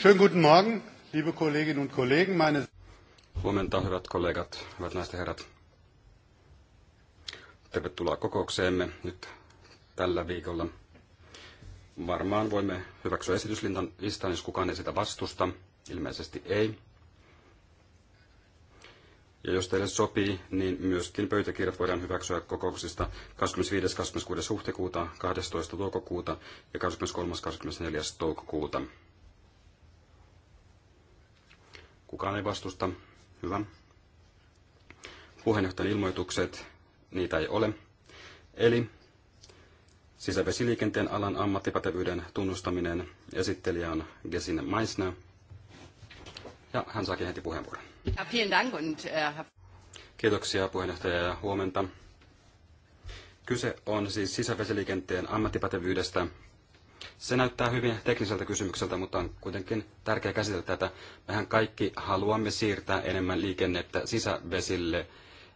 Schönen guten Morgen, liebe Kolleginnen und Kollegen. Meine Huomenta, hyvät kollegat, hyvät naiset ja herrat. Tervetuloa kokoukseemme nyt tällä viikolla. Varmaan voimme hyväksyä esityslistan, jos kukaan ei sitä vastusta. Ilmeisesti ei. Ja jos teille sopii, niin myöskin pöytäkirjat voidaan hyväksyä kokouksista 25. 26. huhtikuuta, 12. toukokuuta ja 23. 24. toukokuuta. Kukaan ei vastusta. Hyvä. Puheenjohtajan ilmoitukset, niitä ei ole. Eli sisävesiliikenteen alan ammattipätevyyden tunnustaminen. Esittelijä on Gesine Meissner. Ja hän saakin heti puheenvuoron. Äh, Kiitoksia puheenjohtaja ja huomenta. Kyse on siis sisävesiliikenteen ammattipätevyydestä se näyttää hyvin tekniseltä kysymykseltä, mutta on kuitenkin tärkeää käsitellä tätä. Mehän kaikki haluamme siirtää enemmän liikennettä sisävesille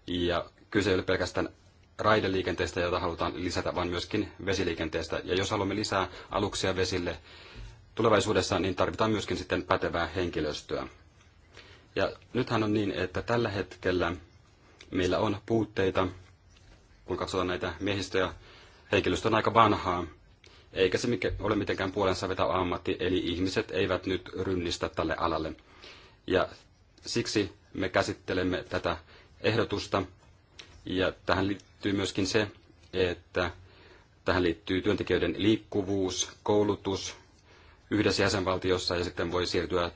ja kyse ei ole pelkästään raideliikenteestä, jota halutaan lisätä, vaan myöskin vesiliikenteestä. Ja jos haluamme lisää aluksia vesille tulevaisuudessa, niin tarvitaan myöskin sitten pätevää henkilöstöä. Ja nythän on niin, että tällä hetkellä meillä on puutteita, kun katsotaan näitä miehistöjä, henkilöstö on aika vanhaa, eikä se ole mitenkään puolensa vetä ammatti, eli ihmiset eivät nyt rynnistä tälle alalle. Ja siksi me käsittelemme tätä ehdotusta, ja tähän liittyy myöskin se, että tähän liittyy työntekijöiden liikkuvuus, koulutus yhdessä jäsenvaltiossa ja sitten voi siirtyä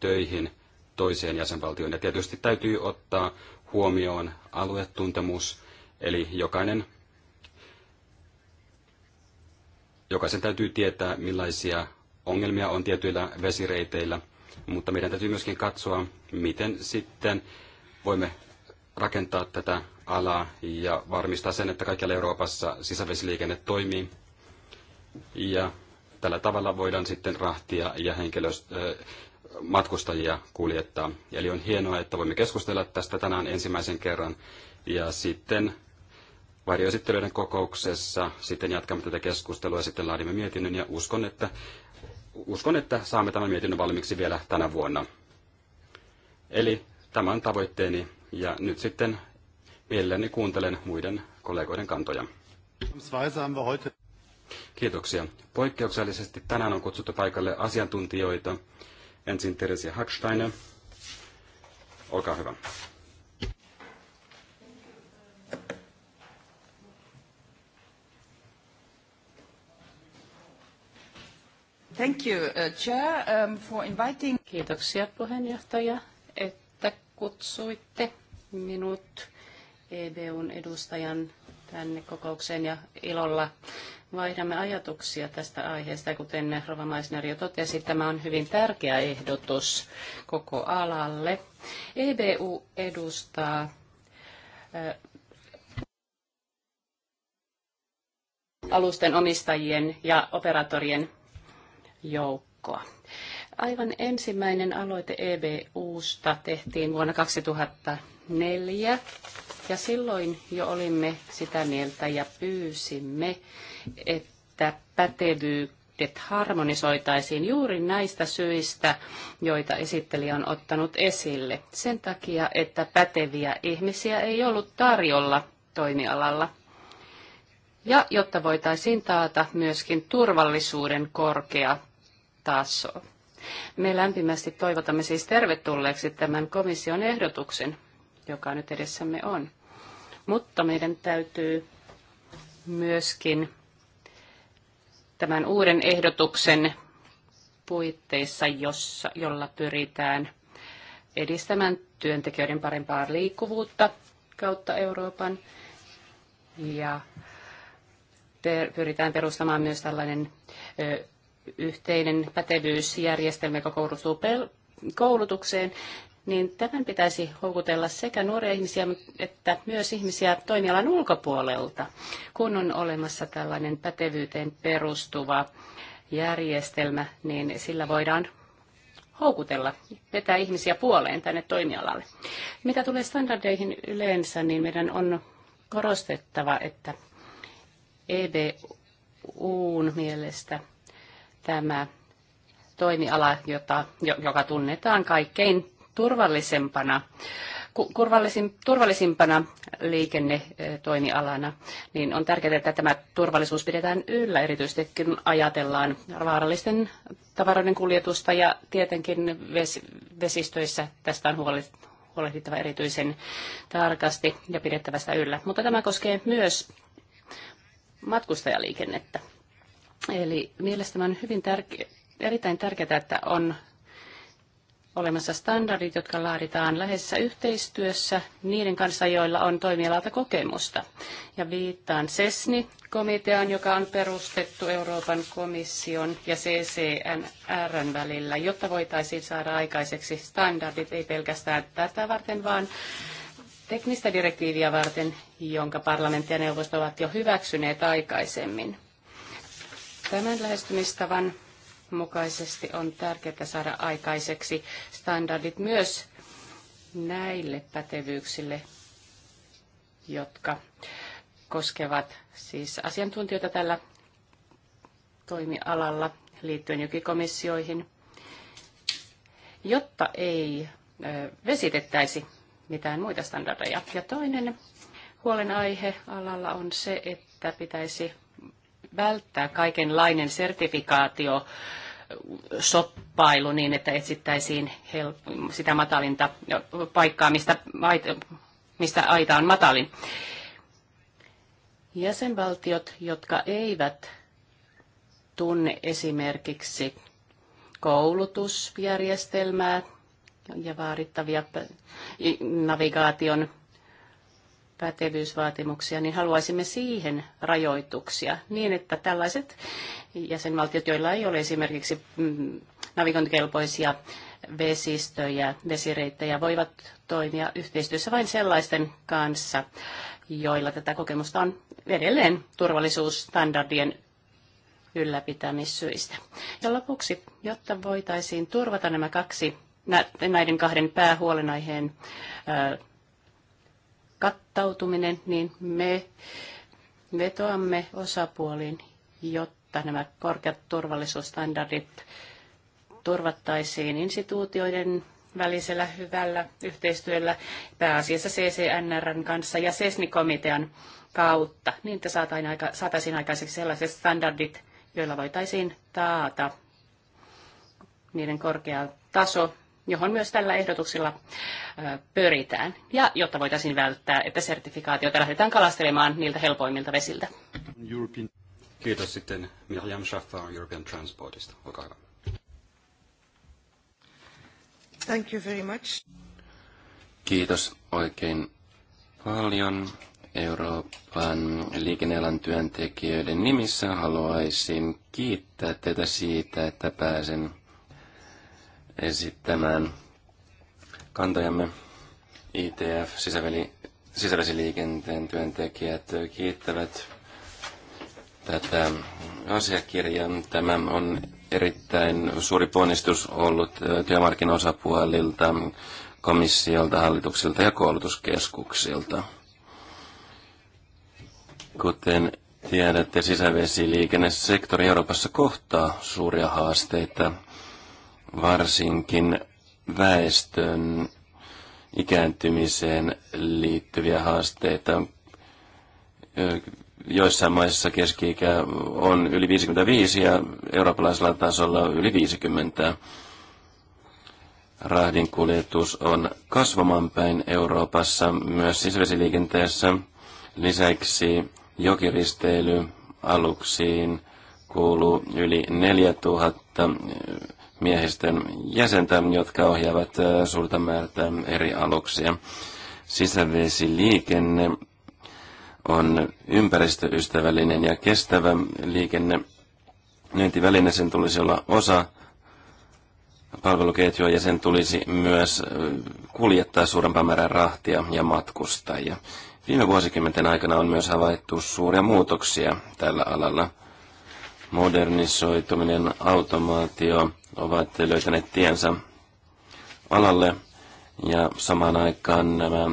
töihin toiseen jäsenvaltioon. Ja tietysti täytyy ottaa huomioon aluetuntemus, eli jokainen jokaisen täytyy tietää, millaisia ongelmia on tietyillä vesireiteillä, mutta meidän täytyy myöskin katsoa, miten sitten voimme rakentaa tätä alaa ja varmistaa sen, että kaikkialla Euroopassa sisävesiliikenne toimii. Ja tällä tavalla voidaan sitten rahtia ja henkilöst- matkustajia kuljettaa. Eli on hienoa, että voimme keskustella tästä tänään ensimmäisen kerran. Ja sitten varjoesittelyiden kokouksessa. Sitten jatkamme tätä keskustelua ja sitten laadimme mietinnön ja uskon, että, uskon, että saamme tämän mietinnön valmiiksi vielä tänä vuonna. Eli tämä on tavoitteeni ja nyt sitten mielelläni kuuntelen muiden kollegoiden kantoja. Kiitoksia. Poikkeuksellisesti tänään on kutsuttu paikalle asiantuntijoita. Ensin Teresia Hacksteiner. Olkaa hyvä. Thank you, uh, Chair, um, for inviting... Kiitoksia puheenjohtaja, että kutsuitte minut EBUn edustajan tänne kokoukseen ja ilolla vaihdamme ajatuksia tästä aiheesta. Kuten Rova Meissner jo totesi, tämä on hyvin tärkeä ehdotus koko alalle. EBU edustaa äh, alusten omistajien ja operaattorien joukkoa. Aivan ensimmäinen aloite EBUsta tehtiin vuonna 2004 ja silloin jo olimme sitä mieltä ja pyysimme, että pätevyydet harmonisoitaisiin juuri näistä syistä, joita esittelijä on ottanut esille. Sen takia, että päteviä ihmisiä ei ollut tarjolla toimialalla. Ja jotta voitaisiin taata myöskin turvallisuuden korkea taso. Me lämpimästi toivotamme siis tervetulleeksi tämän komission ehdotuksen, joka nyt edessämme on. Mutta meidän täytyy myöskin tämän uuden ehdotuksen puitteissa, jossa, jolla pyritään edistämään työntekijöiden parempaa liikkuvuutta kautta Euroopan. Ja per, pyritään perustamaan myös tällainen ö, yhteinen pätevyysjärjestelmä, joka kohdistuu koulutukseen, niin tämän pitäisi houkutella sekä nuoria ihmisiä, että myös ihmisiä toimialan ulkopuolelta, kun on olemassa tällainen pätevyyteen perustuva järjestelmä, niin sillä voidaan houkutella, vetää ihmisiä puoleen tänne toimialalle. Mitä tulee standardeihin yleensä, niin meidän on korostettava, että EBUn mielestä tämä toimiala, jota, joka tunnetaan kaikkein turvallisempana, kurvallisim, turvallisimpana liikennetoimialana, niin on tärkeää, että tämä turvallisuus pidetään yllä, erityisesti kun ajatellaan vaarallisten tavaroiden kuljetusta ja tietenkin ves, vesistöissä tästä on huolehdittava erityisen tarkasti ja pidettävästä yllä. Mutta tämä koskee myös matkustajaliikennettä. Eli mielestäni on hyvin tärke- erittäin tärkeää, että on olemassa standardit, jotka laaditaan läheisessä yhteistyössä niiden kanssa, joilla on toimialalta kokemusta. Ja viittaan SESNI-komiteaan, joka on perustettu Euroopan komission ja CCNRn välillä, jotta voitaisiin saada aikaiseksi standardit ei pelkästään tätä varten, vaan teknistä direktiiviä varten, jonka parlamentti ja neuvosto ovat jo hyväksyneet aikaisemmin. Tämän lähestymistavan mukaisesti on tärkeää saada aikaiseksi standardit myös näille pätevyyksille, jotka koskevat siis asiantuntijoita tällä toimialalla liittyen jokikomissioihin, jotta ei vesitettäisi mitään muita standardeja. Ja toinen huolenaihe alalla on se, että pitäisi välttää kaikenlainen sertifikaatio soppailu niin, että etsittäisiin sitä matalinta paikkaa, mistä, mistä aita on matalin. Jäsenvaltiot, jotka eivät tunne esimerkiksi koulutusjärjestelmää ja vaadittavia navigaation pätevyysvaatimuksia, niin haluaisimme siihen rajoituksia niin, että tällaiset jäsenvaltiot, joilla ei ole esimerkiksi mm, navigointikelpoisia vesistöjä, vesireittejä, voivat toimia yhteistyössä vain sellaisten kanssa, joilla tätä kokemusta on edelleen turvallisuusstandardien ylläpitämissyistä. Ja lopuksi, jotta voitaisiin turvata nämä kaksi näiden kahden päähuolenaiheen kattautuminen, niin me vetoamme osapuoliin, jotta nämä korkeat turvallisuusstandardit turvattaisiin instituutioiden välisellä hyvällä yhteistyöllä pääasiassa CCNRn kanssa ja SESNI-komitean kautta, niin että saataisiin aikaiseksi sellaiset standardit, joilla voitaisiin taata niiden korkea taso johon myös tällä ehdotuksella pyritään, ja jotta voitaisiin välttää, että sertifikaatiota lähdetään kalastelemaan niiltä helpoimmilta vesiltä. European. Kiitos sitten Miriam Schaffer European Transportista. Olkaa hyvä. Thank you very much. Kiitos oikein paljon. Euroopan liikennealan työntekijöiden nimissä haluaisin kiittää teitä siitä, että pääsen esittämään kantajamme ITF, sisäveli, sisävesiliikenteen työntekijät kiittävät tätä asiakirjaa. Tämä on erittäin suuri ponnistus ollut työmarkkinaosapuolilta, komissiolta, hallituksilta ja koulutuskeskuksilta. Kuten tiedätte, sisävesiliikennesektori Euroopassa kohtaa suuria haasteita – varsinkin väestön ikääntymiseen liittyviä haasteita. Joissain maissa keski on yli 55 ja eurooppalaisella tasolla yli 50. kuljetus on kasvamaan päin Euroopassa, myös sisävesiliikenteessä. Lisäksi jokiristeily aluksiin kuuluu yli 4000 miehistön jäsentä, jotka ohjaavat äh, suurta määrää eri aluksia. Sisävesiliikenne on ympäristöystävällinen ja kestävä liikenne. Nöintiväline sen tulisi olla osa palveluketjua ja sen tulisi myös äh, kuljettaa suurempaa määrää rahtia ja matkustajia. Viime vuosikymmenten aikana on myös havaittu suuria muutoksia tällä alalla. Modernisoituminen, automaatio, ovat löytäneet tiensä alalle ja samaan aikaan nämä,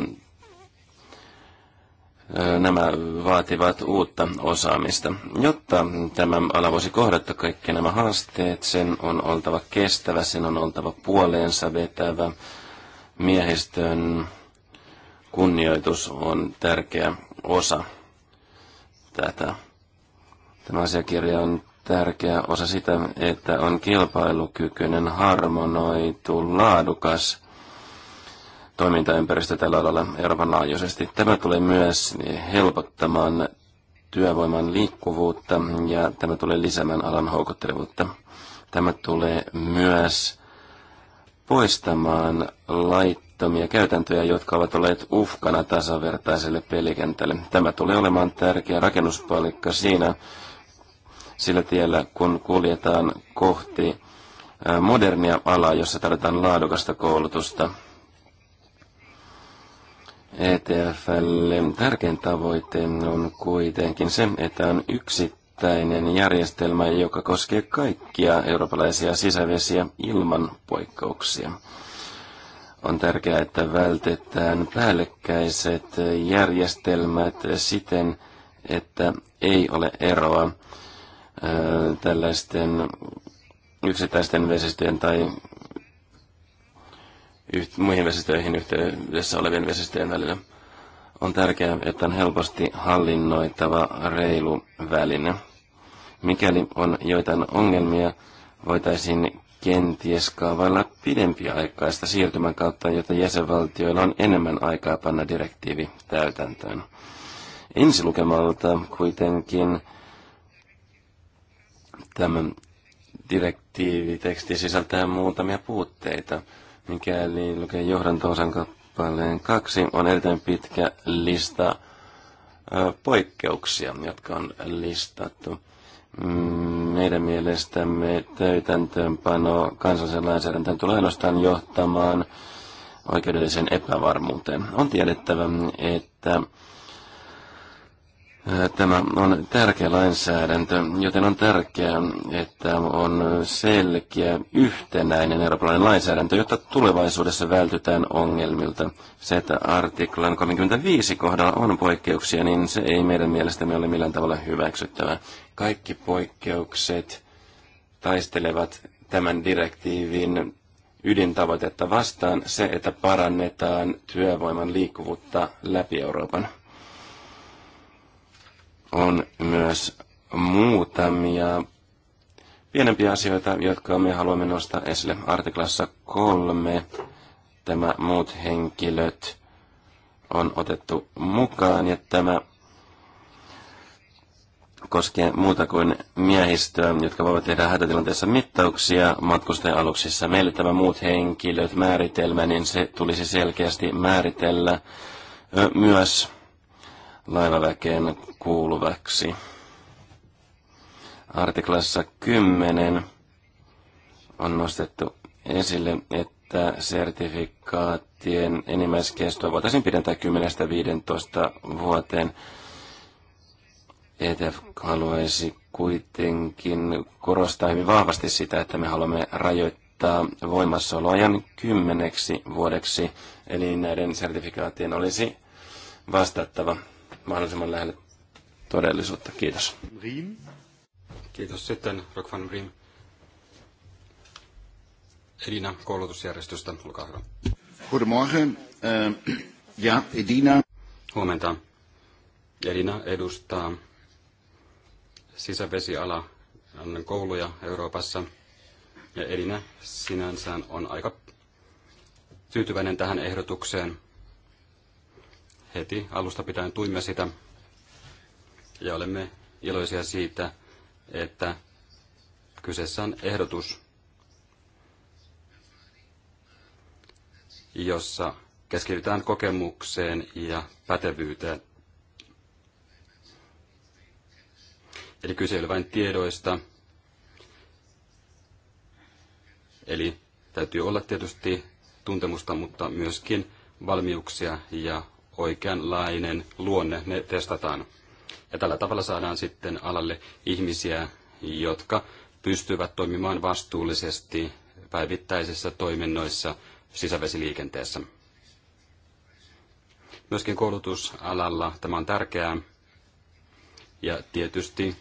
nämä vaativat uutta osaamista. Jotta tämä ala voisi kohdata kaikki nämä haasteet, sen on oltava kestävä, sen on oltava puoleensa vetävä. Miehistön kunnioitus on tärkeä osa tätä. Tämä asiakirja on tärkeä osa sitä, että on kilpailukykyinen, harmonoitu, laadukas toimintaympäristö tällä alalla Euroopan laajuisesti. Tämä tulee myös helpottamaan työvoiman liikkuvuutta ja tämä tulee lisäämään alan houkuttelevuutta. Tämä tulee myös poistamaan laittomia käytäntöjä, jotka ovat olleet uhkana tasavertaiselle pelikentälle. Tämä tulee olemaan tärkeä rakennuspalikka siinä, sillä tiellä, kun kuljetaan kohti modernia alaa, jossa tarvitaan laadukasta koulutusta. ETFlle tärkein tavoite on kuitenkin se, että on yksittäinen järjestelmä, joka koskee kaikkia eurooppalaisia sisävesiä ilman poikkeuksia. On tärkeää, että vältetään päällekkäiset järjestelmät siten, että ei ole eroa tällaisten yksittäisten vesistöjen tai yht, muihin vesistöihin yhteydessä olevien vesistöjen välillä. On tärkeää, että on helposti hallinnoitava reilu väline. Mikäli on joitain ongelmia, voitaisiin kenties kaavailla pidempiaikaista siirtymän kautta, jota jäsenvaltioilla on enemmän aikaa panna direktiivi täytäntöön. Ensilukemalta kuitenkin Tämä direktiiviteksti sisältää muutamia puutteita. Mikäli lukee johdanto-osan kappaleen kaksi, on erittäin pitkä lista poikkeuksia, jotka on listattu. Mm, meidän mielestämme täytäntöönpano kansallisen lainsäädäntöön tulee ainoastaan johtamaan oikeudelliseen epävarmuuteen. On tiedettävä, että Tämä on tärkeä lainsäädäntö, joten on tärkeää, että on selkeä, yhtenäinen eurooppalainen lainsäädäntö, jotta tulevaisuudessa vältytään ongelmilta. Se, että artiklan 35 kohdalla on poikkeuksia, niin se ei meidän mielestämme ole millään tavalla hyväksyttävää. Kaikki poikkeukset taistelevat tämän direktiivin ydintavoitetta vastaan, se, että parannetaan työvoiman liikkuvuutta läpi Euroopan on myös muutamia pienempiä asioita, jotka me haluamme nostaa esille. Artiklassa kolme tämä muut henkilöt on otettu mukaan ja tämä koskee muuta kuin miehistöä, jotka voivat tehdä hätätilanteessa mittauksia matkustaja-aluksissa. Meille tämä muut henkilöt määritelmä, niin se tulisi selkeästi määritellä myös lainaväkeen kuuluvaksi. Artiklassa 10 on nostettu esille, että sertifikaattien enimmäiskestoa voitaisiin pidentää 10-15 vuoteen. ETF haluaisi kuitenkin korostaa hyvin vahvasti sitä, että me haluamme rajoittaa voimassaoloajan kymmeneksi vuodeksi, eli näiden sertifikaattien olisi vastattava mahdollisimman lähelle todellisuutta. Kiitos. Riim. Kiitos sitten, Rock van Edina koulutusjärjestöstä, olkaa hyvä. Goedemorgen. Ehm, ja, Edina. Huomenta. Edina edustaa sisävesiala kouluja Euroopassa. Ja Edina sinänsä on aika tyytyväinen tähän ehdotukseen, heti alusta pitäen tuimme sitä ja olemme iloisia siitä, että kyseessä on ehdotus, jossa keskitytään kokemukseen ja pätevyyteen. Eli kyse ei ole vain tiedoista. Eli täytyy olla tietysti tuntemusta, mutta myöskin valmiuksia ja oikeanlainen luonne, ne testataan. Ja tällä tavalla saadaan sitten alalle ihmisiä, jotka pystyvät toimimaan vastuullisesti päivittäisissä toiminnoissa sisävesiliikenteessä. Myöskin koulutusalalla tämä on tärkeää. Ja tietysti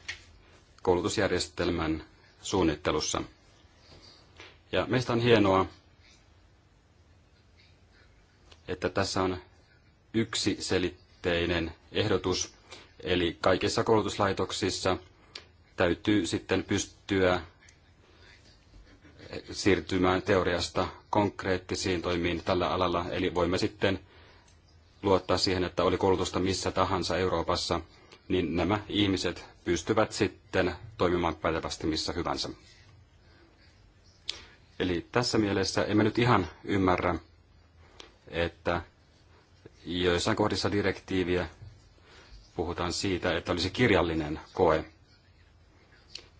koulutusjärjestelmän suunnittelussa. Ja meistä on hienoa, että tässä on yksiselitteinen ehdotus, eli kaikissa koulutuslaitoksissa täytyy sitten pystyä siirtymään teoriasta konkreettisiin toimiin tällä alalla, eli voimme sitten luottaa siihen, että oli koulutusta missä tahansa Euroopassa, niin nämä ihmiset pystyvät sitten toimimaan pätevästi missä hyvänsä. Eli tässä mielessä emme nyt ihan ymmärrä, että Joissain kohdissa direktiiviä puhutaan siitä, että olisi kirjallinen koe.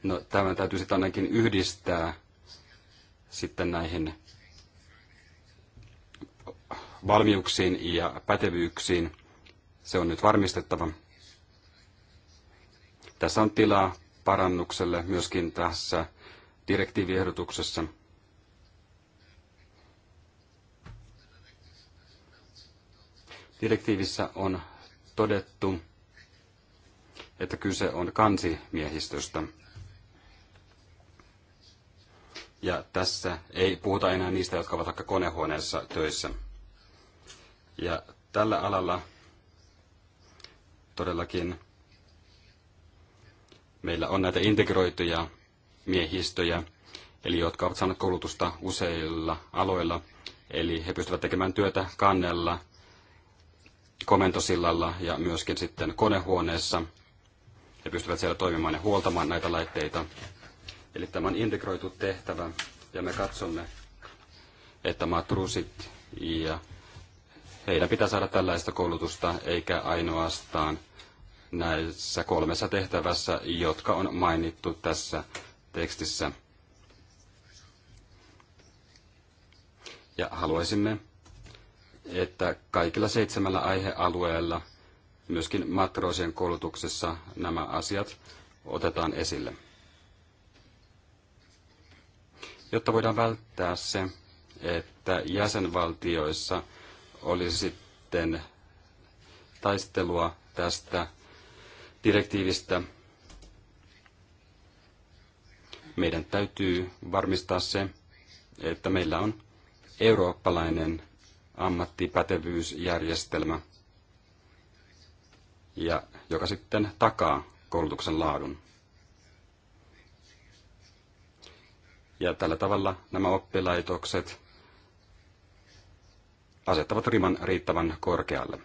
No, tämä täytyy sitten ainakin yhdistää sitten näihin valmiuksiin ja pätevyyksiin. Se on nyt varmistettava. Tässä on tilaa parannukselle myöskin tässä direktiiviehdotuksessa. Direktiivissä on todettu, että kyse on kansimiehistöstä. Ja tässä ei puhuta enää niistä, jotka ovat vaikka konehuoneessa töissä. Ja tällä alalla todellakin meillä on näitä integroituja miehistöjä, eli jotka ovat saaneet koulutusta useilla aloilla, eli he pystyvät tekemään työtä kannella – komentosillalla ja myöskin sitten konehuoneessa. He pystyvät siellä toimimaan ja huoltamaan näitä laitteita. Eli tämä on integroitu tehtävä ja me katsomme, että matrusit ja heidän pitää saada tällaista koulutusta eikä ainoastaan näissä kolmessa tehtävässä, jotka on mainittu tässä tekstissä. Ja haluaisimme, että kaikilla seitsemällä aihealueella, myöskin matroosien koulutuksessa, nämä asiat otetaan esille. Jotta voidaan välttää se, että jäsenvaltioissa olisi sitten taistelua tästä direktiivistä, meidän täytyy varmistaa se, että meillä on eurooppalainen ammattipätevyysjärjestelmä, ja joka sitten takaa koulutuksen laadun. Ja tällä tavalla nämä oppilaitokset asettavat riman riittävän korkealle.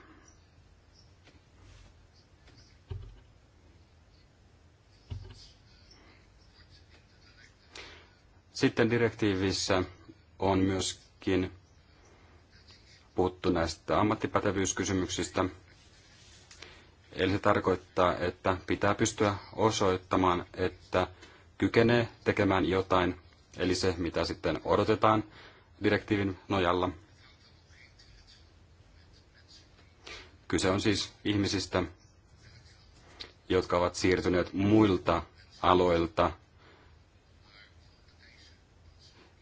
Sitten direktiivissä on myöskin puhuttu näistä ammattipätevyyskysymyksistä. Eli se tarkoittaa, että pitää pystyä osoittamaan, että kykenee tekemään jotain, eli se mitä sitten odotetaan direktiivin nojalla. Kyse on siis ihmisistä, jotka ovat siirtyneet muilta aloilta.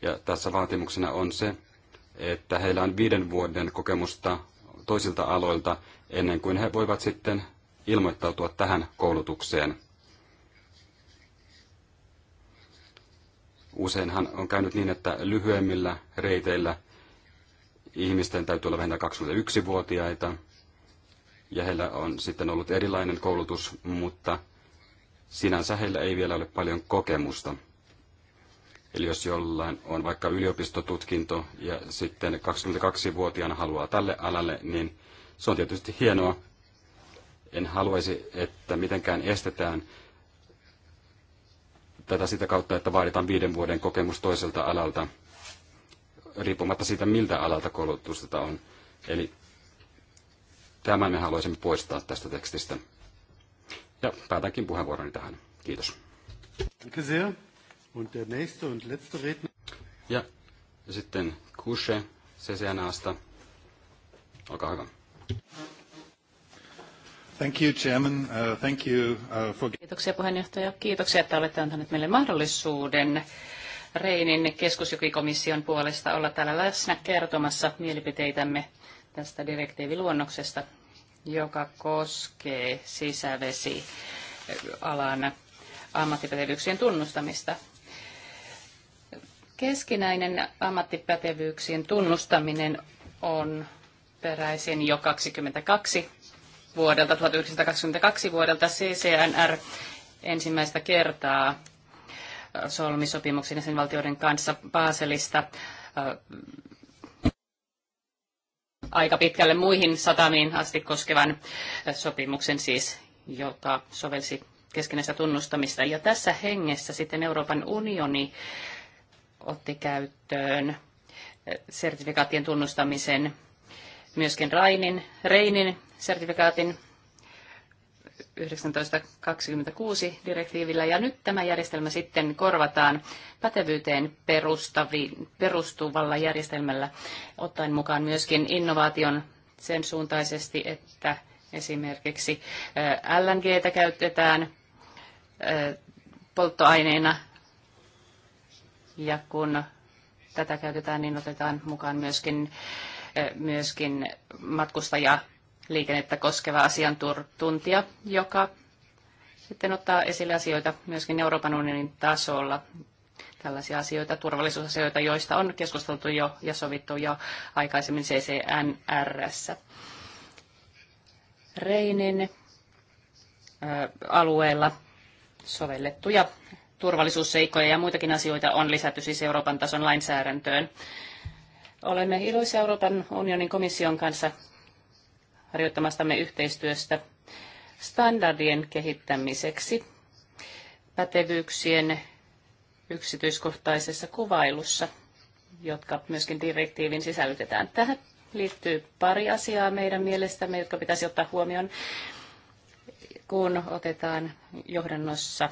Ja tässä vaatimuksena on se, että heillä on viiden vuoden kokemusta toisilta aloilta ennen kuin he voivat sitten ilmoittautua tähän koulutukseen. Useinhan on käynyt niin, että lyhyemmillä reiteillä ihmisten täytyy olla vähintään 21-vuotiaita ja heillä on sitten ollut erilainen koulutus, mutta sinänsä heillä ei vielä ole paljon kokemusta. Eli jos jollain on vaikka yliopistotutkinto ja sitten 22-vuotiaana haluaa tälle alalle, niin se on tietysti hienoa. En haluaisi, että mitenkään estetään tätä sitä kautta, että vaaditaan viiden vuoden kokemus toiselta alalta, riippumatta siitä, miltä alalta koulutusta on. Eli tämän me haluaisimme poistaa tästä tekstistä. Ja päätänkin puheenvuoroni tähän. Kiitos. Kiitos. Ja sitten Kushe CCNAsta. Olkaa hyvä. Thank you, Chairman. Uh, thank you, uh, for... Kiitoksia puheenjohtaja. Kiitoksia, että olette antaneet meille mahdollisuuden Reinin keskusjokikomission puolesta olla täällä läsnä kertomassa mielipiteitämme tästä direktiiviluonnoksesta, joka koskee sisävesialan ammattipätevyyksien tunnustamista. Keskinäinen ammattipätevyyksien tunnustaminen on peräisin jo 22 vuodelta, 1922 vuodelta CCNR ensimmäistä kertaa solmisopimuksen sopimuksen jäsenvaltioiden kanssa Baselista äh, aika pitkälle muihin satamiin asti koskevan sopimuksen siis, joka sovelsi keskinäistä tunnustamista. Ja tässä hengessä sitten Euroopan unioni otti käyttöön sertifikaattien tunnustamisen, myöskin Rainin, Reinin sertifikaatin 1926 direktiivillä ja nyt tämä järjestelmä sitten korvataan pätevyyteen perustuvalla järjestelmällä, ottaen mukaan myöskin innovaation sen suuntaisesti, että esimerkiksi LNGtä käytetään polttoaineena ja kun tätä käytetään, niin otetaan mukaan myöskin, eh, myöskin matkustajaliikennettä koskeva asiantuntija, joka sitten ottaa esille asioita myöskin Euroopan unionin tasolla, tällaisia asioita, turvallisuusasioita, joista on keskusteltu jo ja sovittu jo aikaisemmin CCNRssä. Reinin eh, alueella sovellettuja turvallisuusseikkoja ja muitakin asioita on lisätty siis Euroopan tason lainsäädäntöön. Olemme iloisia Euroopan unionin komission kanssa harjoittamastamme yhteistyöstä standardien kehittämiseksi pätevyyksien yksityiskohtaisessa kuvailussa, jotka myöskin direktiivin sisällytetään. Tähän liittyy pari asiaa meidän mielestämme, jotka pitäisi ottaa huomioon, kun otetaan johdannossa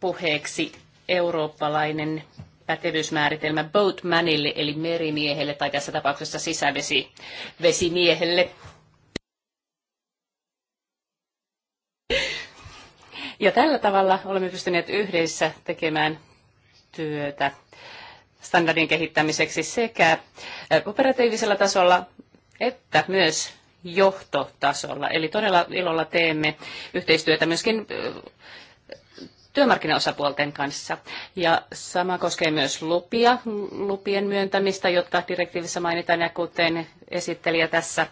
puheeksi eurooppalainen pätevyysmääritelmä boatmanille eli merimiehelle tai tässä tapauksessa sisävesimiehelle. Ja tällä tavalla olemme pystyneet yhdessä tekemään työtä standardin kehittämiseksi sekä operatiivisella tasolla että myös johtotasolla. Eli todella ilolla teemme yhteistyötä myöskin työmarkkinaosapuolten kanssa. Ja sama koskee myös lupia, lupien myöntämistä, jotka direktiivissä mainitaan, ja kuten esittelijä tässä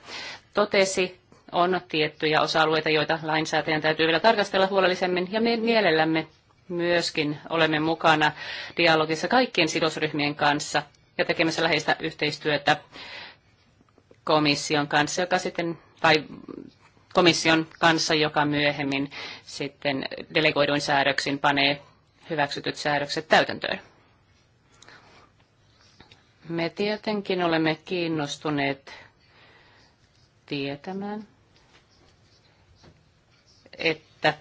totesi, on tiettyjä osa-alueita, joita lainsäätäjän täytyy vielä tarkastella huolellisemmin, ja me mielellämme myöskin olemme mukana dialogissa kaikkien sidosryhmien kanssa ja tekemässä läheistä yhteistyötä komission kanssa, joka sitten, tai komission kanssa, joka myöhemmin sitten delegoiduin säädöksin panee hyväksytyt säädökset täytäntöön. Me tietenkin olemme kiinnostuneet tietämään, että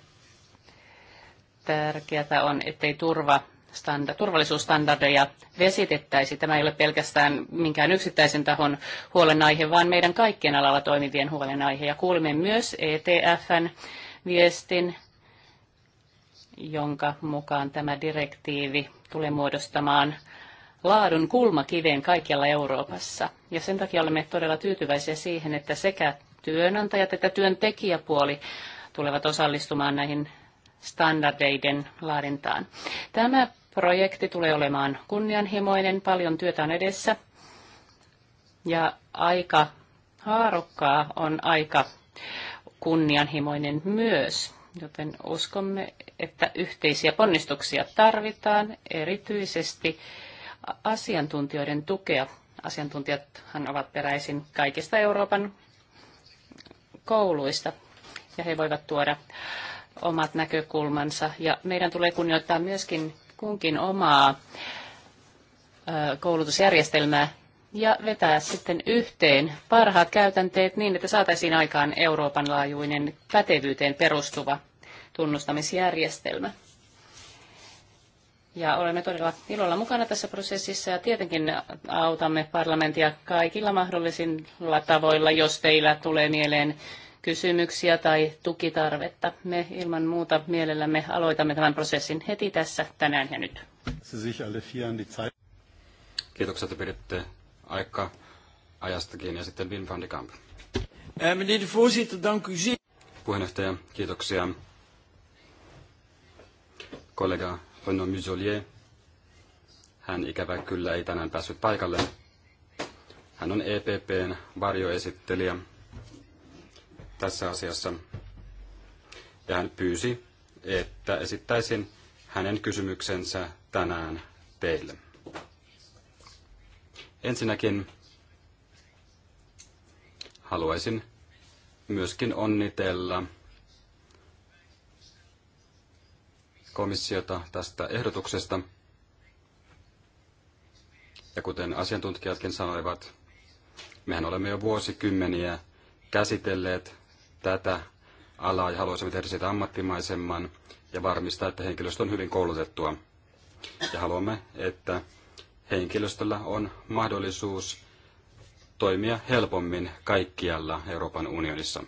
tärkeää on, ettei turva standa- turvallisuusstandardeja vesitettäisi. Tämä ei ole pelkästään minkään yksittäisen tahon huolenaihe, vaan meidän kaikkien alalla toimivien huolenaihe. Ja kuulimme myös ETFn viestin, jonka mukaan tämä direktiivi tulee muodostamaan laadun kulmakiveen kaikkialla Euroopassa. Ja sen takia olemme todella tyytyväisiä siihen, että sekä työnantajat että työntekijäpuoli tulevat osallistumaan näihin standardeiden laadintaan. Tämä Projekti tulee olemaan kunnianhimoinen, paljon työtä on edessä ja aika haarukkaa on aika kunnianhimoinen myös, joten uskomme, että yhteisiä ponnistuksia tarvitaan, erityisesti asiantuntijoiden tukea. Asiantuntijathan ovat peräisin kaikista Euroopan kouluista ja he voivat tuoda omat näkökulmansa. Ja meidän tulee kunnioittaa myöskin kunkin omaa koulutusjärjestelmää ja vetää sitten yhteen parhaat käytänteet niin, että saataisiin aikaan Euroopan laajuinen pätevyyteen perustuva tunnustamisjärjestelmä. Ja olemme todella ilolla mukana tässä prosessissa ja tietenkin autamme parlamentia kaikilla mahdollisilla tavoilla, jos teillä tulee mieleen kysymyksiä tai tukitarvetta. Me ilman muuta mielellämme aloitamme tämän prosessin heti tässä tänään ja nyt. Kiitoksia, että piditte aika ajastakin ja sitten Wim van de Kamp. Eh, Puheenjohtaja, kiitoksia. Kollega Renaud Musolier, hän ikävä kyllä ei tänään päässyt paikalle. Hän on EPPn varjoesittelijä tässä asiassa. Ja hän pyysi, että esittäisin hänen kysymyksensä tänään teille. Ensinnäkin haluaisin myöskin onnitella komissiota tästä ehdotuksesta. Ja kuten asiantuntijatkin sanoivat, mehän olemme jo vuosikymmeniä käsitelleet tätä alaa ja haluaisimme tehdä siitä ammattimaisemman ja varmistaa, että henkilöstö on hyvin koulutettua. Ja haluamme, että henkilöstöllä on mahdollisuus toimia helpommin kaikkialla Euroopan unionissa.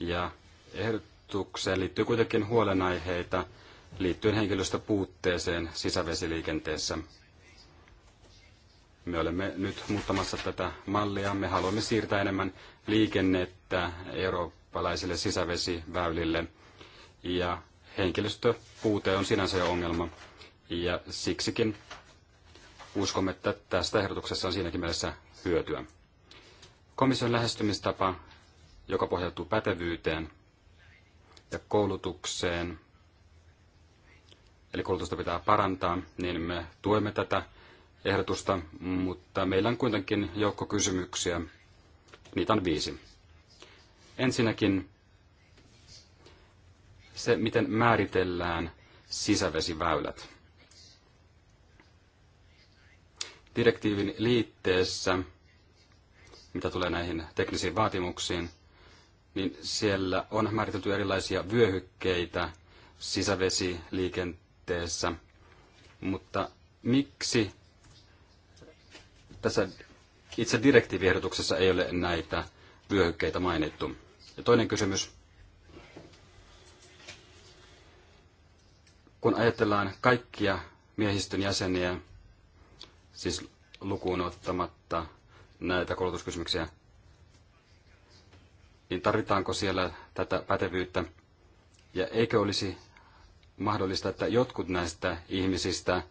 Ja ehdotukseen liittyy kuitenkin huolenaiheita liittyen henkilöstöpuutteeseen sisävesiliikenteessä – me olemme nyt muuttamassa tätä mallia. Me haluamme siirtää enemmän liikennettä eurooppalaisille sisävesiväylille. Ja henkilöstöpuute on sinänsä jo ongelma. Ja siksikin uskomme, että tästä ehdotuksessa on siinäkin mielessä hyötyä. Komission lähestymistapa, joka pohjautuu pätevyyteen ja koulutukseen, eli koulutusta pitää parantaa, niin me tuemme tätä ehdotusta, mutta meillä on kuitenkin joukko kysymyksiä. Niitä on viisi. Ensinnäkin se, miten määritellään sisävesiväylät. Direktiivin liitteessä, mitä tulee näihin teknisiin vaatimuksiin, niin siellä on määritelty erilaisia vyöhykkeitä sisävesiliikenteessä, mutta miksi tässä itse direktiiviehdotuksessa ei ole näitä vyöhykkeitä mainittu. Ja toinen kysymys. Kun ajatellaan kaikkia miehistön jäseniä, siis lukuun ottamatta näitä koulutuskysymyksiä, niin tarvitaanko siellä tätä pätevyyttä? Ja eikö olisi mahdollista, että jotkut näistä ihmisistä –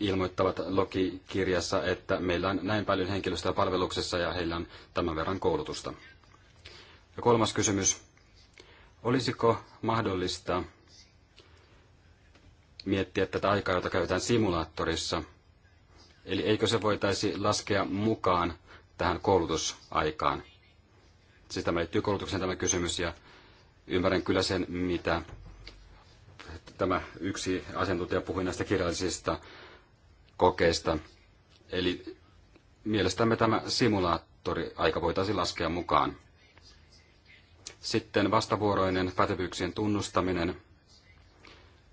ilmoittavat Loki-kirjassa, että meillä on näin paljon henkilöstöä palveluksessa ja heillä on tämän verran koulutusta. Ja kolmas kysymys. Olisiko mahdollista miettiä tätä aikaa, jota käytetään simulaattorissa? Eli eikö se voitaisi laskea mukaan tähän koulutusaikaan? Siis tämä liittyy koulutukseen tämä kysymys ja ymmärrän kyllä sen, mitä tämä yksi asiantuntija puhui näistä kirjallisista kokeista. Eli mielestämme tämä simulaattori aika voitaisiin laskea mukaan. Sitten vastavuoroinen pätevyyksien tunnustaminen.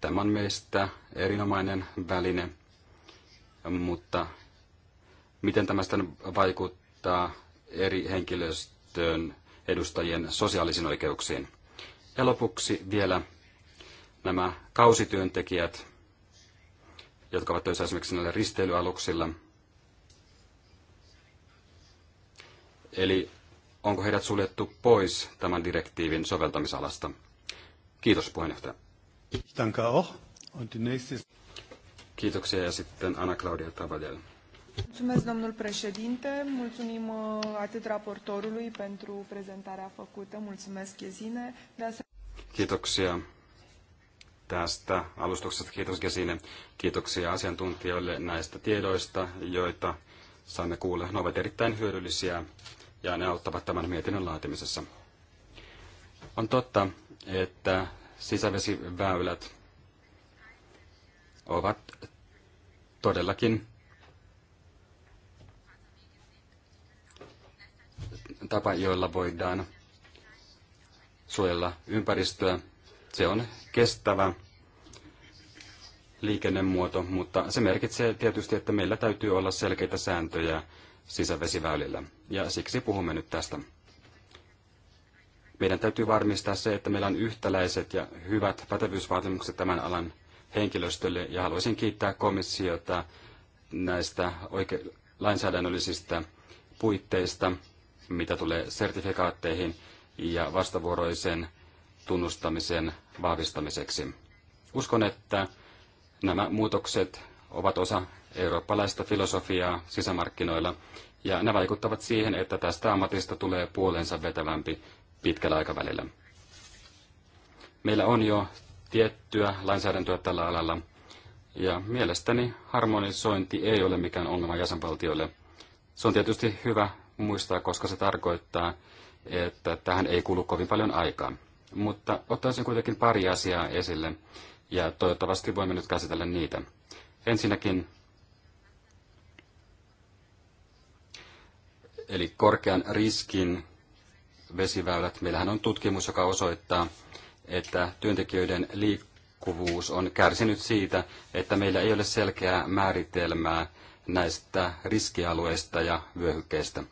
Tämä on meistä erinomainen väline, mutta miten tämä sitten vaikuttaa eri henkilöstön edustajien sosiaalisiin oikeuksiin. Ja lopuksi vielä nämä kausityöntekijät – jotka ovat töissä esimerkiksi näillä risteilyaluksilla. Eli onko heidät suljettu pois tämän direktiivin soveltamisalasta? Kiitos puheenjohtaja. Danke auch. Und die nächste... Kiitoksia ja sitten Anna-Claudia Tavaldel. Mulțumesc, domnul președinte, mulțumim uh, atât raportorului pentru prezentarea făcută, mulțumesc, Chezine. De asemenea... Kiitoksia tästä alustuksesta. Kiitos Gesine. Kiitoksia asiantuntijoille näistä tiedoista, joita saimme kuulla. Ne ovat erittäin hyödyllisiä ja ne auttavat tämän mietinnön laatimisessa. On totta, että sisävesiväylät ovat todellakin tapa, joilla voidaan suojella ympäristöä se on kestävä liikennemuoto, mutta se merkitsee tietysti, että meillä täytyy olla selkeitä sääntöjä sisävesiväylillä. Ja siksi puhumme nyt tästä. Meidän täytyy varmistaa se, että meillä on yhtäläiset ja hyvät pätevyysvaatimukset tämän alan henkilöstölle. Ja haluaisin kiittää komissiota näistä oike- lainsäädännöllisistä puitteista, mitä tulee sertifikaatteihin ja vastavuoroiseen tunnustamisen vahvistamiseksi. Uskon, että nämä muutokset ovat osa eurooppalaista filosofiaa sisämarkkinoilla, ja ne vaikuttavat siihen, että tästä ammatista tulee puolensa vetävämpi pitkällä aikavälillä. Meillä on jo tiettyä lainsäädäntöä tällä alalla, ja mielestäni harmonisointi ei ole mikään ongelma jäsenvaltioille. Se on tietysti hyvä muistaa, koska se tarkoittaa, että tähän ei kulu kovin paljon aikaa. Mutta ottaisin kuitenkin pari asiaa esille, ja toivottavasti voimme nyt käsitellä niitä. Ensinnäkin, eli korkean riskin vesiväylät. Meillähän on tutkimus, joka osoittaa, että työntekijöiden liikkuvuus on kärsinyt siitä, että meillä ei ole selkeää määritelmää näistä riskialueista ja vyöhykkeistä.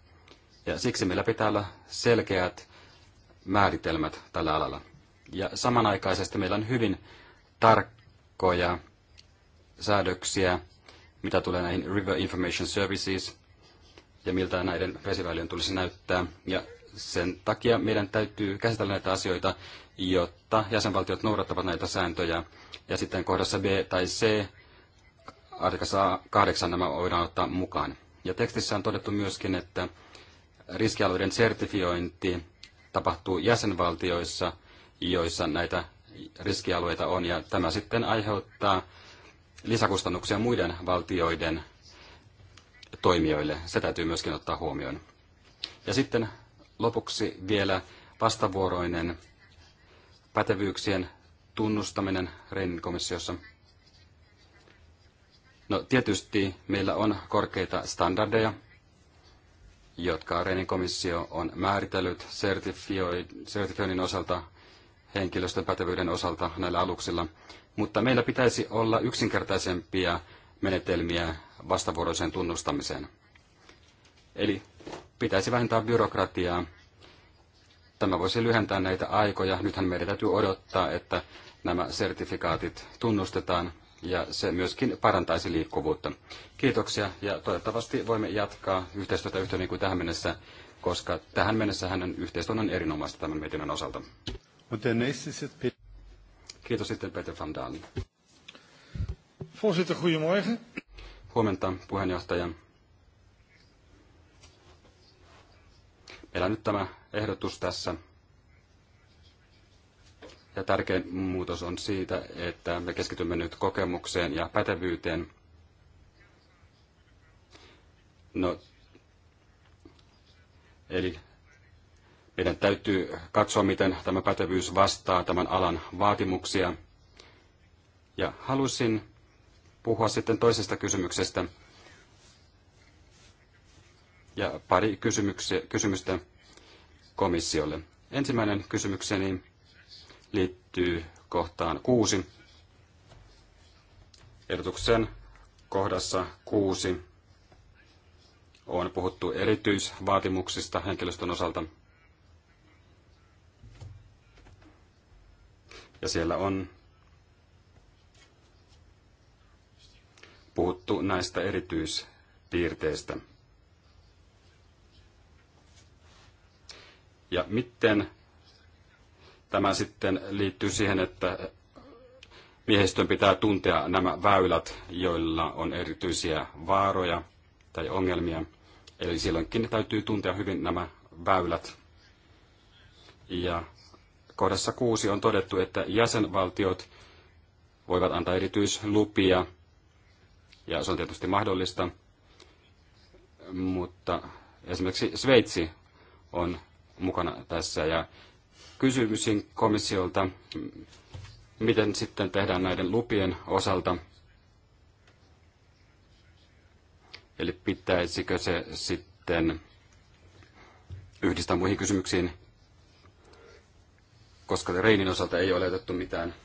Ja siksi meillä pitää olla selkeät määritelmät tällä alalla. Ja samanaikaisesti meillä on hyvin tarkkoja säädöksiä, mitä tulee näihin River Information Services ja miltä näiden vesiväylien tulisi näyttää. Ja sen takia meidän täytyy käsitellä näitä asioita, jotta jäsenvaltiot noudattavat näitä sääntöjä. Ja sitten kohdassa B tai C, artikassa 8 nämä voidaan ottaa mukaan. Ja tekstissä on todettu myöskin, että riskialueiden sertifiointi tapahtuu jäsenvaltioissa, joissa näitä riskialueita on, ja tämä sitten aiheuttaa lisäkustannuksia muiden valtioiden toimijoille. Se täytyy myöskin ottaa huomioon. Ja sitten lopuksi vielä vastavuoroinen pätevyyksien tunnustaminen Reinin komissiossa. No tietysti meillä on korkeita standardeja, jotka Reinin komissio on määritellyt sertifioinnin osalta, henkilöstön pätevyyden osalta näillä aluksilla. Mutta meillä pitäisi olla yksinkertaisempia menetelmiä vastavuoroiseen tunnustamiseen. Eli pitäisi vähentää byrokratiaa. Tämä voisi lyhentää näitä aikoja. Nythän meidän täytyy odottaa, että nämä sertifikaatit tunnustetaan ja se myöskin parantaisi liikkuvuutta. Kiitoksia ja toivottavasti voimme jatkaa yhteistyötä yhtä niin kuin tähän mennessä, koska tähän mennessä hänen yhteistyön on erinomaista tämän mietinnön osalta. Kiitos sitten Peter van Dalen. Voorzitter, goedemorgen. Huomenta, puheenjohtaja. Meillä on nyt tämä ehdotus tässä ja tärkein muutos on siitä, että me keskitymme nyt kokemukseen ja pätevyyteen. No, eli meidän täytyy katsoa, miten tämä pätevyys vastaa tämän alan vaatimuksia. Ja halusin puhua sitten toisesta kysymyksestä. Ja pari kysymystä komissiolle. Ensimmäinen kysymykseni liittyy kohtaan kuusi. Ehdotuksen kohdassa kuusi on puhuttu erityisvaatimuksista henkilöstön osalta. Ja siellä on puhuttu näistä erityispiirteistä. Ja miten Tämä sitten liittyy siihen, että miehistön pitää tuntea nämä väylät, joilla on erityisiä vaaroja tai ongelmia. Eli silloinkin täytyy tuntea hyvin nämä väylät. Ja kohdassa kuusi on todettu, että jäsenvaltiot voivat antaa erityislupia, ja se on tietysti mahdollista, mutta esimerkiksi Sveitsi on mukana tässä, ja kysymysin komissiolta, miten sitten tehdään näiden lupien osalta. Eli pitäisikö se sitten yhdistää muihin kysymyksiin, koska Reinin osalta ei ole otettu mitään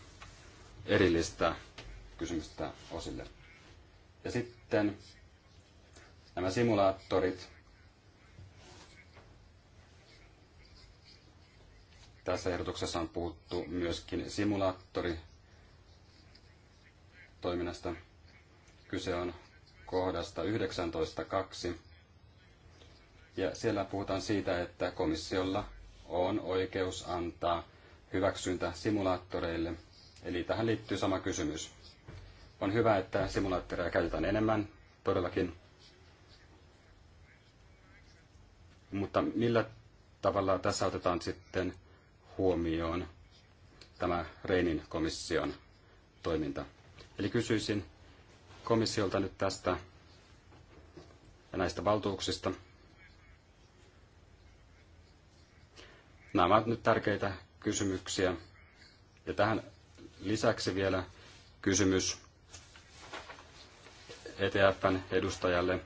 erillistä kysymystä osille. Ja sitten nämä simulaattorit, Tässä ehdotuksessa on puhuttu myöskin simulaattori toiminnasta. Kyse on kohdasta 19.2. Ja siellä puhutaan siitä, että komissiolla on oikeus antaa hyväksyntä simulaattoreille. Eli tähän liittyy sama kysymys. On hyvä, että simulaattoreja käytetään enemmän, todellakin. Mutta millä tavalla tässä otetaan sitten huomioon tämä Reinin komission toiminta. Eli kysyisin komissiolta nyt tästä ja näistä valtuuksista. Nämä ovat nyt tärkeitä kysymyksiä. Ja tähän lisäksi vielä kysymys ETFn edustajalle,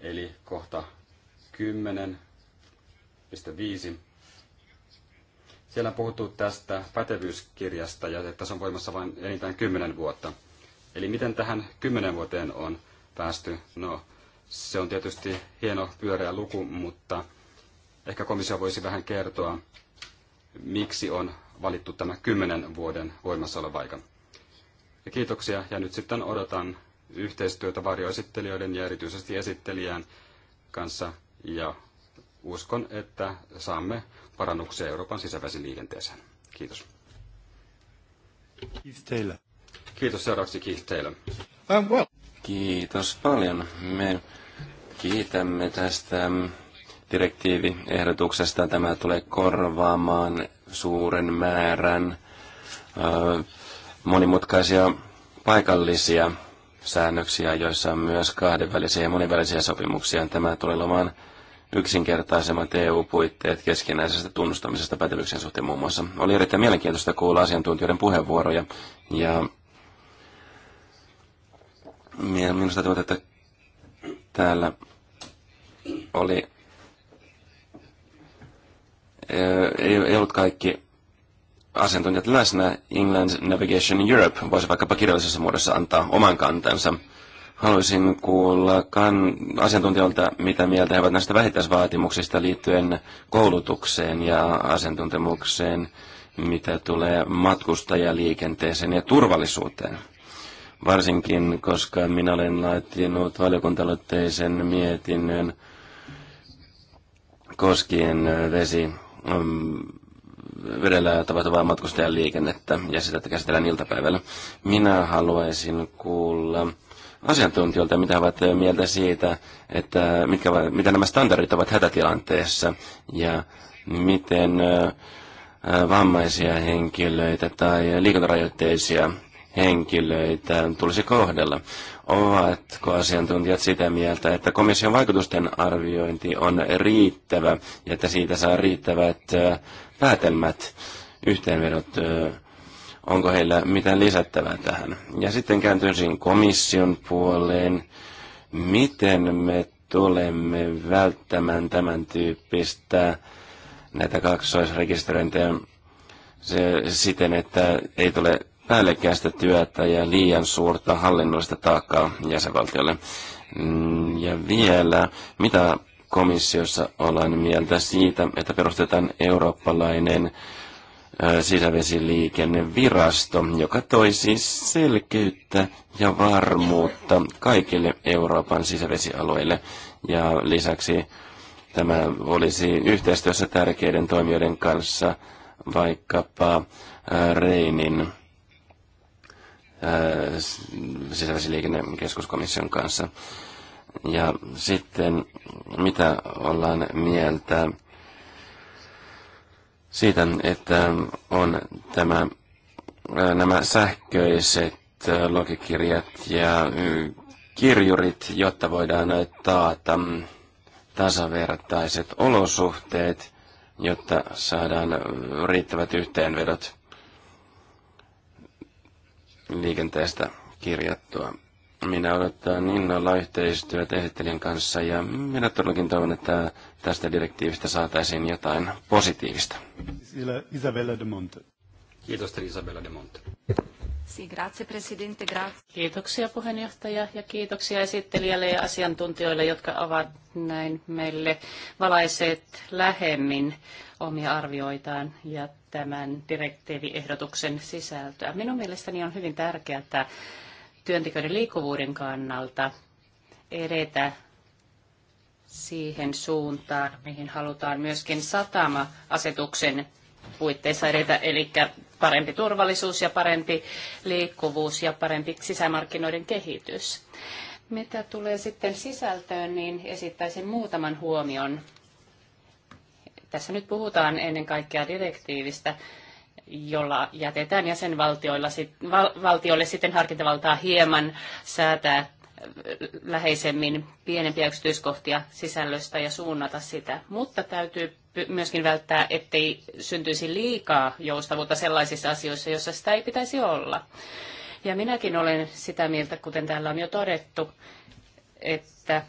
eli kohta 10.5 siellä on puhuttu tästä pätevyyskirjasta ja että se on voimassa vain enintään 10 vuotta. Eli miten tähän 10 vuoteen on päästy? No, se on tietysti hieno pyöreä luku, mutta ehkä komissio voisi vähän kertoa, miksi on valittu tämä 10 vuoden voimassaolopaikka. Ja kiitoksia ja nyt sitten odotan yhteistyötä varjoesittelijöiden ja erityisesti esittelijän kanssa ja uskon, että saamme parannuksia Euroopan sisävesiliikenteeseen. Kiitos. Keith Taylor. Kiitos seuraavaksi Keith Taylor. well. Kiitos paljon. Me kiitämme tästä direktiiviehdotuksesta. Tämä tulee korvaamaan suuren määrän monimutkaisia paikallisia säännöksiä, joissa on myös kahdenvälisiä ja monivälisiä sopimuksia. Tämä tulee olemaan yksinkertaisemmat EU-puitteet keskinäisestä tunnustamisesta pätevyyksien suhteen muun muassa. Oli erittäin mielenkiintoista kuulla asiantuntijoiden puheenvuoroja ja minusta tuntuu, että täällä oli ei, ei ollut kaikki asiantuntijat läsnä. England Navigation Europe voisi vaikkapa kirjallisessa muodossa antaa oman kantansa – Haluaisin kuulla kan asiantuntijoilta, mitä mieltä he ovat näistä vähittäisvaatimuksista liittyen koulutukseen ja asiantuntemukseen, mitä tulee matkustajaliikenteeseen ja turvallisuuteen. Varsinkin, koska minä olen laittanut valiokuntaloitteisen mietinnön koskien vesi, mm, vedellä tapahtuvaa matkustajaliikennettä ja sitä, että käsitellään iltapäivällä. Minä haluaisin kuulla asiantuntijoilta, mitä ovat eh, mieltä siitä, että mitkä, mitä nämä standardit ovat hätätilanteessa ja miten eh, eh, vammaisia henkilöitä tai liikuntarajoitteisia henkilöitä tulisi kohdella. Ovatko asiantuntijat sitä mieltä, että komission vaikutusten arviointi on riittävä ja että siitä saa riittävät päätelmät, yhteenvedot Onko heillä mitään lisättävää tähän? Ja sitten kääntyisin komission puoleen. Miten me tulemme välttämään tämän tyyppistä näitä kaksoisrekisteröintejä se, siten, että ei tule päällekkäistä työtä ja liian suurta hallinnollista taakkaa jäsenvaltiolle. Mm, ja vielä, mitä komissiossa ollaan mieltä siitä, että perustetaan eurooppalainen sisävesiliikennevirasto, joka toi siis selkeyttä ja varmuutta kaikille Euroopan sisävesialueille. Ja lisäksi tämä olisi yhteistyössä tärkeiden toimijoiden kanssa, vaikkapa Reinin sisävesiliikennekeskuskomission kanssa. Ja sitten mitä ollaan mieltä siitä, että on tämä, nämä sähköiset logikirjat ja kirjurit, jotta voidaan taata tasavertaiset olosuhteet, jotta saadaan riittävät yhteenvedot liikenteestä kirjattua minä odotan innolla yhteistyötä esittelijän kanssa ja minä todellakin toivon, että tästä direktiivistä saataisiin jotain positiivista. Isabella de Monte. Kiitos, Isabella de Monte. Si, grazie, presidente, grazie. Kiitoksia puheenjohtaja ja kiitoksia esittelijälle ja asiantuntijoille, jotka ovat näin meille valaiseet lähemmin omia arvioitaan ja tämän direktiiviehdotuksen sisältöä. Minun mielestäni on hyvin tärkeää, että työntekijöiden liikkuvuuden kannalta edetä siihen suuntaan, mihin halutaan myöskin satama-asetuksen puitteissa edetä, eli parempi turvallisuus ja parempi liikkuvuus ja parempi sisämarkkinoiden kehitys. Mitä tulee sitten sisältöön, niin esittäisin muutaman huomion. Tässä nyt puhutaan ennen kaikkea direktiivistä, jolla jätetään jäsenvaltioilla val, valtioille sitten harkintavaltaa hieman säätää läheisemmin pienempiä yksityiskohtia sisällöstä ja suunnata sitä. Mutta täytyy myöskin välttää, ettei syntyisi liikaa joustavuutta sellaisissa asioissa, joissa sitä ei pitäisi olla. Ja minäkin olen sitä mieltä, kuten täällä on jo todettu, että,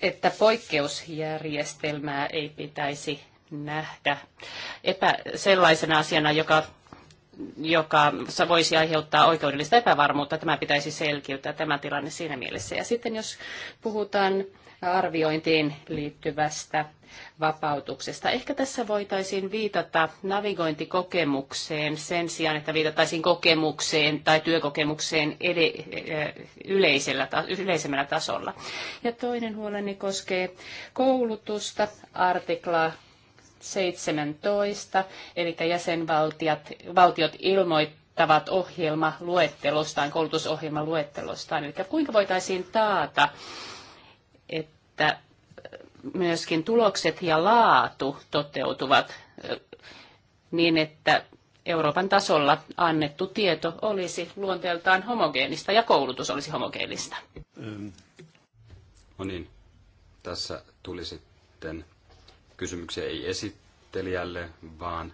että poikkeusjärjestelmää ei pitäisi nähdä epä, sellaisena asiana, joka joka voisi aiheuttaa oikeudellista epävarmuutta. Tämä pitäisi selkiyttää tämä tilanne siinä mielessä. Ja sitten jos puhutaan arviointiin liittyvästä vapautuksesta. Ehkä tässä voitaisiin viitata navigointikokemukseen sen sijaan, että viitataisiin kokemukseen tai työkokemukseen ed- yleisellä, yleisemmällä tasolla. Ja toinen huoleni koskee koulutusta, artiklaa 17, eli jäsenvaltiot valtiot ilmoittavat ohjelma luettelostaan, koulutusohjelma luettelostaan. Eli kuinka voitaisiin taata, että myöskin tulokset ja laatu toteutuvat niin, että Euroopan tasolla annettu tieto olisi luonteeltaan homogeenista ja koulutus olisi homogeenista. No niin, tässä tuli sitten kysymyksiä ei esittelijälle, vaan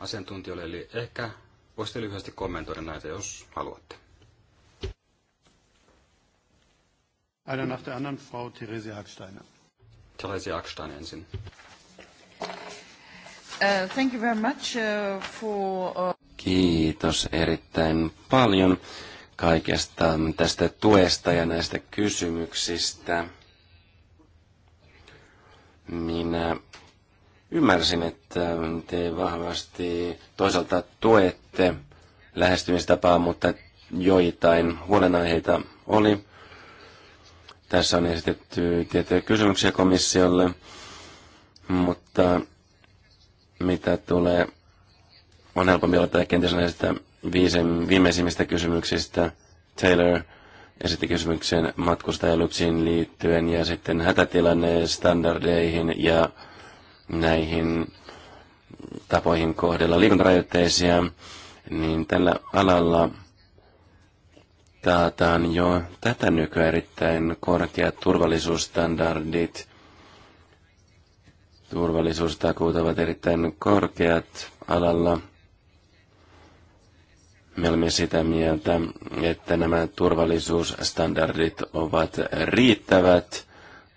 asiantuntijoille. Eli ehkä voisitte lyhyesti kommentoida näitä, jos haluatte. Einer nach der anderen Frau Therese Hacksteiner. Therese Hacksteiner ensin. Uh, thank you very much uh, for... Uh... Kiitos erittäin paljon kaikesta tästä tuesta ja näistä kysymyksistä. Minä ymmärsin, että te vahvasti toisaalta tuette lähestymistapaa, mutta joitain huolenaiheita oli. Tässä on esitetty tiettyjä kysymyksiä komissiolle, mutta mitä tulee, on helpompi aloittaa kenties näistä viimeisimmistä kysymyksistä. Taylor esitti kysymyksen matkustajaluksiin liittyen ja sitten hätätilanne standardeihin ja näihin tapoihin kohdella liikuntarajoitteisia, niin tällä alalla taataan jo tätä nykyään erittäin korkeat turvallisuusstandardit. Turvallisuustakuut ovat erittäin korkeat alalla me olemme sitä mieltä, että nämä turvallisuusstandardit ovat riittävät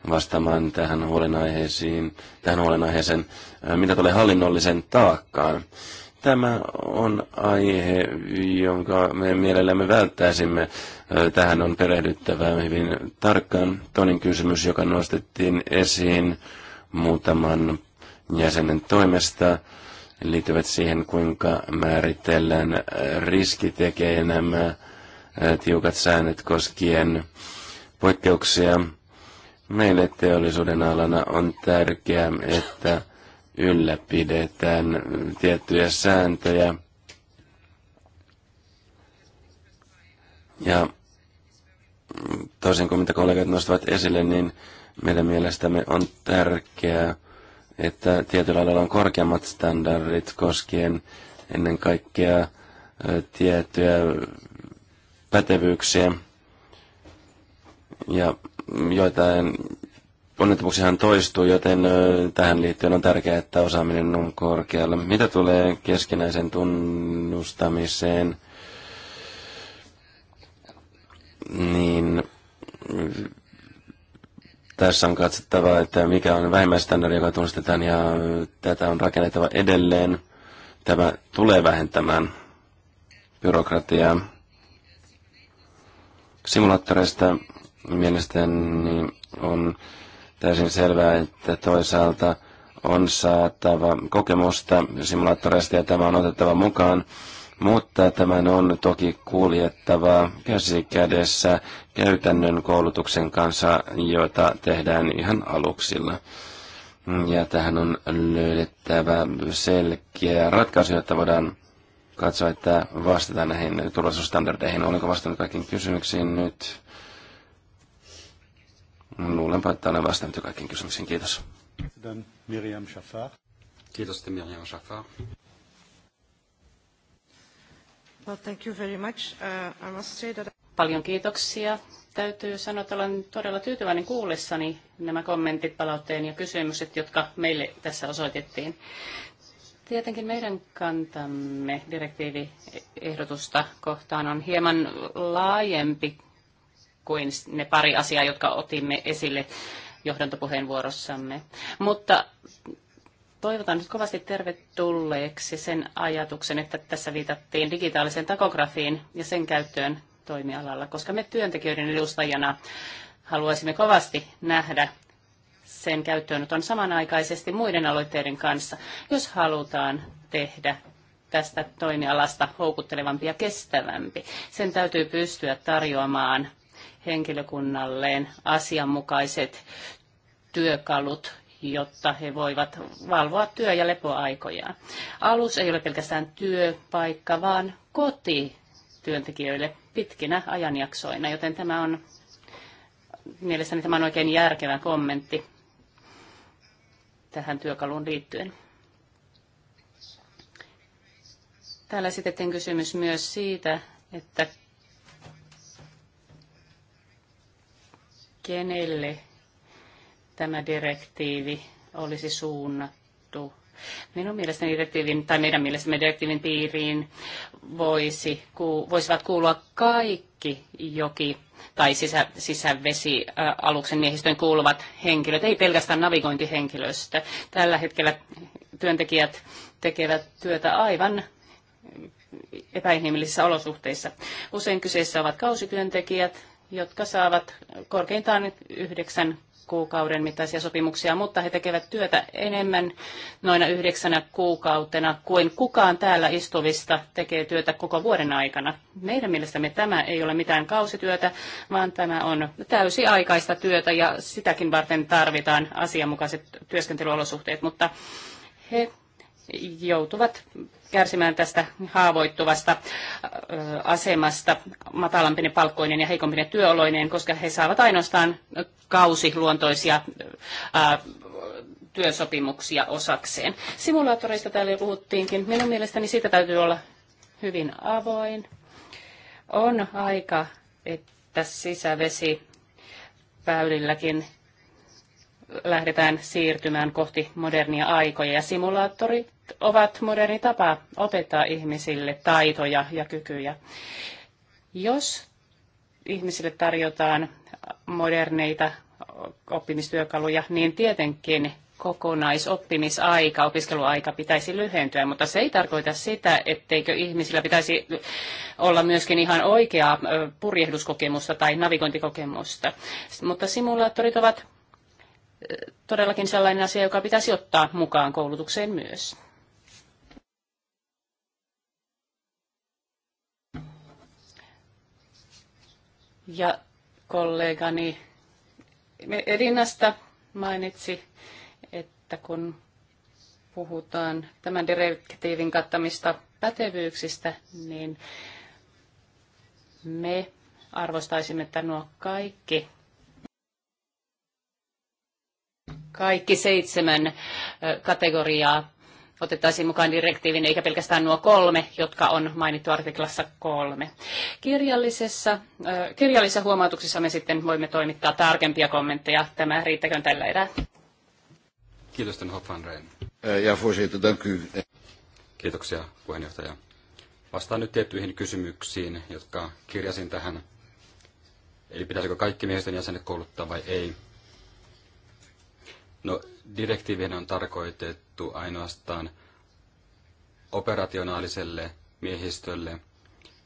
vastaamaan tähän huolenaiheeseen, tähän huolenaiheeseen, äh, mitä tulee hallinnollisen taakkaan. Tämä on aihe, jonka me mielellämme välttäisimme. Äh, tähän on perehdyttävä hyvin tarkkaan. Toinen kysymys, joka nostettiin esiin muutaman jäsenen toimesta, liittyvät siihen, kuinka määritellään riskitekejä nämä äh, tiukat säännöt koskien poikkeuksia. Meille teollisuuden alana on tärkeää, että ylläpidetään tiettyjä sääntöjä. Ja toisin kuin mitä kollegat nostavat esille, niin meidän mielestämme on tärkeää että tietyllä lailla on korkeammat standardit koskien ennen kaikkea tiettyjä pätevyyksiä. Ja joitain onnettomuuksiahan toistuu, joten tähän liittyen on tärkeää, että osaaminen on korkealla. Mitä tulee keskinäisen tunnustamiseen, niin tässä on katsottava, että mikä on vähimmäistandardi, joka tunnistetaan, ja tätä on rakennettava edelleen. Tämä tulee vähentämään byrokratiaa. Simulaattoreista mielestäni on täysin selvää, että toisaalta on saatava kokemusta simulaattoreista ja tämä on otettava mukaan mutta tämän on toki kuljettava käsi kädessä käytännön koulutuksen kanssa, jota tehdään ihan aluksilla. Ja tähän on löydettävä selkeä ratkaisu, jotta voidaan katsoa, että vastataan näihin turvallisuusstandardeihin. Olenko vastannut kaikkiin kysymyksiin nyt? Luulenpa, että olen vastannut jo kaikkiin kysymyksiin. Kiitos. Miriam Kiitos, Miriam Shafar. Well, thank you very much. Uh, I must say that... Paljon kiitoksia. Täytyy sanoa, että olen todella tyytyväinen kuullessani nämä kommentit, palautteen ja kysymykset, jotka meille tässä osoitettiin. Tietenkin meidän kantamme direktiiviehdotusta kohtaan on hieman laajempi kuin ne pari asiaa, jotka otimme esille johdantopuheenvuorossamme. Mutta toivotan nyt kovasti tervetulleeksi sen ajatuksen, että tässä viitattiin digitaaliseen takografiin ja sen käyttöön toimialalla, koska me työntekijöiden edustajana haluaisimme kovasti nähdä sen käyttöönoton samanaikaisesti muiden aloitteiden kanssa, jos halutaan tehdä tästä toimialasta houkuttelevampi ja kestävämpi. Sen täytyy pystyä tarjoamaan henkilökunnalleen asianmukaiset työkalut jotta he voivat valvoa työ- ja lepoaikojaan. Alus ei ole pelkästään työpaikka, vaan koti työntekijöille pitkinä ajanjaksoina, joten tämä on mielestäni tämä on oikein järkevä kommentti tähän työkaluun liittyen. Täällä sitten kysymys myös siitä, että kenelle tämä direktiivi olisi suunnattu. Minun mielestäni direktiivin, tai meidän mielestämme direktiivin piiriin voisi, ku, voisivat kuulua kaikki joki tai sisä, sisävesialuksen miehistöön kuuluvat henkilöt, ei pelkästään navigointihenkilöstö. Tällä hetkellä työntekijät tekevät työtä aivan epäinhimillisissä olosuhteissa. Usein kyseessä ovat kausityöntekijät, jotka saavat korkeintaan yhdeksän kuukauden mittaisia sopimuksia, mutta he tekevät työtä enemmän noina yhdeksänä kuukautena kuin kukaan täällä istuvista tekee työtä koko vuoden aikana. Meidän mielestämme tämä ei ole mitään kausityötä, vaan tämä on täysiaikaista työtä ja sitäkin varten tarvitaan asianmukaiset työskentelyolosuhteet, mutta he joutuvat kärsimään tästä haavoittuvasta asemasta matalampine palkkoinen ja heikompine työoloineen, koska he saavat ainoastaan kausiluontoisia työsopimuksia osakseen. Simulaattoreista täällä jo puhuttiinkin. Minun mielestäni siitä täytyy olla hyvin avoin. On aika, että sisävesi väylilläkin lähdetään siirtymään kohti modernia aikoja. Ja simulaattorit ovat moderni tapa opettaa ihmisille taitoja ja kykyjä. Jos ihmisille tarjotaan moderneita oppimistyökaluja, niin tietenkin kokonaisoppimisaika, opiskeluaika pitäisi lyhentyä, mutta se ei tarkoita sitä, etteikö ihmisillä pitäisi olla myöskin ihan oikeaa purjehduskokemusta tai navigointikokemusta. Mutta simulaattorit ovat todellakin sellainen asia, joka pitäisi ottaa mukaan koulutukseen myös. Ja kollegani Edinasta mainitsi, että kun puhutaan tämän direktiivin kattamista pätevyyksistä, niin me arvostaisimme, että nuo kaikki kaikki seitsemän kategoriaa otettaisiin mukaan direktiivin, eikä pelkästään nuo kolme, jotka on mainittu artiklassa kolme. Kirjallisessa, kirjallisessa huomautuksessa me sitten voimme toimittaa tarkempia kommentteja. Tämä riittäköön tällä erää. Kiitos, Ten Ja Kiitoksia, puheenjohtaja. Vastaan nyt tiettyihin kysymyksiin, jotka kirjasin tähän. Eli pitäisikö kaikki miehistön jäsenet kouluttaa vai ei? No, direktiivien on tarkoitettu ainoastaan operationaaliselle miehistölle,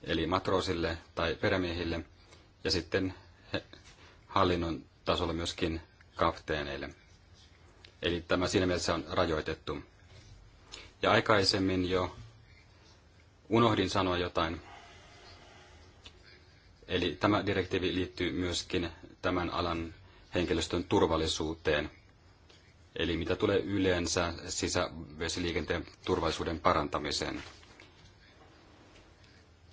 eli matroosille tai perämiehille, ja sitten hallinnon tasolla myöskin kapteeneille. Eli tämä siinä mielessä on rajoitettu. Ja aikaisemmin jo unohdin sanoa jotain. Eli tämä direktiivi liittyy myöskin tämän alan henkilöstön turvallisuuteen eli mitä tulee yleensä sisävesiliikenteen turvallisuuden parantamiseen.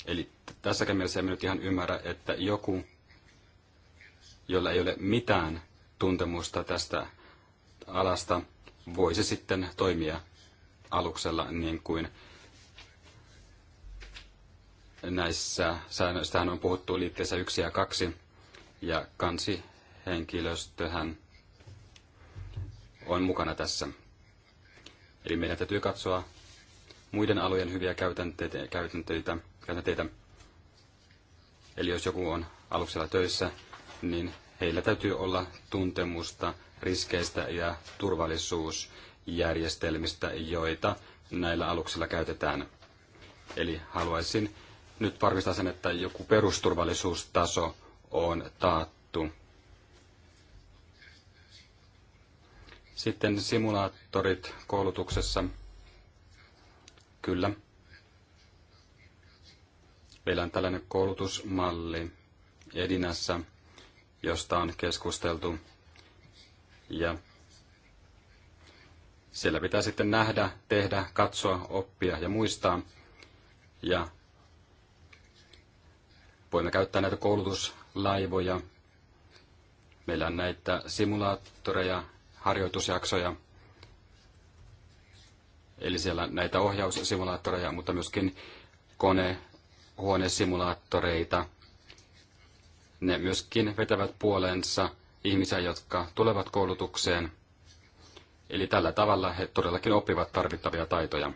Eli tässäkin mielessä emme nyt ihan ymmärrä, että joku, jolla ei ole mitään tuntemusta tästä alasta, voisi sitten toimia aluksella niin kuin näissä säännöistähän on puhuttu liitteessä 1 ja 2, ja kansihenkilöstöhän on mukana tässä. Eli meidän täytyy katsoa muiden alojen hyviä käytänteitä, käytänteitä, käytänteitä. Eli jos joku on aluksella töissä, niin heillä täytyy olla tuntemusta riskeistä ja turvallisuusjärjestelmistä, joita näillä aluksilla käytetään. Eli haluaisin nyt varmistaa sen, että joku perusturvallisuustaso on taattu Sitten simulaattorit koulutuksessa. Kyllä. Meillä on tällainen koulutusmalli Edinässä, josta on keskusteltu. Ja siellä pitää sitten nähdä, tehdä, katsoa, oppia ja muistaa. Ja voimme käyttää näitä koulutuslaivoja. Meillä on näitä simulaattoreja harjoitusjaksoja. Eli siellä näitä ohjaussimulaattoreja, mutta myöskin konehuonesimulaattoreita. Ne myöskin vetävät puoleensa ihmisiä, jotka tulevat koulutukseen. Eli tällä tavalla he todellakin oppivat tarvittavia taitoja.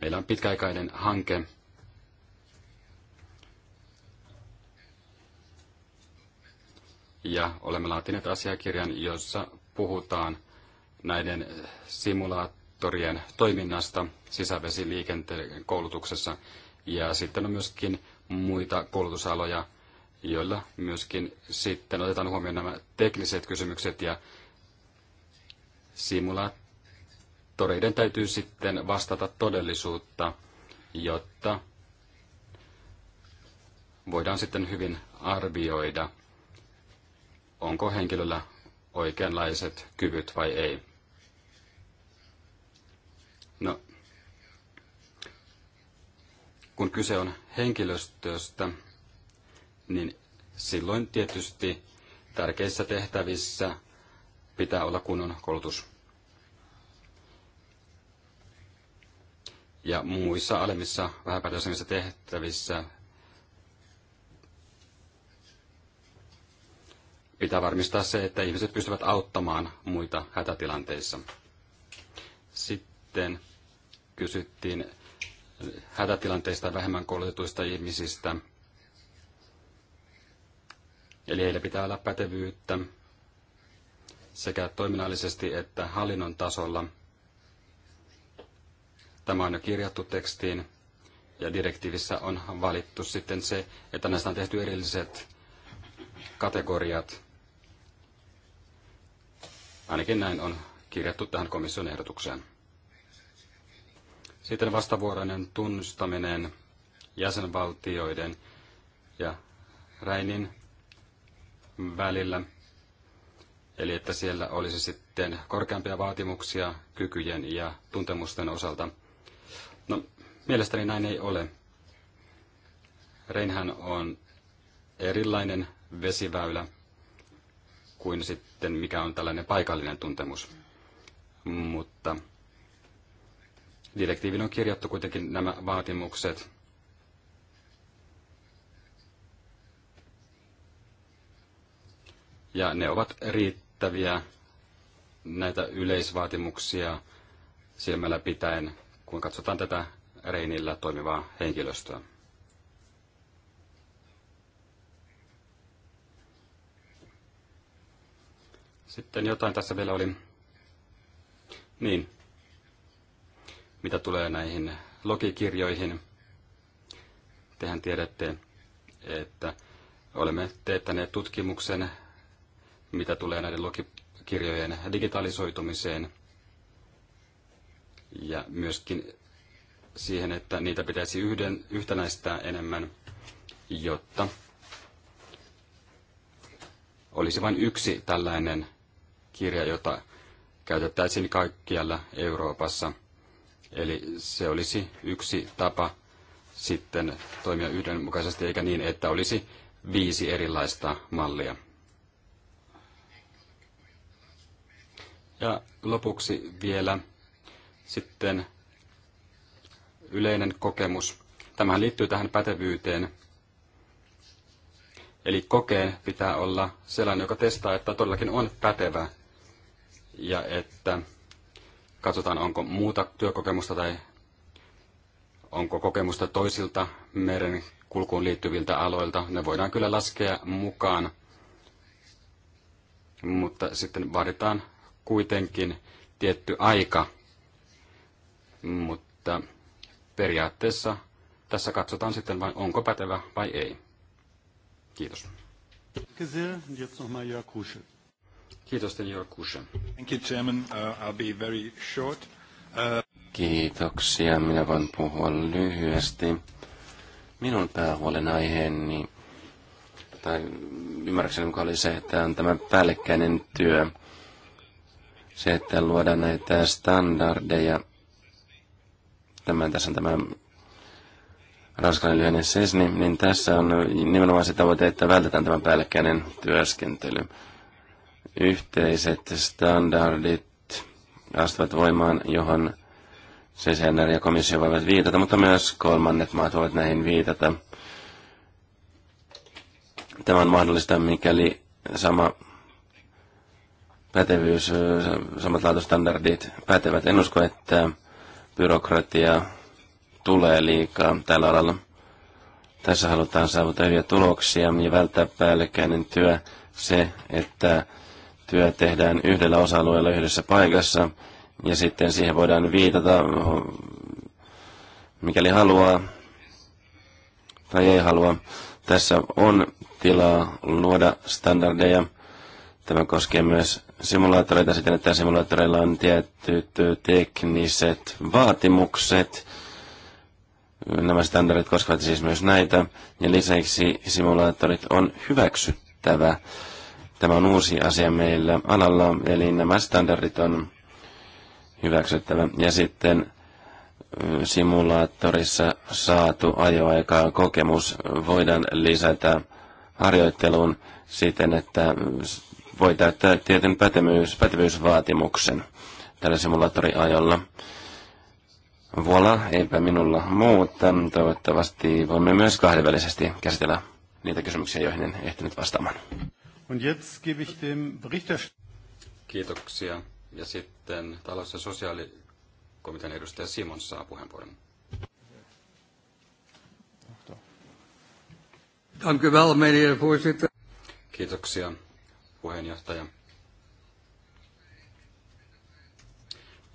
Meillä on pitkäaikainen hanke, ja olemme laatineet asiakirjan, jossa puhutaan näiden simulaattorien toiminnasta sisävesiliikenteen koulutuksessa. Ja sitten on myöskin muita koulutusaloja, joilla myöskin sitten otetaan huomioon nämä tekniset kysymykset ja simulaattoreiden täytyy sitten vastata todellisuutta, jotta voidaan sitten hyvin arvioida – onko henkilöllä oikeanlaiset kyvyt vai ei. No, kun kyse on henkilöstöstä, niin silloin tietysti tärkeissä tehtävissä pitää olla kunnon koulutus. Ja muissa alemmissa vähäpätöisemmissä tehtävissä Pitää varmistaa se, että ihmiset pystyvät auttamaan muita hätätilanteissa. Sitten kysyttiin hätätilanteista vähemmän koulutetuista ihmisistä. Eli heillä pitää olla pätevyyttä sekä toiminnallisesti että hallinnon tasolla. Tämä on jo kirjattu tekstiin ja direktiivissä on valittu sitten se, että näistä on tehty erilliset kategoriat Ainakin näin on kirjattu tähän komission ehdotukseen. Sitten vastavuoroinen tunnustaminen jäsenvaltioiden ja Räinin välillä. Eli että siellä olisi sitten korkeampia vaatimuksia kykyjen ja tuntemusten osalta. No, mielestäni näin ei ole. Reinhän on erilainen vesiväylä kuin sitten mikä on tällainen paikallinen tuntemus. Mutta direktiivin on kirjattu kuitenkin nämä vaatimukset. Ja ne ovat riittäviä näitä yleisvaatimuksia silmällä pitäen, kun katsotaan tätä Reinillä toimivaa henkilöstöä. Sitten jotain tässä vielä oli. Niin. Mitä tulee näihin logikirjoihin, tehän tiedätte, että olemme teettäneet tutkimuksen, mitä tulee näiden logikirjojen digitalisoitumiseen ja myöskin siihen, että niitä pitäisi yhden, yhtenäistää enemmän, jotta olisi vain yksi tällainen kirja, jota käytettäisiin kaikkialla Euroopassa. Eli se olisi yksi tapa sitten toimia yhdenmukaisesti, eikä niin, että olisi viisi erilaista mallia. Ja lopuksi vielä sitten yleinen kokemus. Tämähän liittyy tähän pätevyyteen. Eli kokeen pitää olla sellainen, joka testaa, että todellakin on pätevä ja että katsotaan, onko muuta työkokemusta tai onko kokemusta toisilta meren kulkuun liittyviltä aloilta. Ne voidaan kyllä laskea mukaan, mutta sitten vaaditaan kuitenkin tietty aika. Mutta periaatteessa tässä katsotaan sitten vain, onko pätevä vai ei. Kiitos. Gesehen, jetzt nochmal Jörg Kuschel. Kiitos, uh, Kiitoksia. Minä voin puhua lyhyesti. Minun päähuolen aiheeni, tai ymmärrykseni mukaan oli se, että on tämä päällekkäinen työ. Se, että luodaan näitä standardeja. Tämä, tässä on tämä ranskalainen lyhyinen SESNI, niin tässä on nimenomaan se tavoite, että vältetään tämä päällekkäinen työskentely Yhteiset standardit astuvat voimaan, johon CCNR ja komissio voivat viitata, mutta myös kolmannet maat voivat näihin viitata. Tämä on mahdollista, mikäli sama pätevyys, samat laatustandardit pätevät. En usko, että byrokratia tulee liikaa tällä alalla. Tässä halutaan saavuttaa hyviä tuloksia ja välttää päällekkäinen työ se, että työ tehdään yhdellä osa-alueella yhdessä paikassa, ja sitten siihen voidaan viitata, mikäli haluaa tai ei halua. Tässä on tilaa luoda standardeja. Tämä koskee myös simulaattoreita siten, että simulaattoreilla on tietyt tekniset vaatimukset. Nämä standardit koskevat siis myös näitä, ja lisäksi simulaattorit on hyväksyttävä Tämä on uusi asia meillä alalla, eli nämä standardit on hyväksyttävä. Ja sitten simulaattorissa saatu ajoaikaa kokemus voidaan lisätä harjoitteluun siten, että voi täyttää tietyn pätevyys, pätevyysvaatimuksen tällä simulaattoriajolla. Voila, eipä minulla muuta. Toivottavasti voimme myös kahdenvälisesti käsitellä niitä kysymyksiä, joihin en ehtinyt vastaamaan. Und jetzt gebe ich dem Kiitoksia. Ja sitten talous- ja sosiaalikomitean edustaja Simon saa puheenvuoron. Kiitoksia, puheenjohtaja.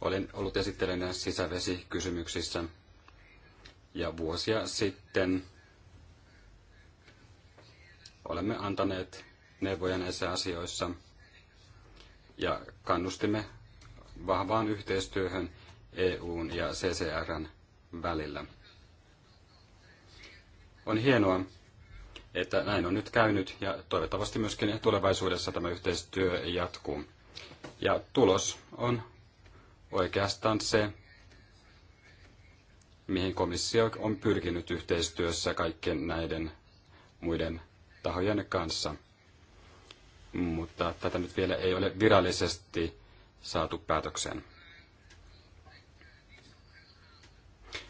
Olen ollut esittelenä sisävesikysymyksissä ja vuosia sitten olemme antaneet neuvoja näissä asioissa ja kannustimme vahvaan yhteistyöhön EUn ja CCRn välillä. On hienoa, että näin on nyt käynyt ja toivottavasti myöskin tulevaisuudessa tämä yhteistyö jatkuu. Ja tulos on oikeastaan se, mihin komissio on pyrkinyt yhteistyössä kaikkien näiden muiden tahojen kanssa mutta tätä nyt vielä ei ole virallisesti saatu päätökseen.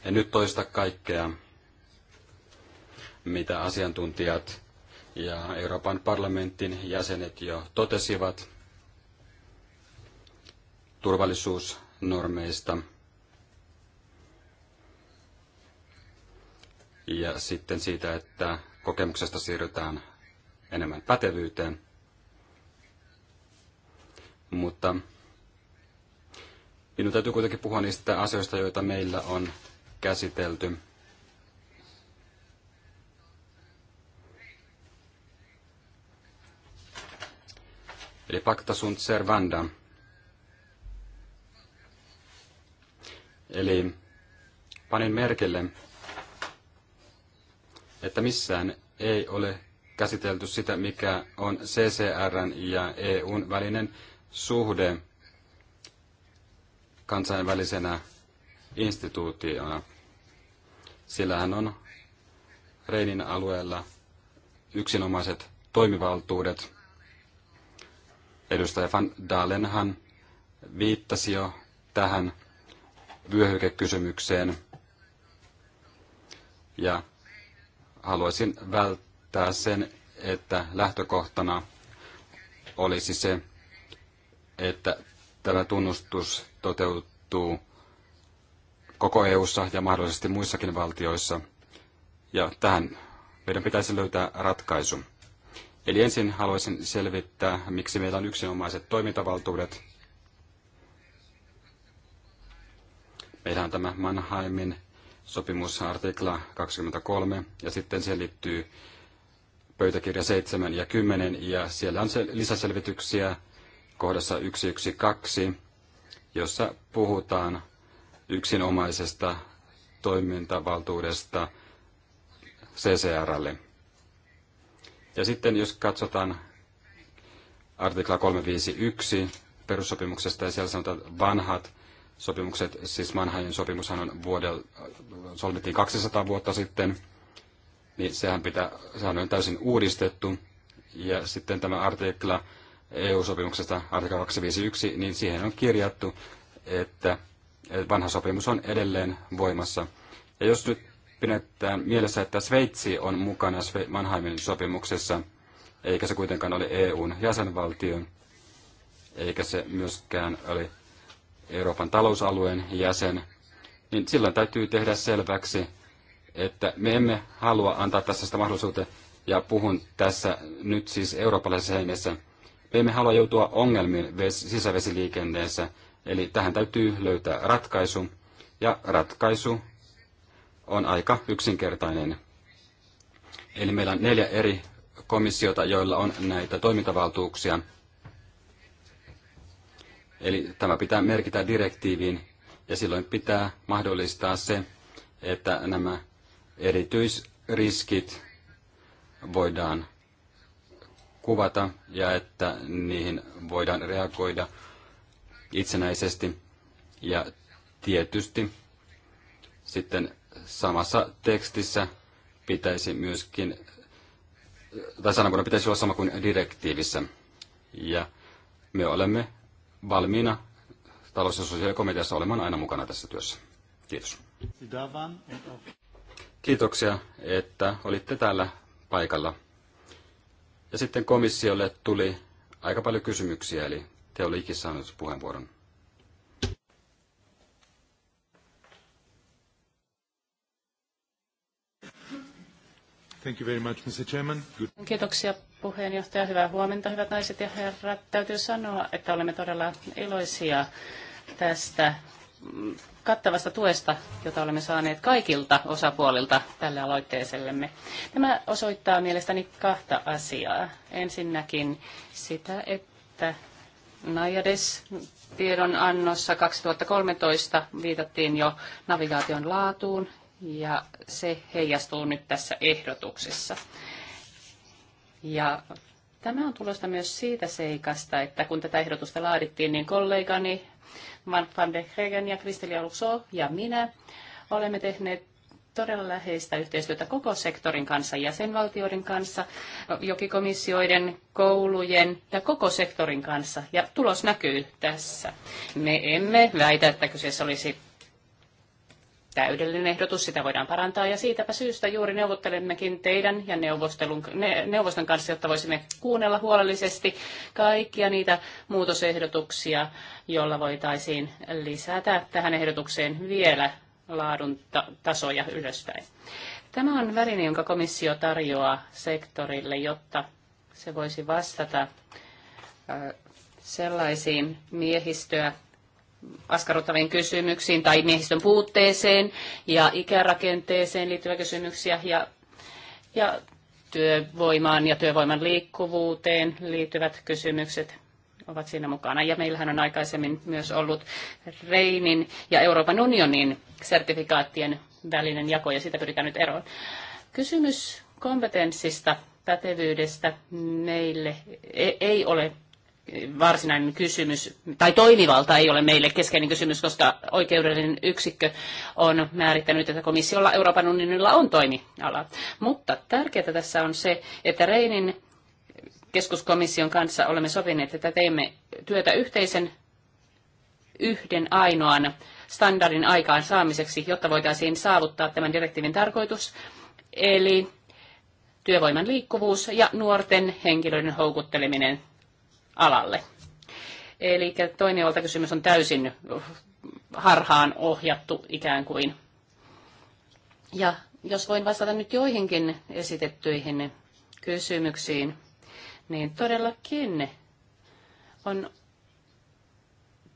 En nyt toista kaikkea, mitä asiantuntijat ja Euroopan parlamentin jäsenet jo totesivat turvallisuusnormeista. Ja sitten siitä, että kokemuksesta siirrytään enemmän pätevyyteen. Mutta minun täytyy kuitenkin puhua niistä asioista, joita meillä on käsitelty. Eli pacta sunt servanda. Eli panin merkille, että missään ei ole käsitelty sitä, mikä on CCRn ja EUn välinen suhde kansainvälisenä instituutiona. Sillähän on Reinin alueella yksinomaiset toimivaltuudet. Edustaja Van Dalenhan viittasi jo tähän vyöhykekysymykseen. Ja haluaisin välttää sen, että lähtökohtana olisi se, että tämä tunnustus toteutuu koko EU:ssa ja mahdollisesti muissakin valtioissa. Ja tähän meidän pitäisi löytää ratkaisu. Eli ensin haluaisin selvittää, miksi meillä on yksinomaiset toimintavaltuudet. Meillä on tämä Mannheimin sopimusartikla 23 ja sitten siihen liittyy pöytäkirja 7 ja 10 ja siellä on lisäselvityksiä kohdassa 112, jossa puhutaan yksinomaisesta toimintavaltuudesta CCRlle. Ja sitten jos katsotaan artikla 351 perussopimuksesta, ja siellä sanotaan vanhat sopimukset, siis Manhain sopimushan on vuodel, solmittiin 200 vuotta sitten, niin sehän, pitää, sehän on täysin uudistettu. Ja sitten tämä artikla EU-sopimuksesta, artikla 251, niin siihen on kirjattu, että vanha sopimus on edelleen voimassa. Ja jos nyt pidetään mielessä, että Sveitsi on mukana Mannheimin sopimuksessa, eikä se kuitenkaan ole EUn jäsenvaltio, eikä se myöskään ole Euroopan talousalueen jäsen, niin silloin täytyy tehdä selväksi, että me emme halua antaa tässä sitä mahdollisuutta, ja puhun tässä nyt siis eurooppalaisessa hengessä, emme halua joutua ongelmiin sisävesiliikenteessä, eli tähän täytyy löytää ratkaisu. Ja ratkaisu on aika yksinkertainen. Eli meillä on neljä eri komissiota, joilla on näitä toimintavaltuuksia. Eli tämä pitää merkitä direktiiviin ja silloin pitää mahdollistaa se, että nämä erityisriskit voidaan kuvata ja että niihin voidaan reagoida itsenäisesti. Ja tietysti sitten samassa tekstissä pitäisi myöskin, tai sanakunnan pitäisi olla sama kuin direktiivissä. Ja me olemme valmiina talous- ja sosiaalikomiteassa olemaan aina mukana tässä työssä. Kiitos. Kiitoksia, että olitte täällä paikalla ja sitten komissiolle tuli aika paljon kysymyksiä, eli te olikin saanut puheenvuoron. Thank you very much, Mr. Chairman. Good. Kiitoksia puheenjohtaja. Hyvää huomenta, hyvät naiset ja herrat. Täytyy sanoa, että olemme todella iloisia tästä kattavasta tuesta, jota olemme saaneet kaikilta osapuolilta tälle aloitteesellemme. Tämä osoittaa mielestäni kahta asiaa. Ensinnäkin sitä, että Najades tiedonannossa 2013 viitattiin jo navigaation laatuun ja se heijastuu nyt tässä ehdotuksessa. Ja tämä on tulosta myös siitä seikasta, että kun tätä ehdotusta laadittiin, niin kollegani Mark van de Hegen ja Kristelia Luxo ja minä olemme tehneet todella läheistä yhteistyötä koko sektorin kanssa, jäsenvaltioiden kanssa, jokikomissioiden, koulujen ja koko sektorin kanssa. Ja tulos näkyy tässä. Me emme väitä, että kyseessä olisi täydellinen ehdotus, sitä voidaan parantaa ja siitäpä syystä juuri neuvottelemmekin teidän ja neuvostelun, ne, neuvoston kanssa, jotta voisimme kuunnella huolellisesti kaikkia niitä muutosehdotuksia, joilla voitaisiin lisätä tähän ehdotukseen vielä laadun ta- tasoja ylöspäin. Tämä on väline, jonka komissio tarjoaa sektorille, jotta se voisi vastata sellaisiin miehistöä askarruttaviin kysymyksiin tai miehistön puutteeseen ja ikärakenteeseen liittyviä kysymyksiä ja, ja työvoimaan ja työvoiman liikkuvuuteen liittyvät kysymykset ovat siinä mukana. Ja meillähän on aikaisemmin myös ollut Reinin ja Euroopan unionin sertifikaattien välinen jako, ja sitä pyritään nyt eroon. Kysymys kompetenssista, pätevyydestä meille e- ei ole varsinainen kysymys, tai toimivalta ei ole meille keskeinen kysymys, koska oikeudellinen yksikkö on määrittänyt, että komissiolla Euroopan unionilla on toimiala. Mutta tärkeää tässä on se, että Reinin keskuskomission kanssa olemme sopineet, että teemme työtä yhteisen yhden ainoan standardin aikaan saamiseksi, jotta voitaisiin saavuttaa tämän direktiivin tarkoitus, eli työvoiman liikkuvuus ja nuorten henkilöiden houkutteleminen alalle. Eli toinen kysymys on täysin harhaan ohjattu ikään kuin. Ja jos voin vastata nyt joihinkin esitettyihin kysymyksiin, niin todellakin on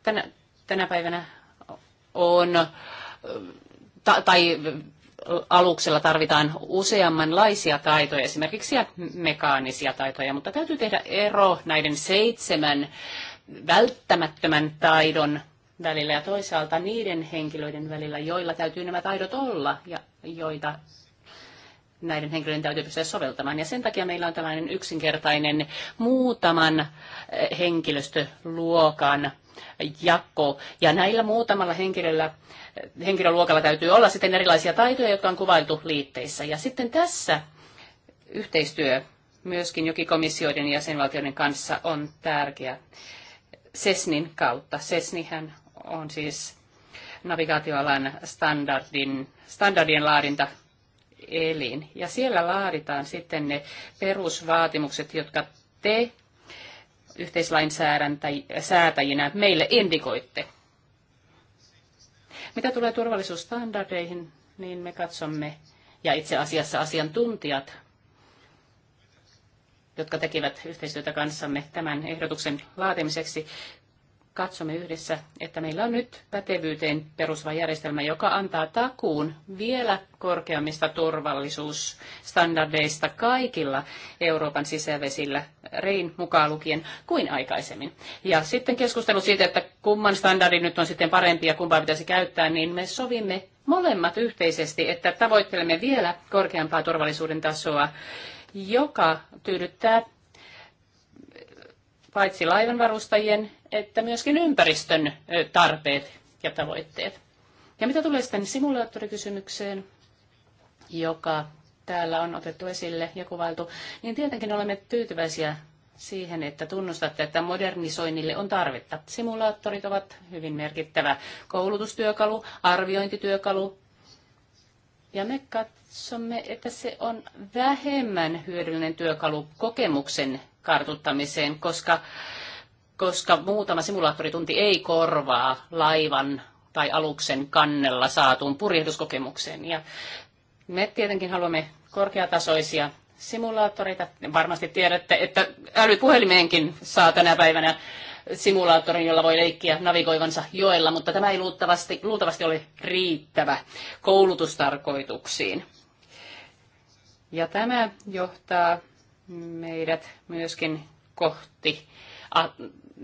tänä, tänä päivänä on, ta, tai aluksella tarvitaan useammanlaisia taitoja, esimerkiksi mekaanisia taitoja, mutta täytyy tehdä ero näiden seitsemän välttämättömän taidon välillä ja toisaalta niiden henkilöiden välillä, joilla täytyy nämä taidot olla ja joita näiden henkilöiden täytyy pystyä soveltamaan. Ja sen takia meillä on tällainen yksinkertainen muutaman eh, henkilöstöluokan jako. Ja näillä muutamalla henkilöllä henkilöluokalla täytyy olla sitten erilaisia taitoja, jotka on kuvailtu liitteissä. Ja sitten tässä yhteistyö myöskin jokikomissioiden ja jäsenvaltioiden kanssa on tärkeä SESNin kautta. SESNihän on siis navigaatioalan standardin, standardien laadinta elin. Ja siellä laaditaan sitten ne perusvaatimukset, jotka te yhteislainsäätäjinä meille indikoitte. Mitä tulee turvallisuusstandardeihin, niin me katsomme, ja itse asiassa asiantuntijat, jotka tekivät yhteistyötä kanssamme tämän ehdotuksen laatimiseksi, katsomme yhdessä, että meillä on nyt pätevyyteen perustuva järjestelmä, joka antaa takuun vielä korkeammista turvallisuusstandardeista kaikilla Euroopan sisävesillä, Rein mukaan lukien, kuin aikaisemmin. Ja sitten keskustelu siitä, että kumman standardi nyt on sitten parempi ja kumpaa pitäisi käyttää, niin me sovimme molemmat yhteisesti, että tavoittelemme vielä korkeampaa turvallisuuden tasoa, joka tyydyttää paitsi laivanvarustajien että myöskin ympäristön tarpeet ja tavoitteet. Ja mitä tulee sitten simulaattorikysymykseen, joka täällä on otettu esille ja kuvailtu, niin tietenkin olemme tyytyväisiä siihen, että tunnustatte, että modernisoinnille on tarvetta. Simulaattorit ovat hyvin merkittävä koulutustyökalu, arviointityökalu. Ja me katsomme, että se on vähemmän hyödyllinen työkalu kokemuksen kartuttamiseen, koska koska muutama simulaattoritunti ei korvaa laivan tai aluksen kannella saatuun purjehduskokemukseen. Ja me tietenkin haluamme korkeatasoisia simulaattoreita. Varmasti tiedätte, että älypuhelimeenkin saa tänä päivänä simulaattorin, jolla voi leikkiä navigoivansa joella, mutta tämä ei luultavasti, luultavasti ole riittävä koulutustarkoituksiin. Ja tämä johtaa meidät myöskin kohti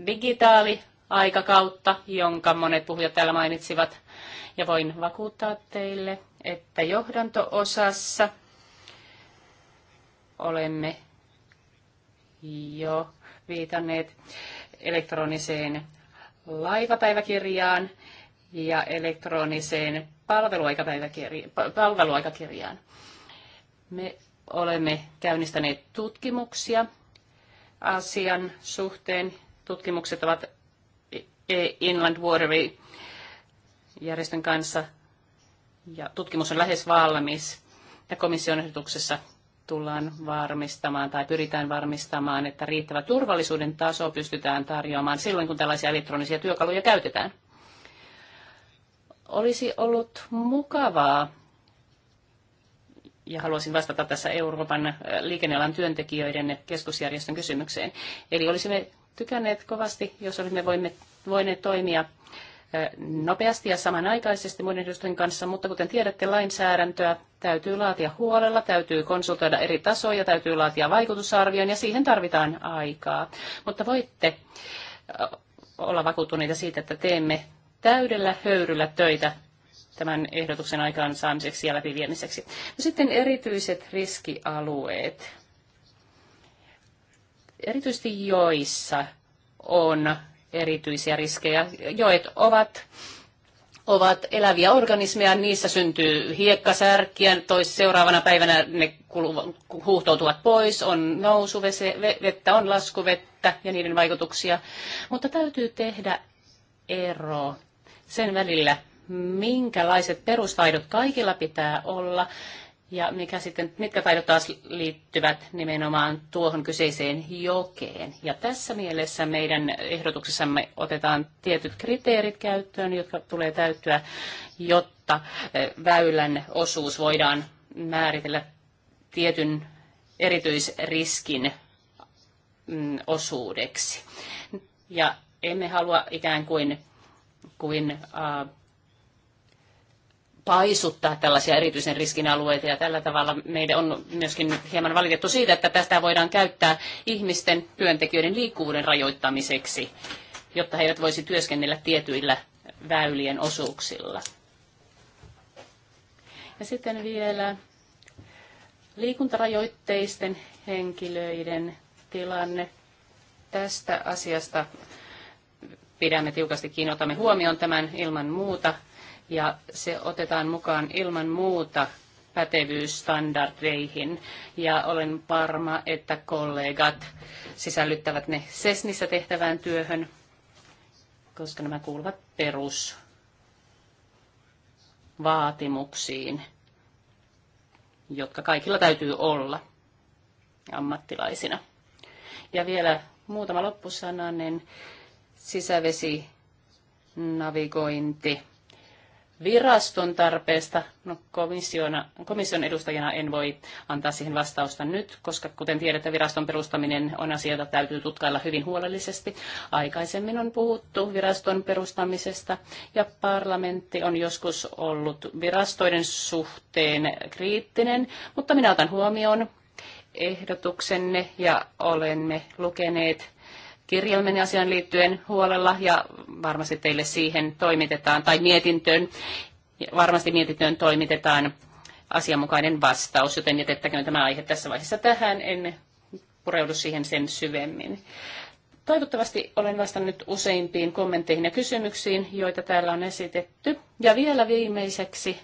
digitaali aikakautta, jonka monet puhujat täällä mainitsivat. Ja voin vakuuttaa teille, että johdanto-osassa olemme jo viitanneet elektroniseen laivapäiväkirjaan ja elektroniseen palveluaikakirjaan. Me olemme käynnistäneet tutkimuksia asian suhteen tutkimukset ovat e- e- Inland Watery järjestön kanssa ja tutkimus on lähes valmis. Ja komission ehdotuksessa tullaan varmistamaan tai pyritään varmistamaan, että riittävä turvallisuuden taso pystytään tarjoamaan silloin, kun tällaisia elektronisia työkaluja käytetään. Olisi ollut mukavaa, ja haluaisin vastata tässä Euroopan liikennealan työntekijöiden keskusjärjestön kysymykseen. Eli olisimme tykänneet kovasti, jos olimme voimme, voineet toimia nopeasti ja samanaikaisesti muiden edustajien kanssa, mutta kuten tiedätte, lainsäädäntöä täytyy laatia huolella, täytyy konsultoida eri tasoja, täytyy laatia vaikutusarvion ja siihen tarvitaan aikaa. Mutta voitte olla vakuuttuneita siitä, että teemme täydellä höyryllä töitä tämän ehdotuksen aikaansaamiseksi ja läpiviemiseksi. No sitten erityiset riskialueet erityisesti joissa on erityisiä riskejä. Joet ovat ovat eläviä organismeja, niissä syntyy hiekkasärkkiä, tois seuraavana päivänä ne huuhtoutuvat pois, on nousuvettä, on laskuvettä ja niiden vaikutuksia. Mutta täytyy tehdä ero sen välillä, minkälaiset perustaidot kaikilla pitää olla ja mikä sitten, mitkä taidot taas liittyvät nimenomaan tuohon kyseiseen jokeen. Ja tässä mielessä meidän ehdotuksessamme otetaan tietyt kriteerit käyttöön, jotka tulee täyttyä, jotta eh, väylän osuus voidaan määritellä tietyn erityisriskin mm, osuudeksi. Ja emme halua ikään kuin, kuin äh, paisuttaa tällaisia erityisen riskin alueita ja tällä tavalla meidän on myöskin hieman valitettu siitä, että tästä voidaan käyttää ihmisten työntekijöiden liikkuvuuden rajoittamiseksi, jotta he eivät voisi työskennellä tietyillä väylien osuuksilla. Ja sitten vielä liikuntarajoitteisten henkilöiden tilanne. Tästä asiasta pidämme tiukasti kiinni, otamme huomioon tämän ilman muuta ja se otetaan mukaan ilman muuta pätevyysstandardeihin. Ja olen varma, että kollegat sisällyttävät ne SESNissä tehtävään työhön, koska nämä kuuluvat perusvaatimuksiin, jotka kaikilla täytyy olla ammattilaisina. Ja vielä muutama loppusananen sisävesi navigointi viraston tarpeesta. No, komissiona, komission edustajana en voi antaa siihen vastausta nyt, koska kuten tiedätte, viraston perustaminen on asia, jota täytyy tutkailla hyvin huolellisesti. Aikaisemmin on puhuttu viraston perustamisesta ja parlamentti on joskus ollut virastoiden suhteen kriittinen, mutta minä otan huomioon ehdotuksenne ja olemme lukeneet kirjan asian asiaan liittyen huolella ja varmasti teille siihen toimitetaan tai mietintöön. Varmasti mietintöön toimitetaan asianmukainen vastaus, joten jätettäköön tämä aihe tässä vaiheessa tähän. En pureudu siihen sen syvemmin. Toivottavasti olen vastannut useimpiin kommentteihin ja kysymyksiin, joita täällä on esitetty. Ja vielä viimeiseksi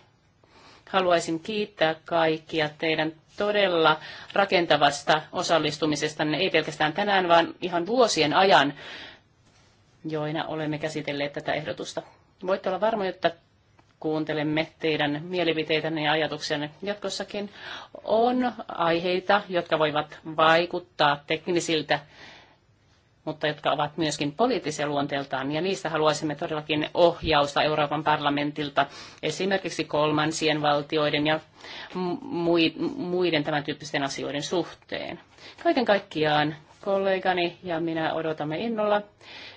haluaisin kiittää kaikkia teidän todella rakentavasta osallistumisesta, ei pelkästään tänään, vaan ihan vuosien ajan, joina olemme käsitelleet tätä ehdotusta. Voitte olla varmoja, että kuuntelemme teidän mielipiteitänne ja ajatuksianne jatkossakin. On aiheita, jotka voivat vaikuttaa teknisiltä mutta jotka ovat myöskin poliittisia luonteeltaan, ja niistä haluaisimme todellakin ohjausta Euroopan parlamentilta esimerkiksi kolmansien valtioiden ja muiden tämän tyyppisten asioiden suhteen. Kaiken kaikkiaan kollegani ja minä odotamme innolla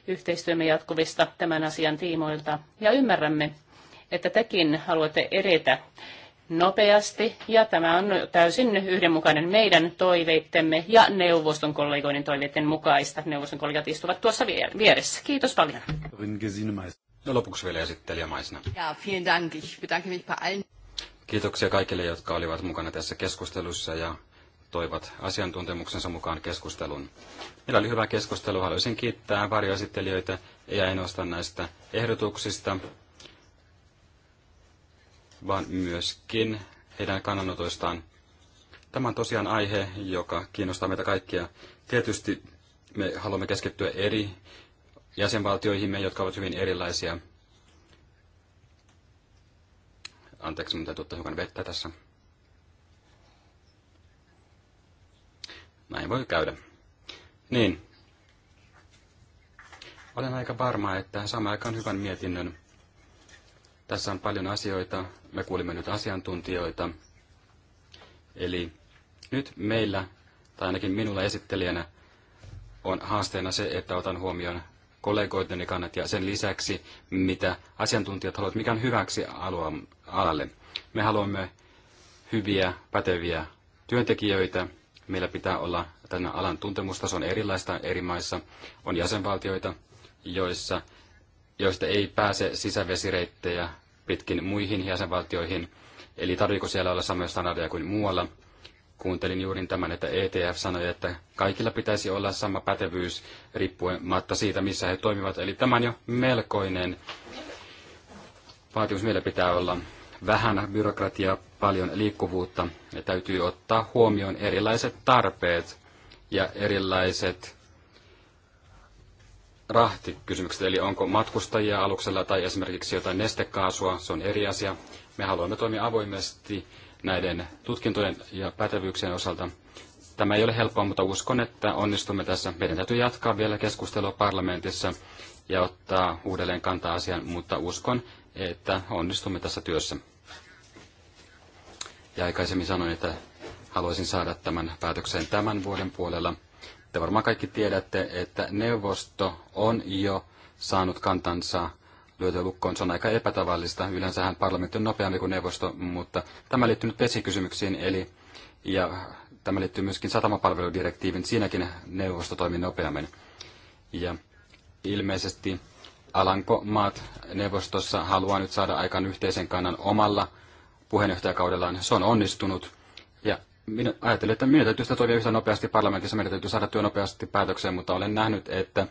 yhteistyömme jatkuvista tämän asian tiimoilta ja ymmärrämme, että tekin haluatte edetä nopeasti ja tämä on täysin yhdenmukainen meidän toiveittemme ja neuvoston kollegoiden toiveiden mukaista. Neuvoston kollegat istuvat tuossa vieressä. Kiitos paljon. No lopuksi vielä esittelijämaisena. Ja, vielen dank. Ich bedanke mich bei allen. Kiitoksia kaikille, jotka olivat mukana tässä keskustelussa ja toivat asiantuntemuksensa mukaan keskustelun. Meillä oli hyvä keskustelu. Haluaisin kiittää varjoesittelijöitä ja ainoastaan näistä ehdotuksista, vaan myöskin heidän kannanotoistaan. Tämä on tosiaan aihe, joka kiinnostaa meitä kaikkia. Tietysti me haluamme keskittyä eri jäsenvaltioihimme, jotka ovat hyvin erilaisia. Anteeksi, minun täytyy ottaa hiukan vettä tässä. Näin voi käydä. Niin. Olen aika varma, että saamme aikaan hyvän mietinnön, tässä on paljon asioita. Me kuulimme nyt asiantuntijoita. Eli nyt meillä, tai ainakin minulla esittelijänä, on haasteena se, että otan huomioon kollegoideni kannat ja sen lisäksi, mitä asiantuntijat haluavat, mikä on hyväksi alalle. Me haluamme hyviä, päteviä työntekijöitä. Meillä pitää olla tämän alan tuntemusta, on erilaista eri maissa. On jäsenvaltioita, joissa, joista ei pääse sisävesireittejä pitkin muihin jäsenvaltioihin, eli tarviko siellä olla samoja standardeja kuin muualla. Kuuntelin juuri tämän, että ETF sanoi, että kaikilla pitäisi olla sama pätevyys matta siitä, missä he toimivat. Eli tämä on jo melkoinen vaatimus. Meillä pitää olla vähän byrokratiaa, paljon liikkuvuutta ja täytyy ottaa huomioon erilaiset tarpeet ja erilaiset rahtikysymykset, eli onko matkustajia aluksella tai esimerkiksi jotain nestekaasua, se on eri asia. Me haluamme toimia avoimesti näiden tutkintojen ja pätevyyksien osalta. Tämä ei ole helppoa, mutta uskon, että onnistumme tässä. Meidän täytyy jatkaa vielä keskustelua parlamentissa ja ottaa uudelleen kantaa asian, mutta uskon, että onnistumme tässä työssä. Ja aikaisemmin sanoin, että haluaisin saada tämän päätökseen tämän vuoden puolella. Te varmaan kaikki tiedätte, että neuvosto on jo saanut kantansa lyötyä lukkoon. Se on aika epätavallista. Yleensähän parlamentti on nopeampi kuin neuvosto, mutta tämä liittyy nyt vesikysymyksiin, eli ja tämä liittyy myöskin satamapalveludirektiivin. Siinäkin neuvosto toimii nopeammin. Ja ilmeisesti Alankomaat neuvostossa haluaa nyt saada aikaan yhteisen kannan omalla puheenjohtajakaudellaan. Se on onnistunut. Ja minä ajattelin, että minun täytyy sitä toimia yhtä nopeasti parlamentissa, meidän täytyy saada työ nopeasti päätökseen, mutta olen nähnyt, että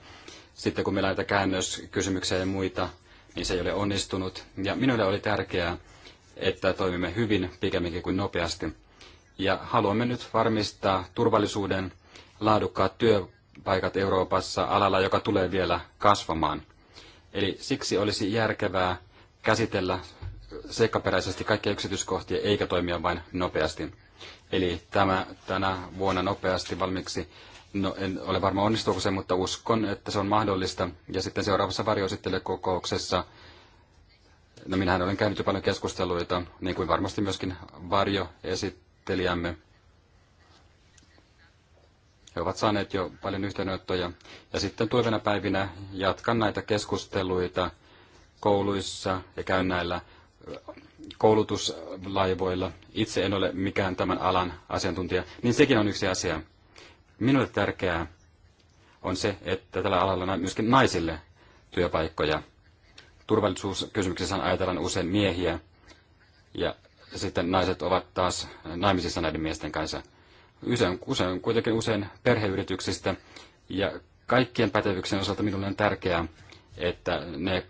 sitten kun meillä on näitä käännöskysymyksiä ja muita, niin se ei ole onnistunut. Ja minulle oli tärkeää, että toimimme hyvin pikemminkin kuin nopeasti. Ja haluamme nyt varmistaa turvallisuuden, laadukkaat työpaikat Euroopassa alalla, joka tulee vielä kasvamaan. Eli siksi olisi järkevää käsitellä seikkaperäisesti kaikkia yksityiskohtia eikä toimia vain nopeasti. Eli tämä tänä vuonna nopeasti valmiiksi. No, en ole varma onnistuuko se, mutta uskon, että se on mahdollista. Ja sitten seuraavassa varjoesittelijäkokouksessa, no minähän olen käynyt jo paljon keskusteluita, niin kuin varmasti myöskin varjoesittelijämme. He ovat saaneet jo paljon yhteydenottoja. Ja sitten tulevina päivinä jatkan näitä keskusteluita kouluissa ja käyn näillä koulutuslaivoilla, itse en ole mikään tämän alan asiantuntija, niin sekin on yksi asia. Minulle tärkeää on se, että tällä alalla on myöskin naisille työpaikkoja. Turvallisuuskysymyksessä ajatellaan usein miehiä, ja sitten naiset ovat taas naimisissa näiden miesten kanssa. Usein, usein kuitenkin usein perheyrityksistä, ja kaikkien pätevyyksien osalta minulle on tärkeää, että ne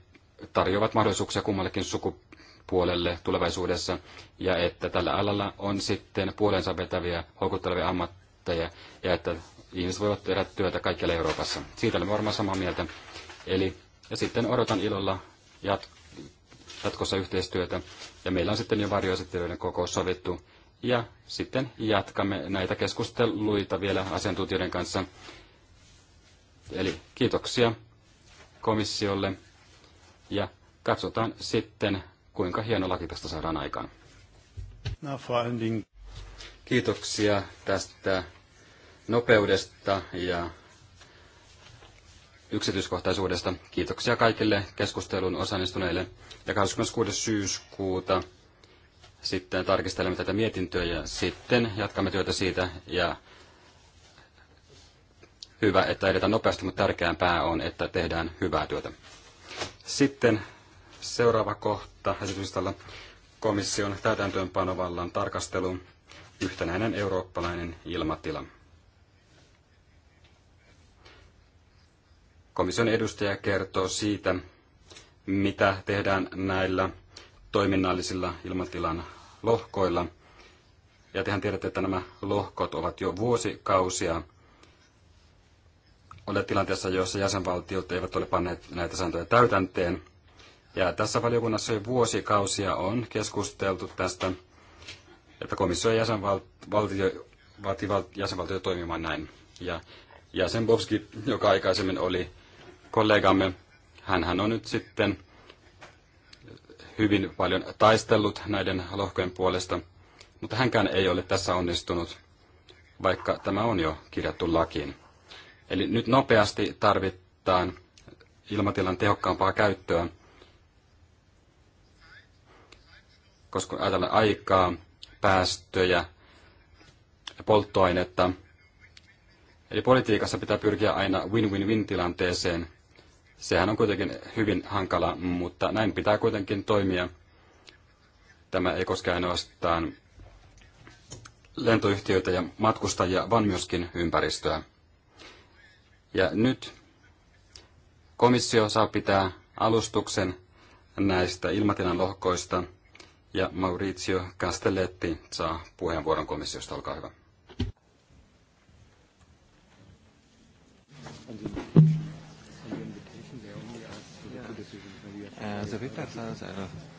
tarjoavat mahdollisuuksia kummallekin sukupuolelle puolelle tulevaisuudessa, ja että tällä alalla on sitten puolensa vetäviä, houkuttelevia ammatteja, ja että ihmiset voivat tehdä työtä kaikkialla Euroopassa. Siitä olemme varmaan samaa mieltä. Eli, ja sitten odotan ilolla jat, jatkossa yhteistyötä, ja meillä on sitten jo varjoesittelyiden kokous sovittu, ja sitten jatkamme näitä keskusteluita vielä asiantuntijoiden kanssa. Eli kiitoksia komissiolle ja katsotaan sitten, kuinka hieno laki tästä saadaan aikaan. Kiitoksia tästä nopeudesta ja yksityiskohtaisuudesta. Kiitoksia kaikille keskustelun osallistuneille. Ja 26. syyskuuta sitten tarkistelemme tätä mietintöä ja sitten jatkamme työtä siitä. Ja hyvä, että edetään nopeasti, mutta tärkeämpää on, että tehdään hyvää työtä. Sitten Seuraava kohta esityslistalla komission täytäntöönpanovallan tarkastelu, yhtenäinen eurooppalainen ilmatila. Komission edustaja kertoo siitä, mitä tehdään näillä toiminnallisilla ilmatilan lohkoilla. Ja tehän tiedätte, että nämä lohkot ovat jo vuosikausia olleet tilanteessa, jossa jäsenvaltiot eivät ole panneet näitä sääntöjä täytänteen. Ja tässä valiokunnassa jo vuosikausia on keskusteltu tästä, että komissio ja jäsenvaltio, vaatii jäsenvaltio toimimaan näin. Ja Jäsenbovski, joka aikaisemmin oli kollegamme, hän on nyt sitten hyvin paljon taistellut näiden lohkojen puolesta, mutta hänkään ei ole tässä onnistunut, vaikka tämä on jo kirjattu lakiin. Eli nyt nopeasti tarvitaan ilmatilan tehokkaampaa käyttöä, koska kun ajatellaan aikaa, päästöjä ja polttoainetta, eli politiikassa pitää pyrkiä aina win-win-win tilanteeseen. Sehän on kuitenkin hyvin hankala, mutta näin pitää kuitenkin toimia. Tämä ei koske ainoastaan lentoyhtiöitä ja matkustajia, vaan myöskin ympäristöä. Ja nyt komissio saa pitää alustuksen näistä ilmatilan lohkoista – ja Maurizio Castelletti saa puheenvuoron komissiosta, olkaa hyvä.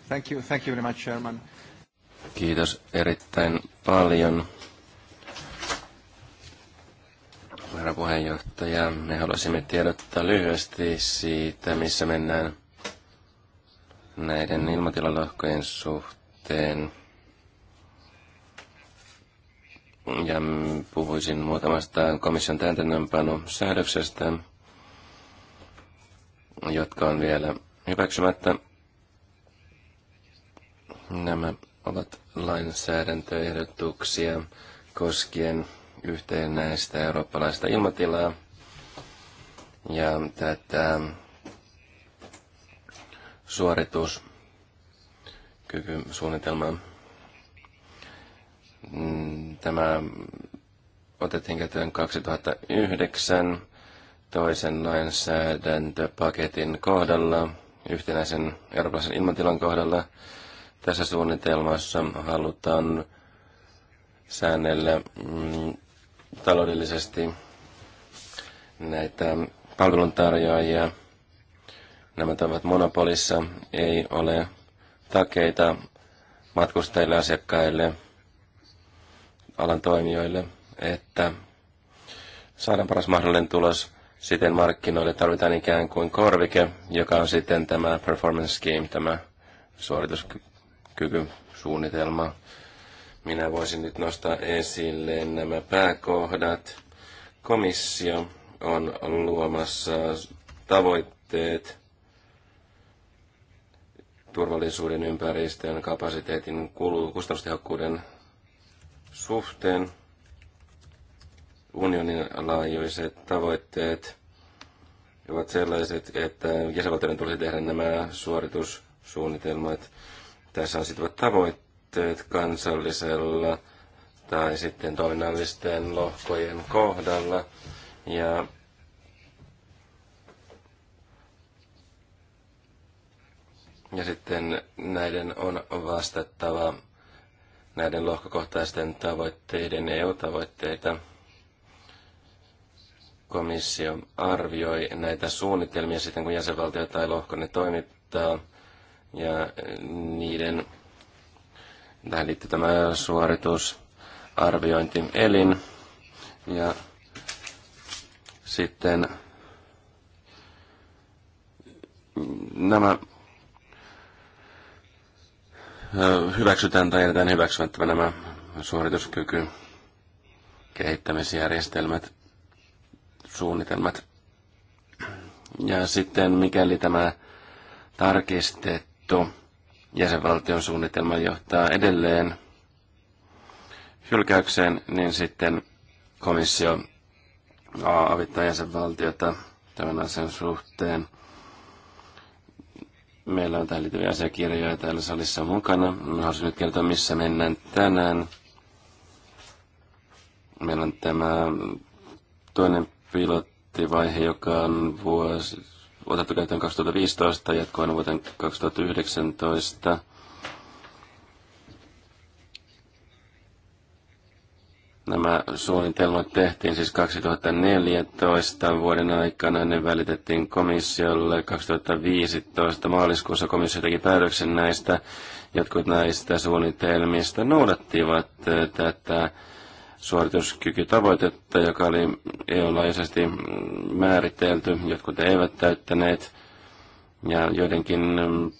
Thank you, thank you very much, Chairman. Kiitos erittäin paljon. Herra puheenjohtaja, me haluaisimme tiedottaa lyhyesti siitä, missä mennään näiden ilmatilalohkojen suhteen suhteen. Ja puhuisin muutamasta komission säädöksestä, jotka on vielä hyväksymättä. Nämä ovat lainsäädäntöehdotuksia koskien näistä eurooppalaista ilmatilaa ja tätä suoritus- kilpailukykysuunnitelmaa. Mm, tämä otettiin käyttöön 2009 toisen lainsäädäntöpaketin kohdalla, yhtenäisen eurooppalaisen ilmatilan kohdalla. Tässä suunnitelmassa halutaan säännellä mm, taloudellisesti näitä palveluntarjoajia. Nämä ovat monopolissa, ei ole takeita matkustajille, asiakkaille, alan toimijoille, että saadaan paras mahdollinen tulos siten markkinoille tarvitaan ikään kuin korvike, joka on sitten tämä performance scheme, tämä suorituskykysuunnitelma. Minä voisin nyt nostaa esille nämä pääkohdat. Komissio on luomassa tavoitteet turvallisuuden, ympäristön, kapasiteetin, kulu, kustannustehokkuuden suhteen. Unionin laajuiset tavoitteet ovat sellaiset, että jäsenvaltioiden tulisi tehdä nämä suoritussuunnitelmat. Tässä on sitovat tavoitteet kansallisella tai sitten toiminnallisten lohkojen kohdalla. Ja Ja sitten näiden on vastattava näiden lohkokohtaisten tavoitteiden EU-tavoitteita. Komissio arvioi näitä suunnitelmia sitten, kun jäsenvaltio tai lohko ne toimittaa. Ja eh, niiden, tähän liittyy tämä suoritusarviointielin. Ja sitten mm, nämä hyväksytään tai jätetään hyväksymättä nämä suorituskyky, kehittämisjärjestelmät, suunnitelmat. Ja sitten mikäli tämä tarkistettu jäsenvaltion suunnitelma johtaa edelleen hylkäykseen, niin sitten komissio avittaa jäsenvaltiota tämän asian suhteen – Meillä on täällä liittyviä asiakirjoja täällä salissa mukana. Haluaisin nyt kertoa, missä mennään tänään. Meillä on tämä toinen pilottivaihe, joka on vuosi, otettu käyttöön 2015, jatkoa vuoteen 2019. Nämä suunnitelmat tehtiin siis 2014 vuoden aikana, ne välitettiin komissiolle 2015. Maaliskuussa komissio teki päätöksen näistä. Jotkut näistä suunnitelmista noudattivat eh, tätä suorituskykytavoitetta, joka oli EU-laajuisesti määritelty. Jotkut eivät täyttäneet ja joidenkin mm,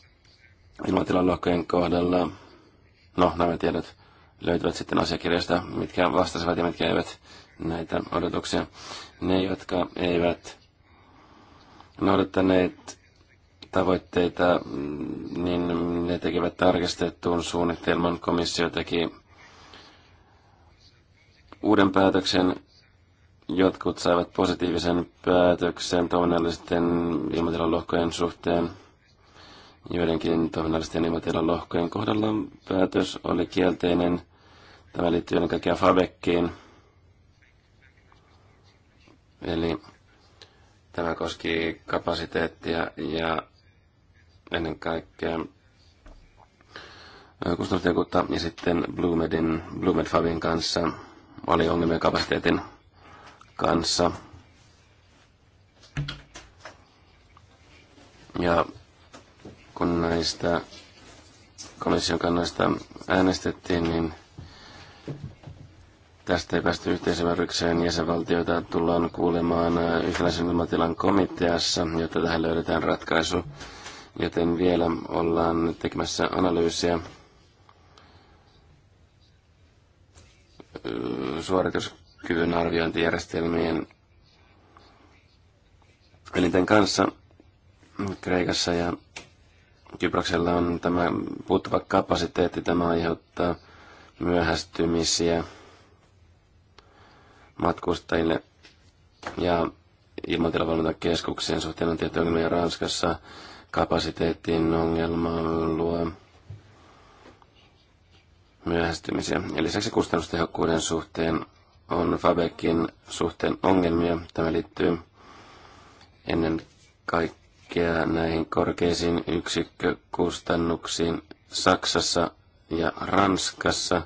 ilmatilan lohkojen kohdalla, no nämä tiedot, löytyvät sitten asiakirjasta, mitkä vastasivat ja mitkä eivät näitä odotuksia. Ne, jotka eivät noudattaneet tavoitteita, niin ne tekevät tarkistettuun suunnitelman. Komissio teki uuden päätöksen. Jotkut saivat positiivisen päätöksen toiminnallisten ilmatilan lohkojen suhteen. Joidenkin toiminnallisten ilmatilan lohkojen kohdalla päätös oli kielteinen – Tämä liittyy ennen kaikkea Fabekkiin. Eli tämä koski kapasiteettia ja ennen kaikkea kustannustehokkuutta. Ja sitten Bluemedin, Bluemed Fabin kanssa oli ongelmia kapasiteetin kanssa. Ja kun näistä komission kannoista äänestettiin, niin Tästä ei päästy yhteisymmärrykseen. Jäsenvaltioita tullaan kuulemaan äh, yhtenäisen ilmatilan komiteassa, jotta tähän löydetään ratkaisu. Joten vielä ollaan tekemässä analyysiä äh, suorituskyvyn arviointijärjestelmien elinten kanssa Kreikassa ja Kyproksella on tämä puuttuva kapasiteetti, tämä aiheuttaa myöhästymisiä matkustajille. Ja ilmatilavalvontakeskuksien suhteen on tietty ongelmia Ranskassa. Kapasiteetin ongelma luo myöhästymisiä. Lisäksi kustannustehokkuuden suhteen on Fabekin suhteen ongelmia. Tämä liittyy ennen kaikkea näihin korkeisiin yksikkökustannuksiin Saksassa ja Ranskassa.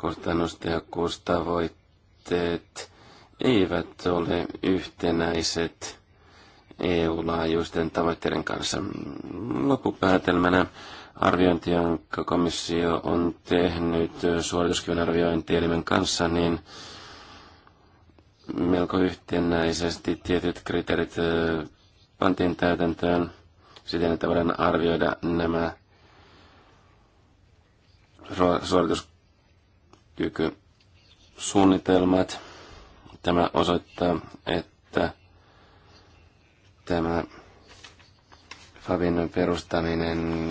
Kustannustehokkuustavoitteet puitteet eivät ole yhtenäiset EU-laajuisten tavoitteiden kanssa. Loppupäätelmänä arviointi, jonka komissio on tehnyt suorituskyvyn arviointielimen kanssa, niin melko yhtenäisesti tietyt kriteerit pantiin täytäntöön siten, että voidaan arvioida nämä suorituskyky suunnitelmat. Tämä osoittaa, että tämä Favinnon perustaminen,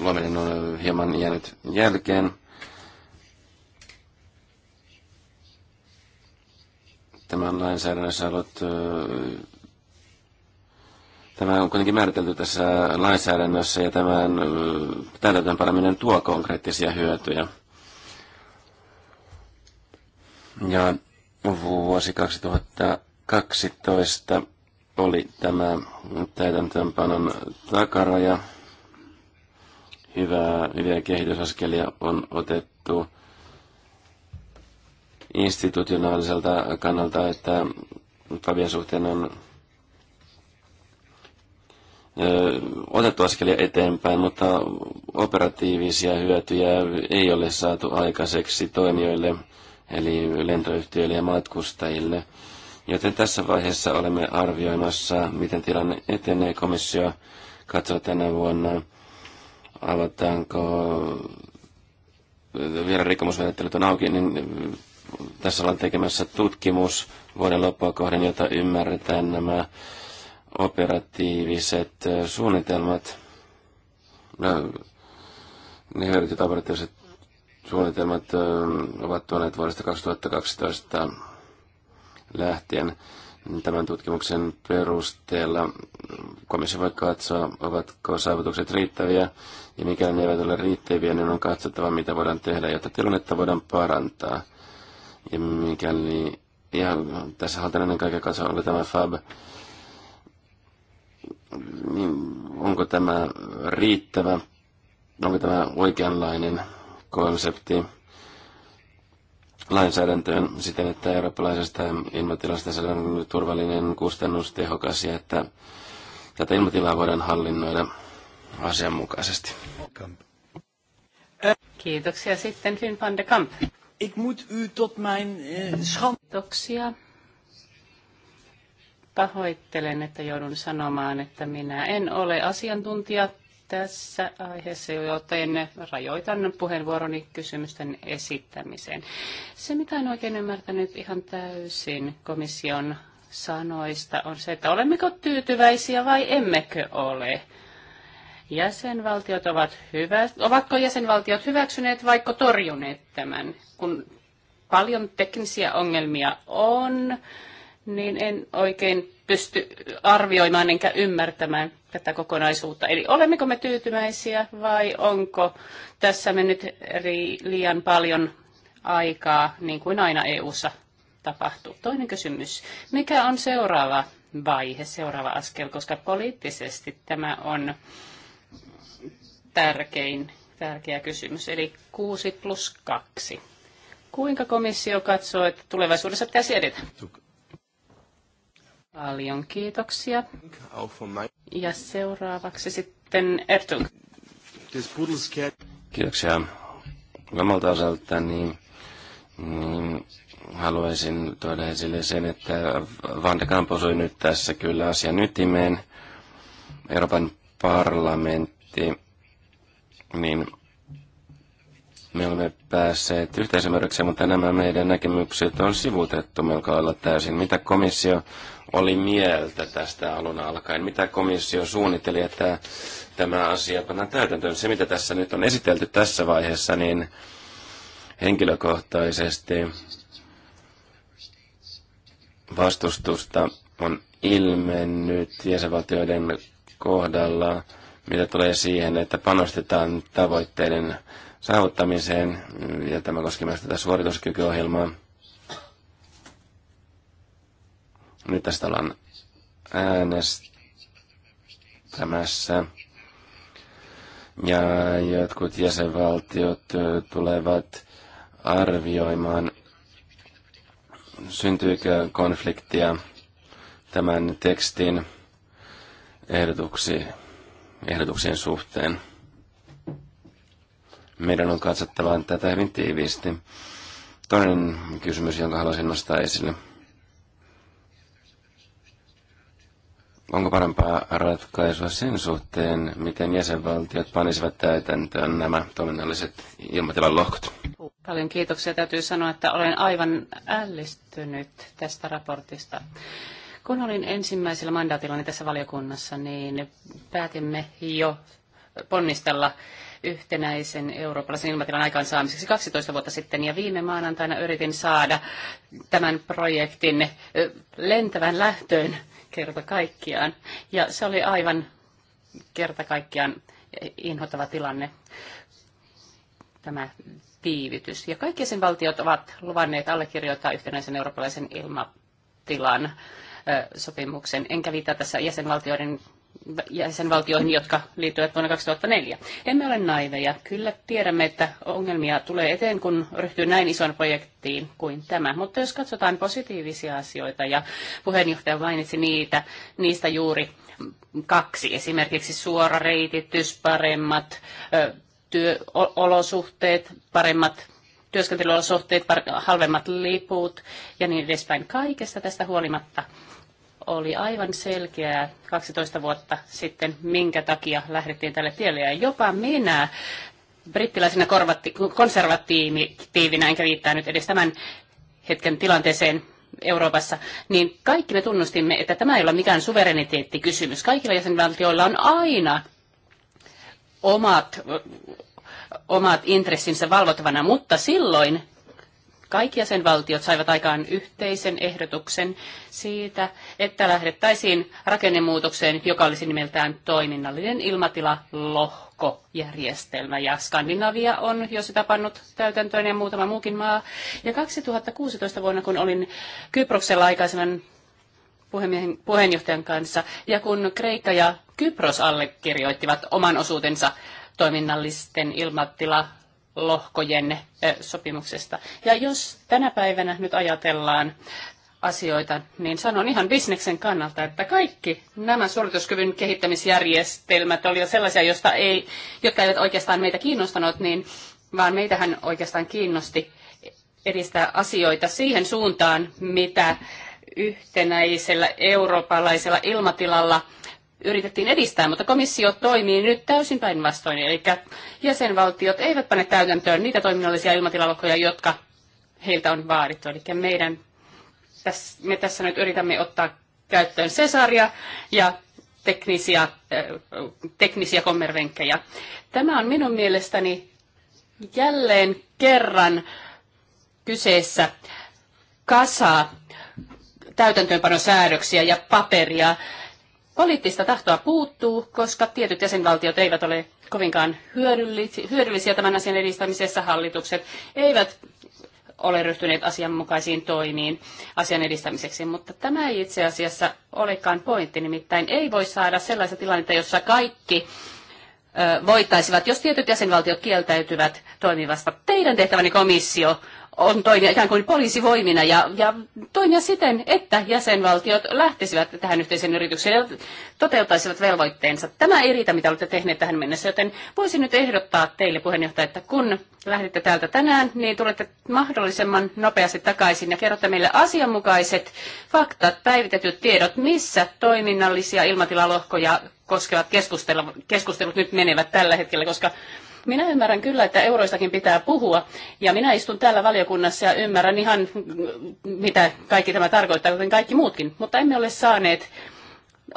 luominen on hieman jäänyt jälkeen. Tämän lainsäädännössä ollut Tämä on kuitenkin määritelty tässä lainsäädännössä ja tämän täytäntöönpaneminen tuo konkreettisia hyötyjä. Ja vuosi 2012 oli tämä täytäntöönpanon takaraja. Hyvää, hyviä kehitysaskelia on otettu institutionaaliselta kannalta, että Fabian suhteen on otettu askelia eteenpäin, mutta operatiivisia hyötyjä ei ole saatu aikaiseksi toimijoille – eli lentoyhtiöille ja matkustajille. Joten tässä vaiheessa olemme arvioimassa, miten tilanne etenee. Komissio katsoo tänä vuonna, avataanko vielä rikkomusmenettelyt on auki, niin tässä ollaan tekemässä tutkimus vuoden loppua kohden, jota ymmärretään nämä operatiiviset suunnitelmat, no, ne hyödytyt operatiiviset suunnitelmat ähm, ovat tuoneet vuodesta 2012 lähtien. Tämän tutkimuksen perusteella komissio voi katsoa, ovatko saavutukset riittäviä, ja mikäli ne eivät ole riittäviä, niin on katsottava, mitä voidaan tehdä, jotta tilannetta voidaan parantaa. Ja mikäli, ja tässä halutaan ennen kaikkea katsoa, onko tämä FAB, niin onko tämä riittävä, onko tämä oikeanlainen konsepti lainsäädäntöön siten, että eurooppalaisesta ilmatilasta on turvallinen, kustannustehokas ja että tätä ilmatilaa voidaan hallinnoida asianmukaisesti. Kiitoksia sitten Finn van de Kamp. Ik moet u tot mijn eh, schande... Kiitoksia. Pahoittelen, että joudun sanomaan, että minä en ole asiantuntija tässä aiheessa, joten rajoitan puheenvuoroni kysymysten esittämiseen. Se, mitä en oikein ymmärtänyt ihan täysin komission sanoista, on se, että olemmeko tyytyväisiä vai emmekö ole. Jäsenvaltiot ovat hyvä, ovatko jäsenvaltiot hyväksyneet vaikka torjuneet tämän, kun paljon teknisiä ongelmia on, niin en oikein pysty arvioimaan enkä ymmärtämään, tätä kokonaisuutta. Eli olemmeko me tyytymäisiä vai onko tässä mennyt liian paljon aikaa, niin kuin aina EU:ssa tapahtuu? Toinen kysymys. Mikä on seuraava vaihe, seuraava askel, koska poliittisesti tämä on tärkein, tärkeä kysymys, eli 6 plus 2. Kuinka komissio katsoo, että tulevaisuudessa pitäisi edetä? Paljon kiitoksia. Ja seuraavaksi sitten Ertung. Kiitoksia omalta niin, niin haluaisin tuoda esille sen, että Van de Kamp osui nyt tässä kyllä asian ytimeen. Euroopan parlamentti niin me olemme päässeet yhteisymmärrykseen, mutta nämä meidän näkemykset on sivutettu melko lailla täysin. Mitä komissio oli mieltä tästä alun alkaen? Mitä komissio suunnitteli, että tämä asia pannaan täytäntöön? Se, mitä tässä nyt on esitelty tässä vaiheessa, niin henkilökohtaisesti vastustusta on ilmennyt jäsenvaltioiden kohdalla, mitä tulee siihen, että panostetaan tavoitteiden saavuttamiseen, ja tämä koski myös tätä suorituskykyohjelmaa. Nyt tästä ollaan äänestämässä. Ja jotkut jäsenvaltiot tulevat arvioimaan, syntyykö konfliktia tämän tekstin ehdotuksi, ehdotuksien suhteen meidän on katsottava tätä hyvin tiiviisti. Toinen kysymys, jonka haluaisin nostaa esille. Onko parempaa ratkaisua sen suhteen, miten jäsenvaltiot panisivat täytäntöön nämä toiminnalliset ilmatilan lohkot? Paljon kiitoksia. Täytyy sanoa, että olen aivan ällistynyt tästä raportista. Kun olin ensimmäisellä mandaatillani tässä valiokunnassa, niin päätimme jo ponnistella yhtenäisen eurooppalaisen ilmatilan aikaansaamiseksi 12 vuotta sitten. Ja viime maanantaina yritin saada tämän projektin lentävän lähtöön kerta kaikkiaan. Ja se oli aivan kerta kaikkiaan inhottava tilanne tämä tiivitys. Ja kaikki sen valtiot ovat luvanneet allekirjoittaa yhtenäisen eurooppalaisen ilmatilan sopimuksen. Enkä viittaa tässä jäsenvaltioiden jäsenvaltioihin, jotka liittyivät vuonna 2004. Emme ole naiveja. Kyllä tiedämme, että ongelmia tulee eteen, kun ryhtyy näin isoon projektiin kuin tämä. Mutta jos katsotaan positiivisia asioita, ja puheenjohtaja mainitsi niitä, niistä juuri kaksi, esimerkiksi suora reititys, paremmat työolosuhteet, paremmat työskentelyolosuhteet, halvemmat liput ja niin edespäin. Kaikesta tästä huolimatta oli aivan selkeää 12 vuotta sitten, minkä takia lähdettiin tälle tielle. Ja jopa minä brittiläisenä korvatti, konservatiivina, enkä viittaa nyt edes tämän hetken tilanteeseen Euroopassa, niin kaikki me tunnustimme, että tämä ei ole mikään suvereniteettikysymys. Kaikilla jäsenvaltioilla on aina omat, omat intressinsä valvottavana, mutta silloin kaikki jäsenvaltiot saivat aikaan yhteisen ehdotuksen siitä, että lähdettäisiin rakennemuutokseen, joka olisi nimeltään toiminnallinen ilmatilalohkojärjestelmä. Ja Skandinavia on jo sitä pannut täytäntöön ja muutama muukin maa. Ja 2016 vuonna, kun olin Kyproksella aikaisemman puheenjohtajan kanssa, ja kun Kreikka ja Kypros allekirjoittivat oman osuutensa toiminnallisten ilmatila lohkojen sopimuksesta. Ja jos tänä päivänä nyt ajatellaan asioita, niin sanon ihan bisneksen kannalta, että kaikki nämä suorituskyvyn kehittämisjärjestelmät olivat sellaisia, joista ei, jotka eivät oikeastaan meitä kiinnostanut, niin, vaan meitähän oikeastaan kiinnosti edistää asioita siihen suuntaan, mitä yhtenäisellä eurooppalaisella ilmatilalla yritettiin edistää, mutta komissio toimii nyt täysin päinvastoin. Eli jäsenvaltiot eivät pane täytäntöön niitä toiminnallisia ilmatilalokoja, jotka heiltä on vaadittu. Eli meidän, me tässä nyt yritämme ottaa käyttöön Cesaria ja teknisiä, äh, teknisiä kommervenkkejä. Tämä on minun mielestäni jälleen kerran kyseessä kasa täytäntöönpanosäädöksiä ja paperia, Poliittista tahtoa puuttuu, koska tietyt jäsenvaltiot eivät ole kovinkaan hyödyllisiä tämän asian edistämisessä. Hallitukset eivät ole ryhtyneet asianmukaisiin toimiin asian edistämiseksi, mutta tämä ei itse asiassa olekaan pointti, nimittäin ei voi saada sellaista tilannetta, jossa kaikki voittaisivat, jos tietyt jäsenvaltiot kieltäytyvät toimivasta. Teidän tehtävänne komissio on toimia ikään kuin poliisivoimina ja, ja toimia siten, että jäsenvaltiot lähtisivät tähän yhteiseen yritykseen ja toteuttaisivat velvoitteensa. Tämä ei riitä, mitä olette tehneet tähän mennessä, joten voisin nyt ehdottaa teille puheenjohtaja, että kun lähdette täältä tänään, niin tulette mahdollisimman nopeasti takaisin ja kerrotte meille asianmukaiset faktat, päivitetyt tiedot, missä toiminnallisia ilmatilalohkoja koskevat keskustelut nyt menevät tällä hetkellä, koska minä ymmärrän kyllä, että euroistakin pitää puhua. Ja minä istun täällä valiokunnassa ja ymmärrän ihan, mm, mitä kaikki tämä tarkoittaa, kuten kaikki muutkin. Mutta emme ole saaneet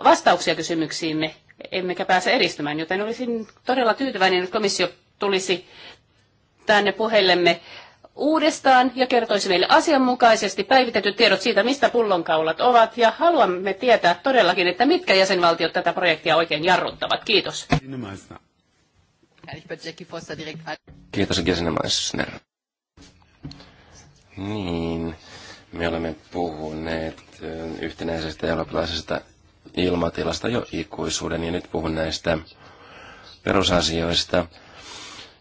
vastauksia kysymyksiimme, emmekä pääse edistymään. Joten olisin todella tyytyväinen, että komissio tulisi tänne puheillemme uudestaan ja kertoisi meille asianmukaisesti päivitetyt tiedot siitä, mistä pullonkaulat ovat. Ja haluamme tietää todellakin, että mitkä jäsenvaltiot tätä projektia oikein jarruttavat. Kiitos. Kiitos Gesine Meissner. Niin, me olemme puhuneet äh, yhtenäisestä eurooppalaisesta ilmatilasta jo ikuisuuden, ja nyt puhun näistä perusasioista,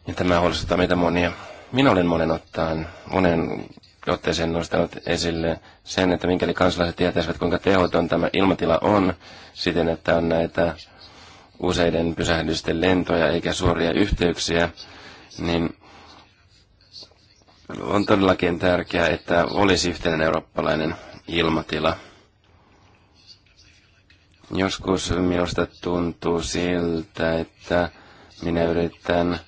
ja tämä huolestuttaa meitä monia. Minä olen monen ottaen, monen otteeseen nostanut esille sen, että minkäli kansalaiset tietäisivät, kuinka tehoton tämä ilmatila on, siten, että on näitä useiden pysähdysten lentoja eikä suoria yhteyksiä, niin on todellakin tärkeää, että olisi yhteinen eurooppalainen ilmatila. Joskus minusta tuntuu siltä, että minä yritän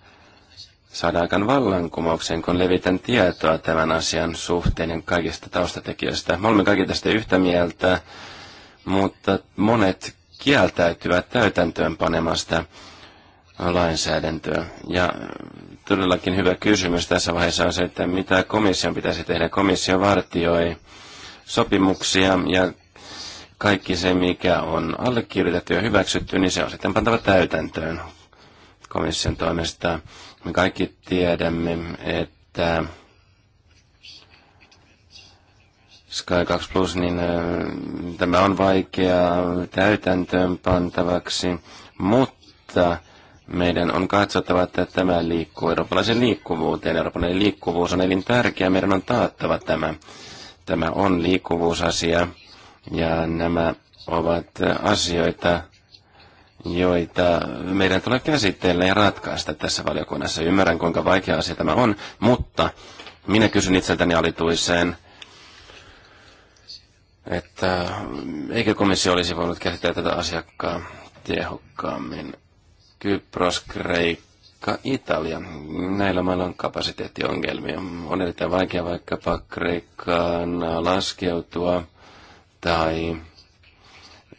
saada aikaan vallankumouksen, kun levitän tietoa tämän asian suhteen ja kaikista taustatekijöistä. Me olemme kaikki tästä yhtä mieltä, mutta monet kieltäytyvät täytäntöönpanemasta lainsäädäntöä. Ja todellakin hyvä kysymys tässä vaiheessa on se, että mitä komission pitäisi tehdä. Komissio vartioi sopimuksia ja kaikki se, mikä on allekirjoitettu ja hyväksytty, niin se on sitten pantava täytäntöön komission toimesta. Me kaikki tiedämme, että Sky 2 Plus, niin äh, tämä on vaikea täytäntöön pantavaksi, mutta meidän on katsottava, että tämä liikkuu eurooppalaisen liikkuvuuteen. Eurooppalainen liikkuvuus on elin tärkeä, meidän on taattava tämä. Tämä on liikkuvuusasia ja nämä ovat asioita, joita meidän tulee käsitellä ja ratkaista tässä valiokunnassa. Ymmärrän, kuinka vaikea asia tämä on, mutta minä kysyn itseltäni alituiseen, että mm, eikö komissio olisi voinut käsitellä tätä asiakkaa tehokkaammin. Kypros, Kreikka, Italia. Näillä mailla on kapasiteettiongelmia. On erittäin vaikea vaikkapa Kreikkaan laskeutua tai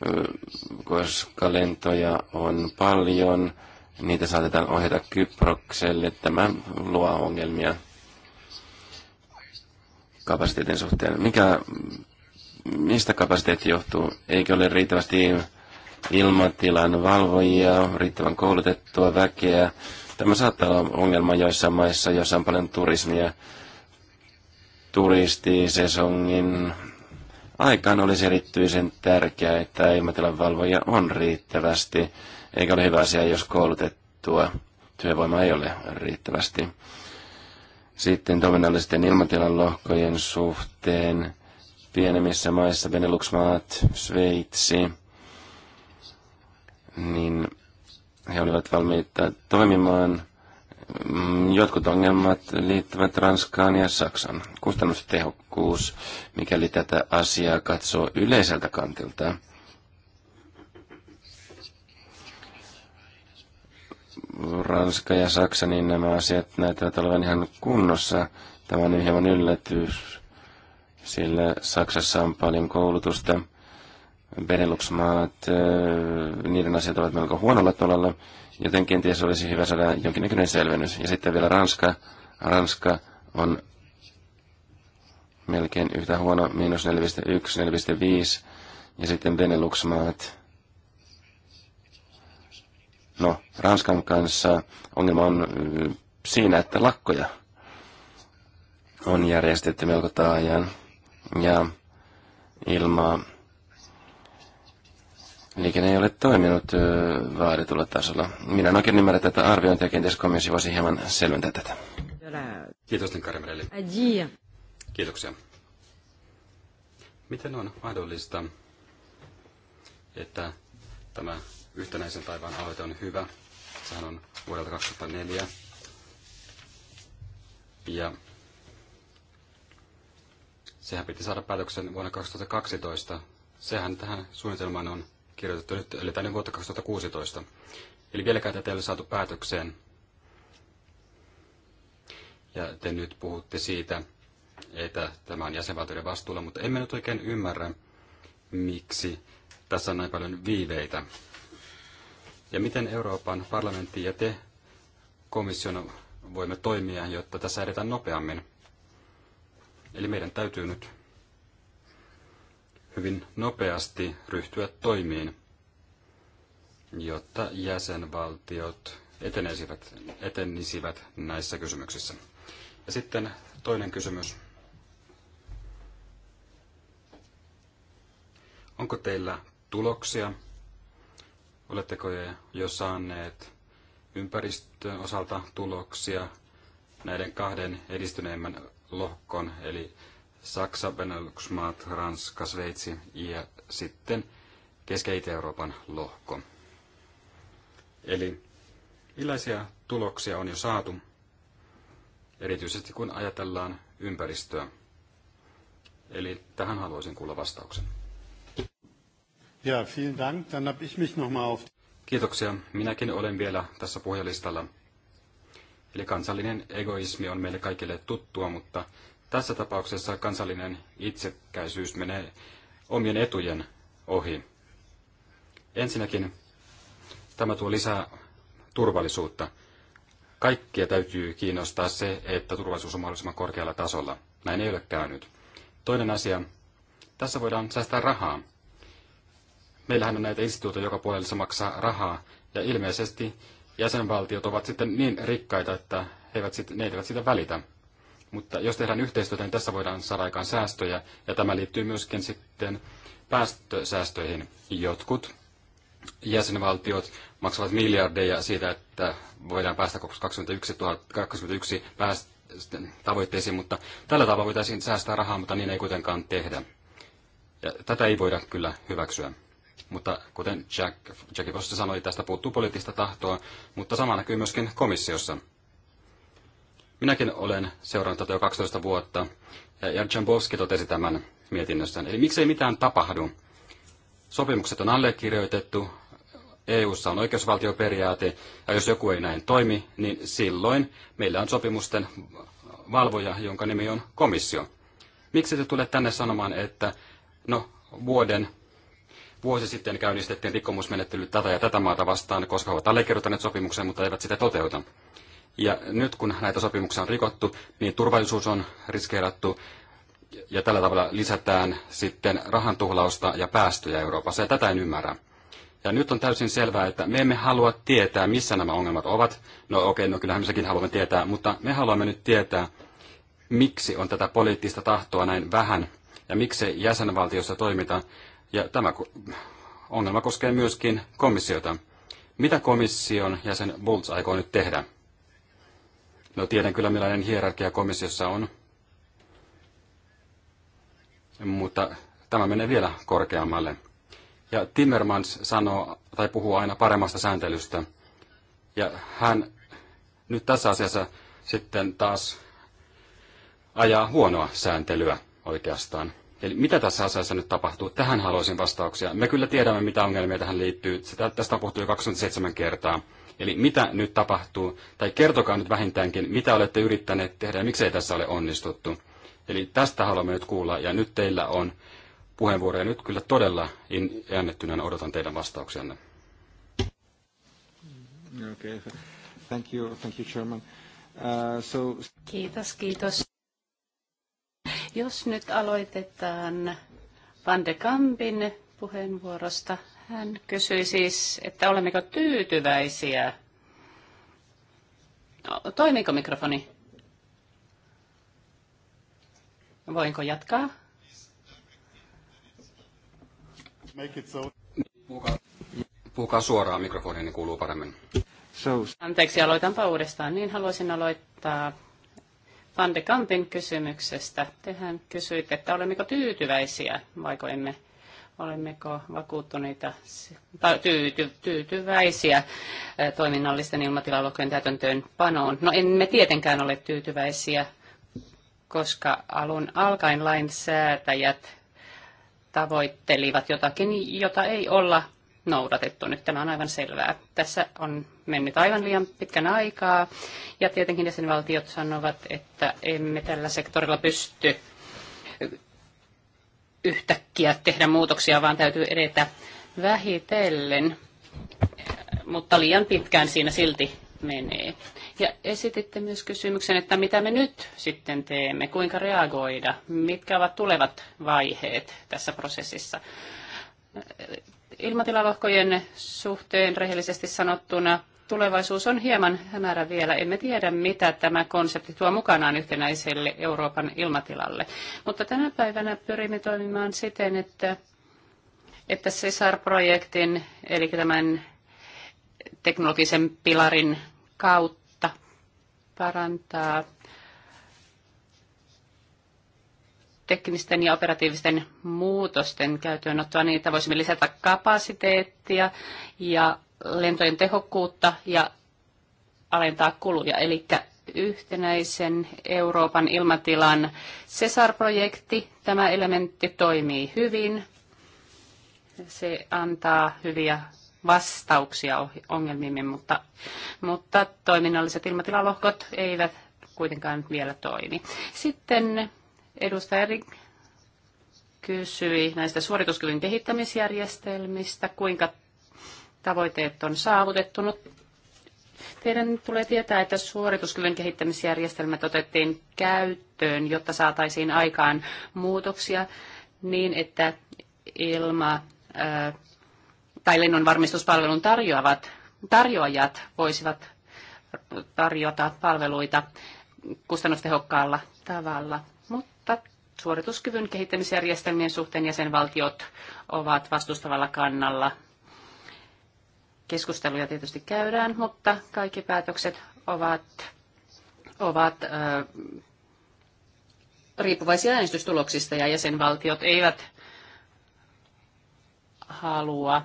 mm, koska lentoja on paljon, niitä saatetaan ohjata Kyprokselle. Tämä luo ongelmia kapasiteetin suhteen. Mikä mistä kapasiteetti johtuu? Eikö ole riittävästi ilmatilan valvojia, riittävän koulutettua väkeä? Tämä saattaa olla ongelma joissain maissa, joissa on paljon turismia. Turistisesongin aikaan olisi erityisen tärkeää, että ilmatilan valvoja on riittävästi, eikä ole hyvä asia, jos koulutettua työvoimaa ei ole riittävästi. Sitten toiminnallisten ilmatilan lohkojen suhteen pienemmissä maissa, Benelux-maat, Sveitsi, niin he olivat valmiita toimimaan. Jotkut ongelmat liittyvät Ranskaan ja Saksaan. Kustannustehokkuus, mikäli tätä asiaa katsoo yleiseltä kantilta, Ranska ja Saksa, niin nämä asiat näyttävät olevan ihan kunnossa. Tämä on hieman yllätys sillä Saksassa on paljon koulutusta. Benelux-maat, niiden asiat ovat melko huonolla tolalla, joten kenties olisi hyvä saada jonkinnäköinen selvennys. Ja sitten vielä Ranska. Ranska on melkein yhtä huono, miinus 4,1, 4,5. Ja sitten Benelux-maat. No, Ranskan kanssa ongelma on siinä, että lakkoja on järjestetty melko taajaan ja ilmaa liikenne ei ole toiminut vaaditulla tasolla. Minä en oikein ymmärrä tätä arviointia, kenties komissio voisi hieman selventää tätä. Kiitos, Linkari Kiitoksia. Miten on mahdollista, että tämä yhtenäisen taivaan aloite on hyvä? Sehän on vuodelta 2004. Ja Sehän piti saada päätöksen vuonna 2012. Sehän tähän suunnitelmaan on kirjoitettu nyt, eli tänne vuotta 2016. Eli vieläkään tätä ei ole saatu päätökseen. Ja te nyt puhutte siitä, että tämä on jäsenvaltioiden vastuulla, mutta emme nyt oikein ymmärrä, miksi tässä on näin paljon viiveitä. Ja miten Euroopan parlamentti ja te komission voimme toimia, jotta tässä edetään nopeammin. Eli meidän täytyy nyt hyvin nopeasti ryhtyä toimiin, jotta jäsenvaltiot etenisivät, etenisivät näissä kysymyksissä. Ja sitten toinen kysymys. Onko teillä tuloksia? Oletteko jo saaneet ympäristön osalta tuloksia näiden kahden edistyneimmän lohkon, eli Saksa, Benelux-maat, Ranska, Sveitsi ja sitten Keski-Itä-Euroopan lohko. Eli millaisia tuloksia on jo saatu, erityisesti kun ajatellaan ympäristöä? Eli tähän haluaisin kuulla vastauksen. Ja, vielen Dank. Dann habe ich mich noch mal auf... Kiitoksia. Minäkin olen vielä tässä puhelistalla. Eli kansallinen egoismi on meille kaikille tuttua, mutta tässä tapauksessa kansallinen itsekäisyys menee omien etujen ohi. Ensinnäkin tämä tuo lisää turvallisuutta. Kaikkia täytyy kiinnostaa se, että turvallisuus on mahdollisimman korkealla tasolla. Näin ei ole käynyt. Toinen asia. Tässä voidaan säästää rahaa. Meillähän on näitä instituutioita joka puolella, se maksaa rahaa, ja ilmeisesti jäsenvaltiot ovat sitten niin rikkaita, että he eivät sit, ne eivät sitä välitä. Mutta jos tehdään yhteistyötä, niin tässä voidaan saada aikaan säästöjä, ja tämä liittyy myöskin sitten päästösäästöihin. Jotkut jäsenvaltiot maksavat miljardeja siitä, että voidaan päästä 21, 21 päästä tavoitteisiin, mutta tällä tavalla voitaisiin säästää rahaa, mutta niin ei kuitenkaan tehdä. Ja tätä ei voida kyllä hyväksyä. Mutta kuten Jack, Jack Foster sanoi, tästä puuttuu poliittista tahtoa, mutta sama näkyy myöskin komissiossa. Minäkin olen seurannut tätä jo 12 vuotta, ja Boski totesi tämän mietinnössään. Eli miksei mitään tapahdu? Sopimukset on allekirjoitettu, EU:ssa on oikeusvaltioperiaate, ja jos joku ei näin toimi, niin silloin meillä on sopimusten valvoja, jonka nimi on komissio. Miksi te tulet tänne sanomaan, että no, vuoden Vuosi sitten käynnistettiin rikkomusmenettely tätä ja tätä maata vastaan, koska he ovat allekirjoittaneet sopimuksen, mutta eivät sitä toteuta. Ja nyt kun näitä sopimuksia on rikottu, niin turvallisuus on riskeerattu ja tällä tavalla lisätään sitten rahantuhlausta ja päästöjä Euroopassa, ja tätä en ymmärrä. Ja nyt on täysin selvää, että me emme halua tietää, missä nämä ongelmat ovat. No okei, okay, no kyllähän sekin haluamme tietää, mutta me haluamme nyt tietää, miksi on tätä poliittista tahtoa näin vähän, ja miksi jäsenvaltiossa toimitaan ja tämä ongelma koskee myöskin komissiota. Mitä komission jäsen Bulls aikoo nyt tehdä? No tiedän kyllä, millainen hierarkia komissiossa on, mutta tämä menee vielä korkeammalle. Ja Timmermans sanoo tai puhuu aina paremmasta sääntelystä. Ja hän nyt tässä asiassa sitten taas ajaa huonoa sääntelyä oikeastaan. Eli mitä tässä asiassa nyt tapahtuu? Tähän haluaisin vastauksia. Me kyllä tiedämme, mitä ongelmia tähän liittyy. Sitä, tästä tapahtui jo 27 kertaa. Eli mitä nyt tapahtuu? Tai kertokaa nyt vähintäänkin, mitä olette yrittäneet tehdä ja miksei tässä ole onnistuttu. Eli tästä haluamme nyt kuulla, ja nyt teillä on puheenvuoro, nyt kyllä todella jännittyneenä odotan teidän vastauksianne. Okay. Thank you, thank you, Chairman. Uh, so... Kiitos, kiitos. Jos nyt aloitetaan Van de Kampin puheenvuorosta. Hän kysyi siis, että olemmeko tyytyväisiä. No, toimiiko mikrofoni? Voinko jatkaa? Puhukaa, puhukaa suoraan mikrofoniin, niin kuuluu paremmin. Anteeksi, aloitanpa uudestaan. Niin haluaisin aloittaa Van de Kampen kysymyksestä. Tehän kysyitte, että olemmeko tyytyväisiä, vai emme, olemmeko vakuuttuneita tai tyyty, tyytyväisiä eh, toiminnallisten ilmatilalohkojen täytäntöön panoon. No emme tietenkään ole tyytyväisiä, koska alun alkaen lainsäätäjät tavoittelivat jotakin, jota ei olla noudatettu. Nyt tämä on aivan selvää. Tässä on mennyt aivan liian pitkän aikaa ja tietenkin jäsenvaltiot sanovat, että emme tällä sektorilla pysty yhtäkkiä tehdä muutoksia, vaan täytyy edetä vähitellen, mutta liian pitkään siinä silti menee. Ja esititte myös kysymyksen, että mitä me nyt sitten teemme, kuinka reagoida, mitkä ovat tulevat vaiheet tässä prosessissa. Ilmatilalohkojen suhteen rehellisesti sanottuna tulevaisuus on hieman hämärä vielä. Emme tiedä, mitä tämä konsepti tuo mukanaan yhtenäiselle Euroopan ilmatilalle. Mutta tänä päivänä pyrimme toimimaan siten, että, että CESAR-projektin, eli tämän teknologisen pilarin kautta parantaa teknisten ja operatiivisten muutosten käytöönottoa niin, että voisimme lisätä kapasiteettia ja lentojen tehokkuutta ja alentaa kuluja. Eli yhtenäisen Euroopan ilmatilan CESAR-projekti, tämä elementti toimii hyvin. Se antaa hyviä vastauksia ongelmiimme, mutta, mutta toiminnalliset ilmatilalohkot eivät kuitenkaan vielä toimi. Sitten Edustaja Rik kysyi näistä suorituskyvyn kehittämisjärjestelmistä, kuinka tavoitteet on saavutettu. No, teidän tulee tietää, että suorituskyvyn kehittämisjärjestelmät otettiin käyttöön, jotta saataisiin aikaan muutoksia niin, että ilma- ää, tai lennonvarmistuspalvelun tarjoavat, tarjoajat voisivat tarjota palveluita kustannustehokkaalla tavalla suorituskyvyn kehittämisjärjestelmien suhteen jäsenvaltiot ovat vastustavalla kannalla. Keskusteluja tietysti käydään, mutta kaikki päätökset ovat, ovat ö, riippuvaisia äänestystuloksista ja jäsenvaltiot eivät halua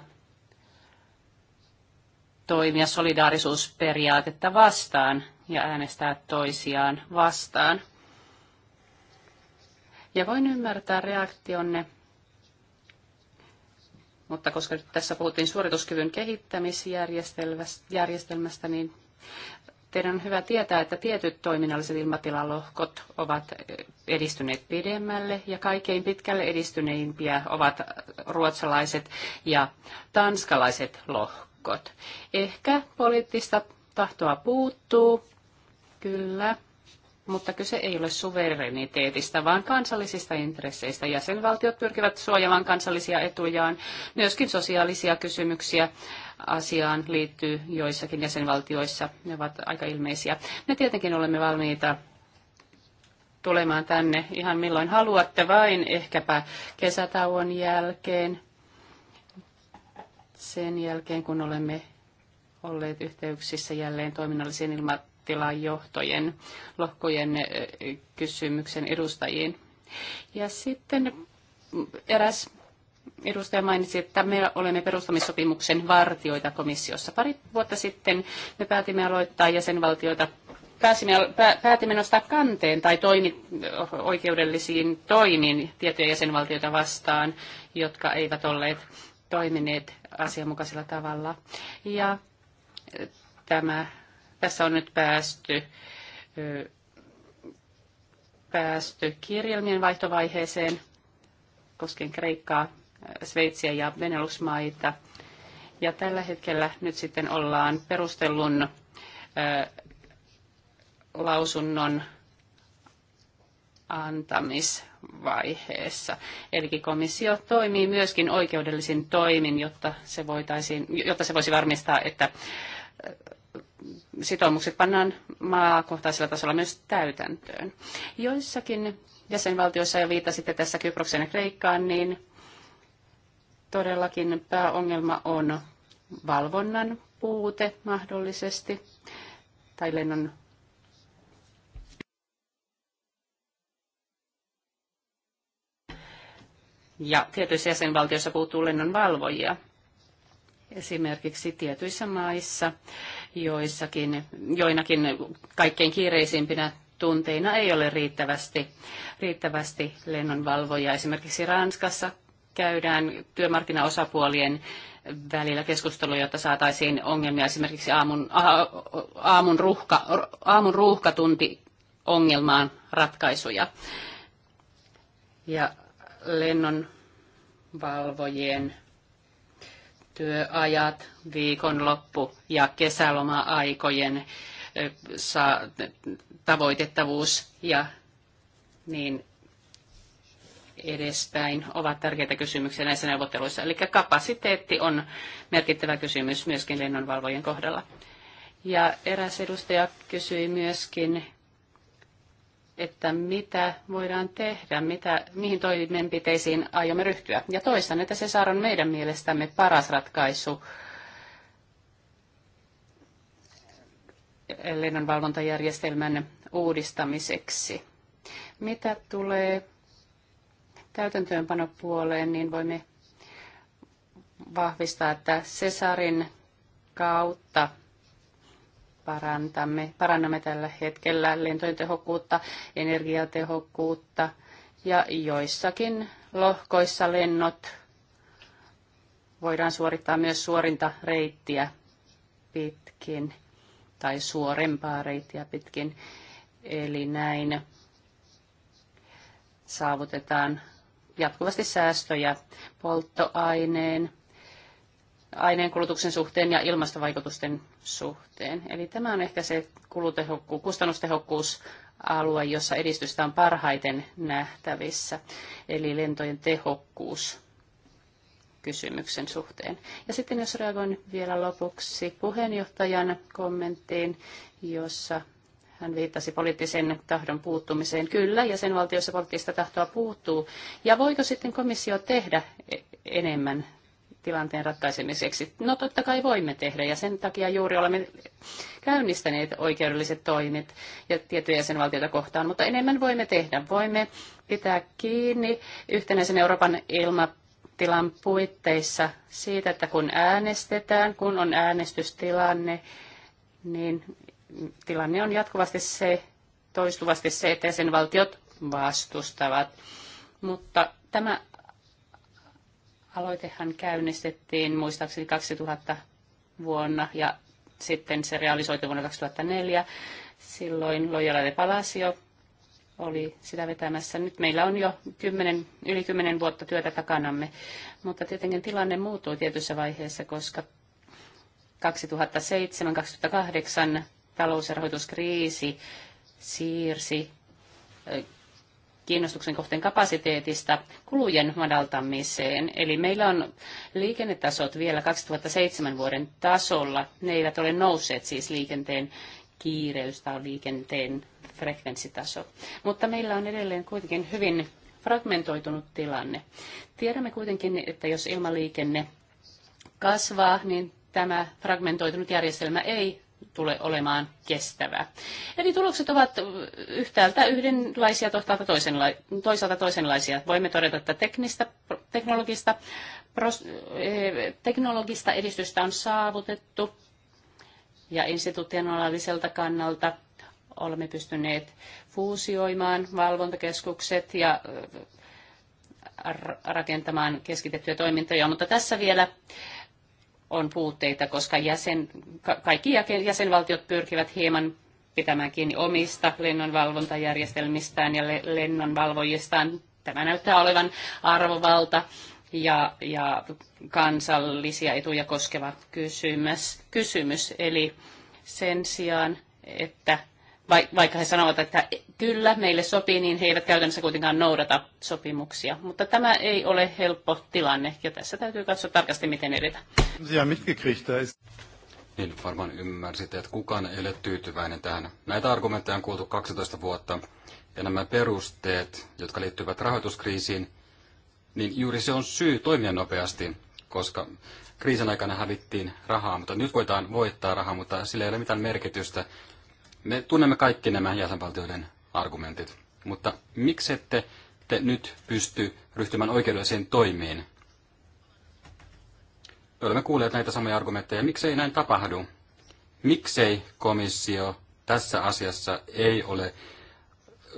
toimia solidaarisuusperiaatetta vastaan ja äänestää toisiaan vastaan. Ja voin ymmärtää reaktionne, mutta koska nyt tässä puhuttiin suorituskyvyn kehittämisjärjestelmästä, niin teidän on hyvä tietää, että tietyt toiminnalliset ilmatilalohkot ovat edistyneet pidemmälle ja kaikkein pitkälle edistyneimpiä ovat ruotsalaiset ja tanskalaiset lohkot. Ehkä poliittista tahtoa puuttuu, kyllä, mutta kyse ei ole suvereniteetista, vaan kansallisista intresseistä. Jäsenvaltiot pyrkivät suojamaan kansallisia etujaan. Myöskin sosiaalisia kysymyksiä asiaan liittyy joissakin jäsenvaltioissa. Ne ovat aika ilmeisiä. Me tietenkin olemme valmiita tulemaan tänne ihan milloin haluatte vain, ehkäpä kesätauon jälkeen, sen jälkeen kun olemme olleet yhteyksissä jälleen toiminnallisiin ilmat tila-johtojen lohkojen eh, kysymyksen edustajiin. Ja sitten eräs edustaja mainitsi, että me olemme perustamissopimuksen vartioita komissiossa. Pari vuotta sitten me päätimme aloittaa jäsenvaltioita pääsimme, päätimme nostaa kanteen tai toimi, oikeudellisiin toimiin tiettyjä jäsenvaltioita vastaan, jotka eivät olleet toimineet asianmukaisella tavalla. Ja tämä tässä on nyt päästy, päästy kirjelmien vaihtovaiheeseen koskien Kreikkaa, Sveitsiä ja benelux Ja tällä hetkellä nyt sitten ollaan perustellun lausunnon antamisvaiheessa. Eli komissio toimii myöskin oikeudellisin toimin, jotta se, voitaisiin, jotta se voisi varmistaa, että sitoumukset pannaan maakohtaisella tasolla myös täytäntöön. Joissakin jäsenvaltioissa, ja viittasitte tässä Kyproksen ja Kreikkaan, niin todellakin pääongelma on valvonnan puute mahdollisesti, tai lennon Ja tietyissä jäsenvaltioissa puuttuu lennon valvojia, esimerkiksi tietyissä maissa joissakin, joinakin kaikkein kiireisimpinä tunteina ei ole riittävästi, riittävästi lennonvalvojia. Esimerkiksi Ranskassa käydään työmarkkinaosapuolien välillä keskusteluja, jotta saataisiin ongelmia esimerkiksi aamun, a, aamun, ruuhka, aamun ruuhkatunti ongelmaan ratkaisuja. Ja lennonvalvojien työajat, viikonloppu ja kesäloma-aikojen tavoitettavuus ja niin edespäin ovat tärkeitä kysymyksiä näissä neuvotteluissa. Eli kapasiteetti on merkittävä kysymys myöskin lennonvalvojen kohdalla. Ja eräs edustaja kysyi myöskin että mitä voidaan tehdä, mitä, mihin toimenpiteisiin aiomme ryhtyä. Ja toistan, että Cesar on meidän mielestämme paras ratkaisu lennonvalvontajärjestelmän uudistamiseksi. Mitä tulee täytäntöönpanopuoleen, niin voimme vahvistaa, että Cesarin kautta parantamme, parannamme tällä hetkellä lentojen tehokkuutta, energiatehokkuutta ja joissakin lohkoissa lennot voidaan suorittaa myös suorinta reittiä pitkin tai suorempaa reittiä pitkin. Eli näin saavutetaan jatkuvasti säästöjä polttoaineen aineenkulutuksen suhteen ja ilmastovaikutusten suhteen. Eli tämä on ehkä se kulutehokkuus, kustannustehokkuusalue, jossa edistystä on parhaiten nähtävissä, eli lentojen tehokkuus kysymyksen suhteen. Ja sitten jos reagoin vielä lopuksi puheenjohtajan kommenttiin, jossa hän viittasi poliittisen tahdon puuttumiseen. Kyllä, jäsenvaltiossa poliittista tahtoa puuttuu. Ja voiko sitten komissio tehdä e- enemmän tilanteen ratkaisemiseksi? No totta kai voimme tehdä ja sen takia juuri olemme käynnistäneet oikeudelliset toimet ja tiettyjä jäsenvaltioita kohtaan, mutta enemmän voimme tehdä. Voimme pitää kiinni yhtenäisen Euroopan tilan puitteissa siitä, että kun äänestetään, kun on äänestystilanne, niin tilanne on jatkuvasti se, toistuvasti se, että sen valtiot vastustavat. Mutta tämä Aloitehan käynnistettiin muistaakseni 2000 vuonna ja sitten se realisoitu vuonna 2004. Silloin Loyola de Palacio oli sitä vetämässä. Nyt meillä on jo 10, yli 10 vuotta työtä takanamme, mutta tietenkin tilanne muuttuu tietyssä vaiheessa, koska 2007-2008 talous- ja rahoituskriisi siirsi kiinnostuksen kohteen kapasiteetista kulujen madaltamiseen. Eli meillä on liikennetasot vielä 2007 vuoden tasolla. Ne eivät ole nousseet siis liikenteen kiireys tai liikenteen frekvenssitaso. Mutta meillä on edelleen kuitenkin hyvin fragmentoitunut tilanne. Tiedämme kuitenkin, että jos ilmaliikenne kasvaa, niin tämä fragmentoitunut järjestelmä ei tule olemaan kestävä. Eli tulokset ovat yhtäältä yhdenlaisia, toisaalta, toisenlaisia. toisaalta toisenlaisia. Voimme todeta, että teknistä, teknologista, pros, eh, teknologista edistystä on saavutettu ja institutionaaliselta kannalta olemme pystyneet fuusioimaan valvontakeskukset ja eh, rakentamaan keskitettyjä toimintoja, mutta tässä vielä on puutteita, koska jäsen, kaikki jäsenvaltiot pyrkivät hieman pitämään kiinni omista lennonvalvontajärjestelmistään ja lennonvalvojistaan. Tämä näyttää olevan arvovalta ja, ja kansallisia etuja koskeva kysymys, kysymys. Eli sen sijaan, että vaikka he sanovat, että kyllä, meille sopii, niin he eivät käytännössä kuitenkaan noudata sopimuksia. Mutta tämä ei ole helppo tilanne, ja tässä täytyy katsoa tarkasti, miten edetä. Niin, varmaan ymmärsit, että kukaan ei ole tyytyväinen tähän. Näitä argumentteja on kuultu 12 vuotta, ja nämä perusteet, jotka liittyvät rahoituskriisiin, niin juuri se on syy toimia nopeasti, koska kriisin aikana hävittiin rahaa, mutta nyt voidaan voittaa rahaa, mutta sillä ei ole mitään merkitystä, me tunnemme kaikki nämä jäsenvaltioiden argumentit, mutta miksette te nyt pysty ryhtymään oikeudelliseen toimiin? Me olemme kuulleet näitä samoja argumentteja. Miksei näin tapahdu? Miksei komissio tässä asiassa ei ole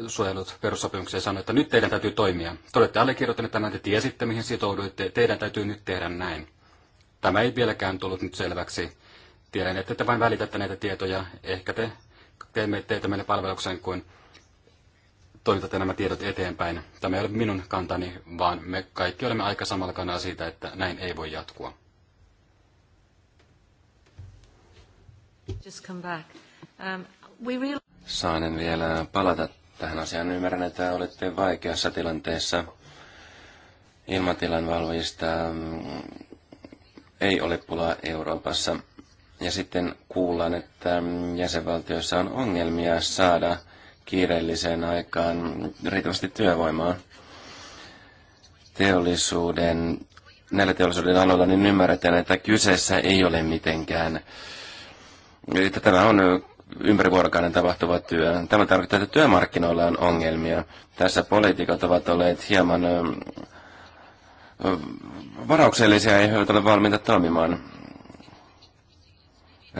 suojellut perussopimuksia ja sanoi, että nyt teidän täytyy toimia. Te olette allekirjoittaneet tämän, te tiesitte, mihin sitouduitte, teidän täytyy nyt tehdä näin. Tämä ei vieläkään tullut nyt selväksi. Tiedän, että te vain välitätte näitä tietoja, ehkä te teemme teitä meille palvelukseen, kuin toimitatte nämä tiedot eteenpäin. Tämä ei ole minun kantani, vaan me kaikki olemme aika samalla kannalla siitä, että näin ei voi jatkua. Just come back. Um, we really... Saanen vielä palata tähän asiaan. Ymmärrän, että olette vaikeassa tilanteessa ilmatilan valvojista. Mm, ei ole pulaa Euroopassa. Ja sitten kuullaan, että jäsenvaltioissa on ongelmia saada kiireelliseen aikaan riittävästi työvoimaa teollisuuden, näillä teollisuuden aloilla, niin ymmärretään, että kyseessä ei ole mitenkään, että tämä on ympärivuorokauden tapahtuva työ. Tämä tarkoittaa, että työmarkkinoilla on ongelmia. Tässä poliitikot ovat olleet hieman varauksellisia, ei he ole valmiita toimimaan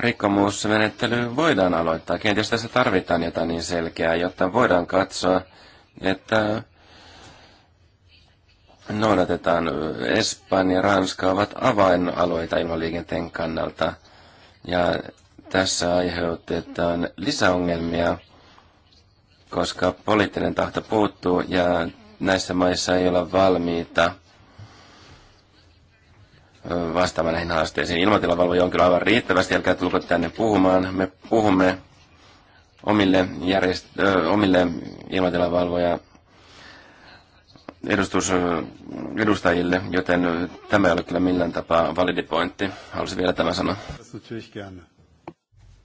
rikkomusmenettely voidaan aloittaa. Kenties tässä tarvitaan jotain niin selkeää, jotta voidaan katsoa, että noudatetaan. Espanja ja Ranska ovat avainalueita ilmaliikenteen kannalta. Ja tässä aiheutetaan lisäongelmia, koska poliittinen tahto puuttuu ja näissä maissa ei olla valmiita – vastaamaan näihin haasteisiin. Ilmatilavalvoja on kyllä aivan riittävästi, älkää tulko tänne puhumaan. Me puhumme omille, järjest- äh, omille ilmatilavalvoja edustus, edustajille, joten tämä ei ole kyllä millään tapaa validi pointti. Haluaisin vielä tämän sanoa.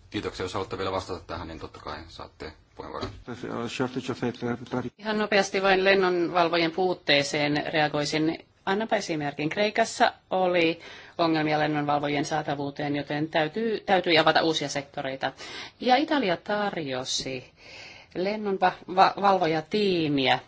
Kiitoksia. Jos haluatte vielä vastata tähän, niin totta kai saatte puheenvuoron. Ihan nopeasti vain lennonvalvojen puutteeseen reagoisin. Annapa esimerkin. Kreikassa oli ongelmia lennonvalvojien saatavuuteen, joten täytyy, täytyy avata uusia sektoreita. Ja Italia tarjosi lennonvalvojatiimiä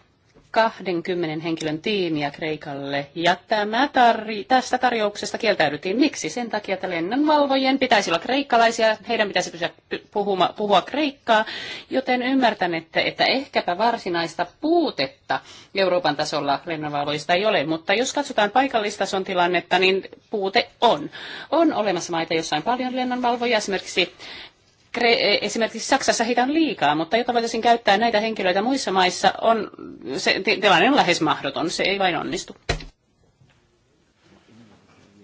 20 henkilön tiimiä Kreikalle ja tämä tarri, tästä tarjouksesta kieltäydyttiin. Miksi? Sen takia, että lennonvalvojien pitäisi olla kreikkalaisia, heidän pitäisi pysyä puhuma, puhua kreikkaa, joten ymmärtän, että ehkäpä varsinaista puutetta Euroopan tasolla lennonvalvojista ei ole, mutta jos katsotaan paikallistason tilannetta, niin puute on. On olemassa maita, jossa on paljon lennonvalvoja, esimerkiksi E- esimerkiksi Saksassa heitä on liikaa, mutta jotta voitaisiin käyttää näitä henkilöitä muissa maissa, on, se tilanne on lähes mahdoton, se ei vain onnistu.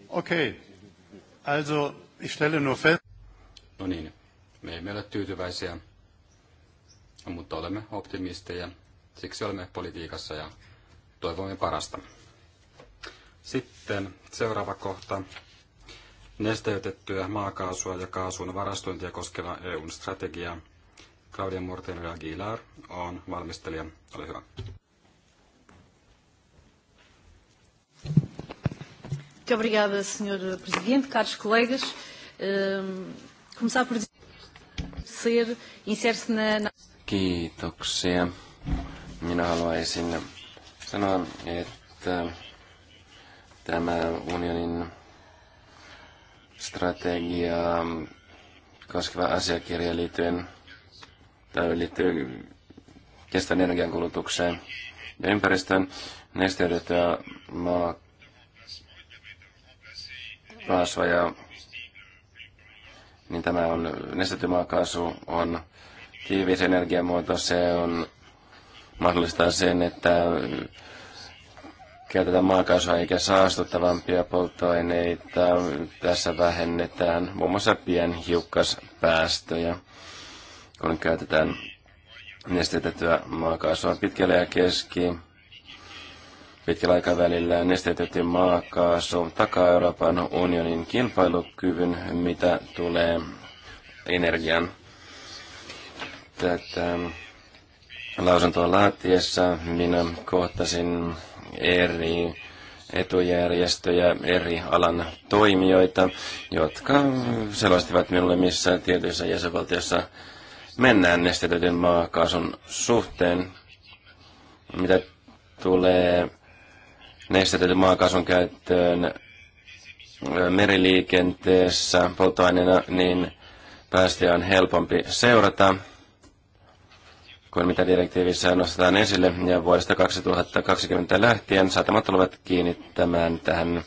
Okei, okay. also ich stelle nur fest. No niin, me emme ole tyytyväisiä, mutta olemme optimisteja, siksi olemme politiikassa ja toivomme parasta. Sitten seuraava kohta nesteytettyä maakaasua ja kaasun varastointia koskeva EUn strategia. Claudia Mortenera Aguilar on valmistelija. Ole hyvä. Muito obrigada, Sr. Presidente, caros colegas. Ehm, começar por dizer, insere-se na... Kiitoksia. Minä haluaisin sanoa, että tämä unionin strategiaa koskeva asiakirja liittyen tai liittyy kestävän energiankulutukseen ja ympäristöön ja maa kaasua ja niin tämä on, nestetty maakaasu on tiivis energiamuoto, se on mahdollistaa sen, että käytetään maakaasua eikä saastuttavampia polttoaineita. Tässä vähennetään muun muassa pienhiukkaspäästöjä, kun käytetään nesteytettyä maakaasua pitkällä ja keski pitkällä aikavälillä nesteytetty maakaasu takaa Euroopan unionin kilpailukyvyn, mitä tulee energian tätä lausuntoa laatiessa. Minä kohtasin eri etujärjestöjä, eri alan toimijoita, jotka selostivat minulle, missä tietyissä jäsenvaltiossa mennään nestetetyn maakaasun suhteen, mitä tulee nestetetyn maakaasun käyttöön meriliikenteessä polttoaineena, niin päästöjä on helpompi seurata kuin mitä direktiivissä nostetaan esille. Ja vuodesta 2020 lähtien saatamat tulevat kiinnittämään tähän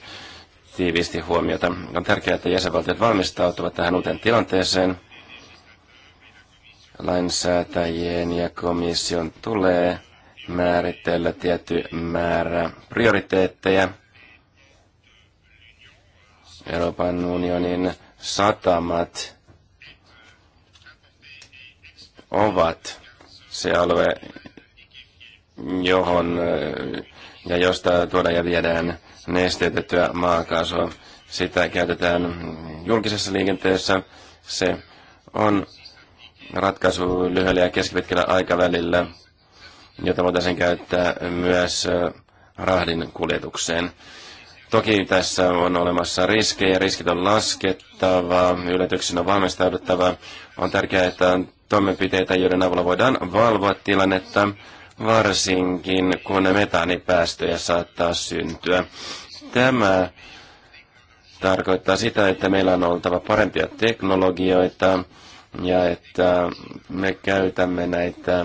tiiviisti huomiota. On tärkeää, että jäsenvaltiot valmistautuvat tähän uuteen tilanteeseen. Lainsäätäjien ja komission tulee määritellä tietty määrä prioriteetteja Euroopan unionin satamat ovat se alue, johon ja josta tuodaan ja viedään nesteytettyä maakaasua. Sitä käytetään julkisessa liikenteessä. Se on ratkaisu lyhyellä ja keskipitkällä aikavälillä, jota voitaisiin käyttää myös rahdin kuljetukseen. Toki tässä on olemassa riskejä, riskit on laskettava, yllätyksen on valmistauduttava. On tärkeää, että on toimenpiteitä, joiden avulla voidaan valvoa tilannetta, varsinkin kun metaanipäästöjä saattaa syntyä. Tämä tarkoittaa sitä, että meillä on oltava parempia teknologioita ja että me käytämme näitä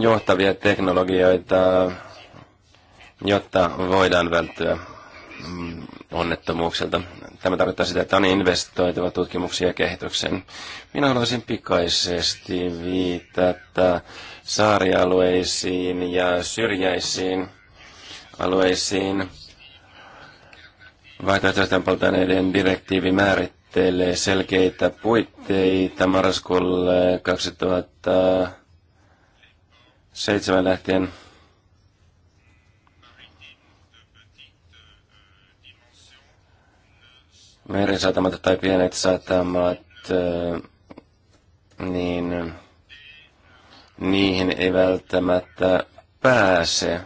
johtavia teknologioita, jotta voidaan välttyä Mm, onnettomuukselta. Tämä tarkoittaa sitä, että on investoitava tutkimuksia ja kehitykseen. Minä haluaisin pikaisesti viitata saarialueisiin ja syrjäisiin alueisiin. Vaihtoehtoisten polttoaineiden direktiivi määrittelee selkeitä puitteita marraskuulle 2007 lähtien merisatamat tai pienet satamat, niin niihin ei välttämättä pääse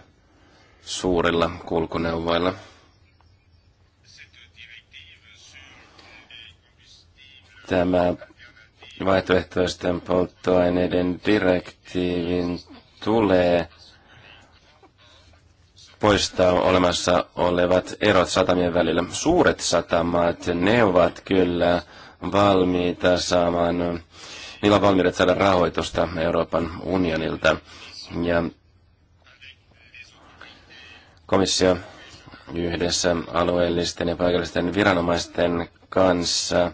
suurilla kulkuneuvoilla. Tämä vaihtoehtoisten polttoaineiden direktiivin tulee poistaa olemassa olevat erot satamien välillä. Suuret satamat, ne ovat kyllä valmiita saamaan, niillä on valmiudet saada rahoitusta Euroopan unionilta. Ja komissio yhdessä alueellisten ja paikallisten viranomaisten kanssa,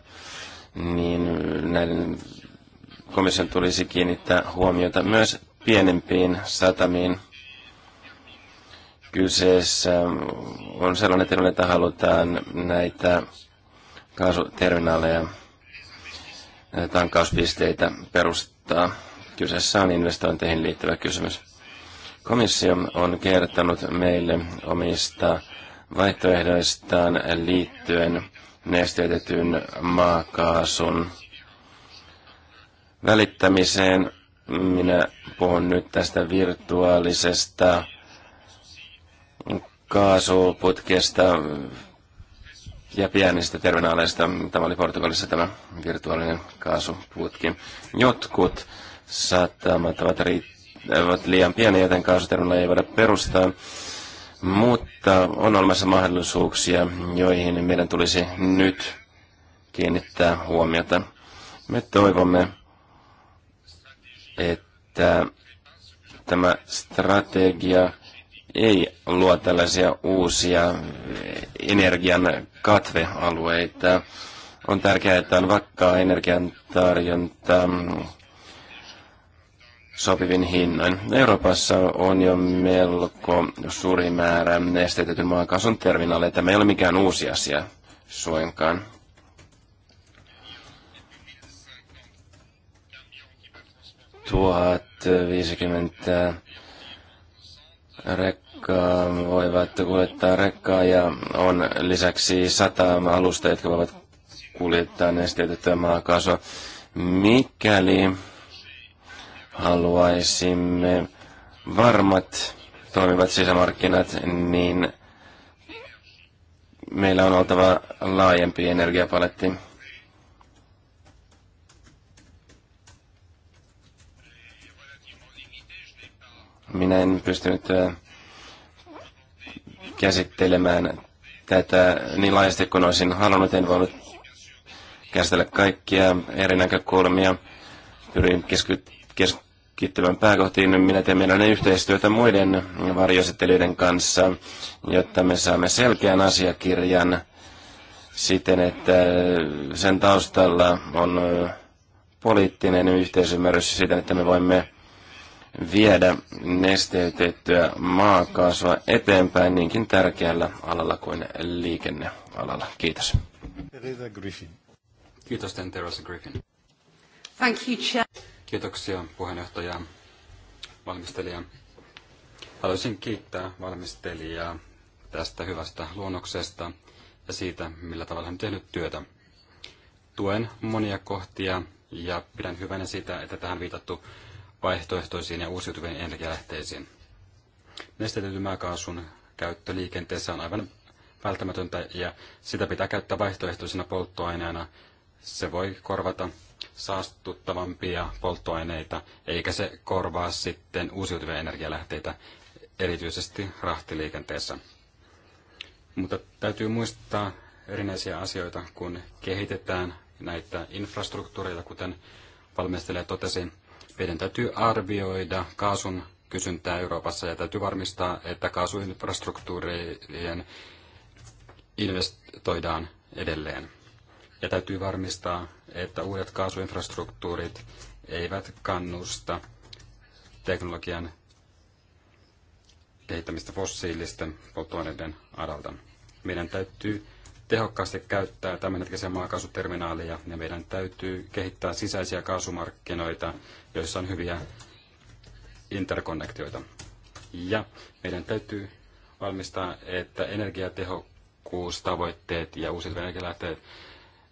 niin näiden komission tulisi kiinnittää huomiota myös pienempiin satamiin Kyseessä on sellainen tilanne, että halutaan näitä kaasuterminaaleja, tankauspisteitä perustaa. Kyseessä on investointeihin liittyvä kysymys. Komissio on kertonut meille omista vaihtoehdoistaan liittyen nesteytetyn maakaasun välittämiseen. Minä puhun nyt tästä virtuaalisesta kaasuputkesta ja pienistä terminaaleista. Tämä oli Portugalissa tämä virtuaalinen kaasuputki. Jotkut satamat ovat, riitt- ovat liian pieniä, joten kaasuterminaaleja ei voida perustaa. Mutta on olemassa mahdollisuuksia, joihin meidän tulisi nyt kiinnittää huomiota. Me toivomme, että tämä strategia ei luo tällaisia uusia energian katvealueita. On tärkeää, että on vakkaa energian tarjonta sopivin hinnoin. Euroopassa on jo melko suuri määrä nesteytetyn maakaasun terminaaleja. Tämä ei ole mikään uusi asia suinkaan. Tuhat rek- jotka voivat kuljettaa rekkaa ja on lisäksi sata alusta, jotka voivat kuljettaa nesteytettyä maakaasua. Mikäli haluaisimme varmat toimivat sisämarkkinat, niin meillä on oltava laajempi energiapaletti. Minä en pystynyt äh, käsittelemään tätä niin laajasti kuin olisin halunnut. En voinut käsitellä kaikkia eri näkökulmia. Pyrin keskittymään pääkohtiin. Minä teen meidän yhteistyötä muiden varjoesittelyiden kanssa, jotta me saamme selkeän asiakirjan siten, että sen taustalla on poliittinen yhteisymmärrys siten, että me voimme viedä nesteytettyä maakaasua eteenpäin niinkin tärkeällä alalla kuin liikennealalla. Kiitos. Griffin. Kiitos, Teresa Griffin. Thank you, Chair. Kiitoksia puheenjohtaja, valmistelija. Haluaisin kiittää valmistelijaa tästä hyvästä luonnoksesta ja siitä, millä tavalla hän tehnyt työtä. Tuen monia kohtia ja pidän hyvänä sitä, että tähän viitattu vaihtoehtoisiin ja uusiutuviin energialähteisiin. Nestetetyn maakaasun käyttö liikenteessä on aivan välttämätöntä ja sitä pitää käyttää vaihtoehtoisena polttoaineena. Se voi korvata saastuttavampia polttoaineita, eikä se korvaa sitten uusiutuvia energialähteitä, erityisesti rahtiliikenteessä. Mutta täytyy muistaa erinäisiä asioita, kun kehitetään näitä infrastruktuureita, kuten valmistelija totesi, meidän täytyy arvioida kaasun kysyntää Euroopassa ja täytyy varmistaa, että kaasuinfrastruktuurien investoidaan edelleen. Ja täytyy varmistaa, että uudet kaasuinfrastruktuurit eivät kannusta teknologian kehittämistä fossiilisten polttoaineiden alalta. Meidän täytyy tehokkaasti käyttää tämänhetkisiä maakaasuterminaaleja ja meidän täytyy kehittää sisäisiä kaasumarkkinoita, joissa on hyviä interkonnektioita. Ja meidän täytyy valmistaa, että energiatehokkuustavoitteet ja uusiutuvan energialähteet,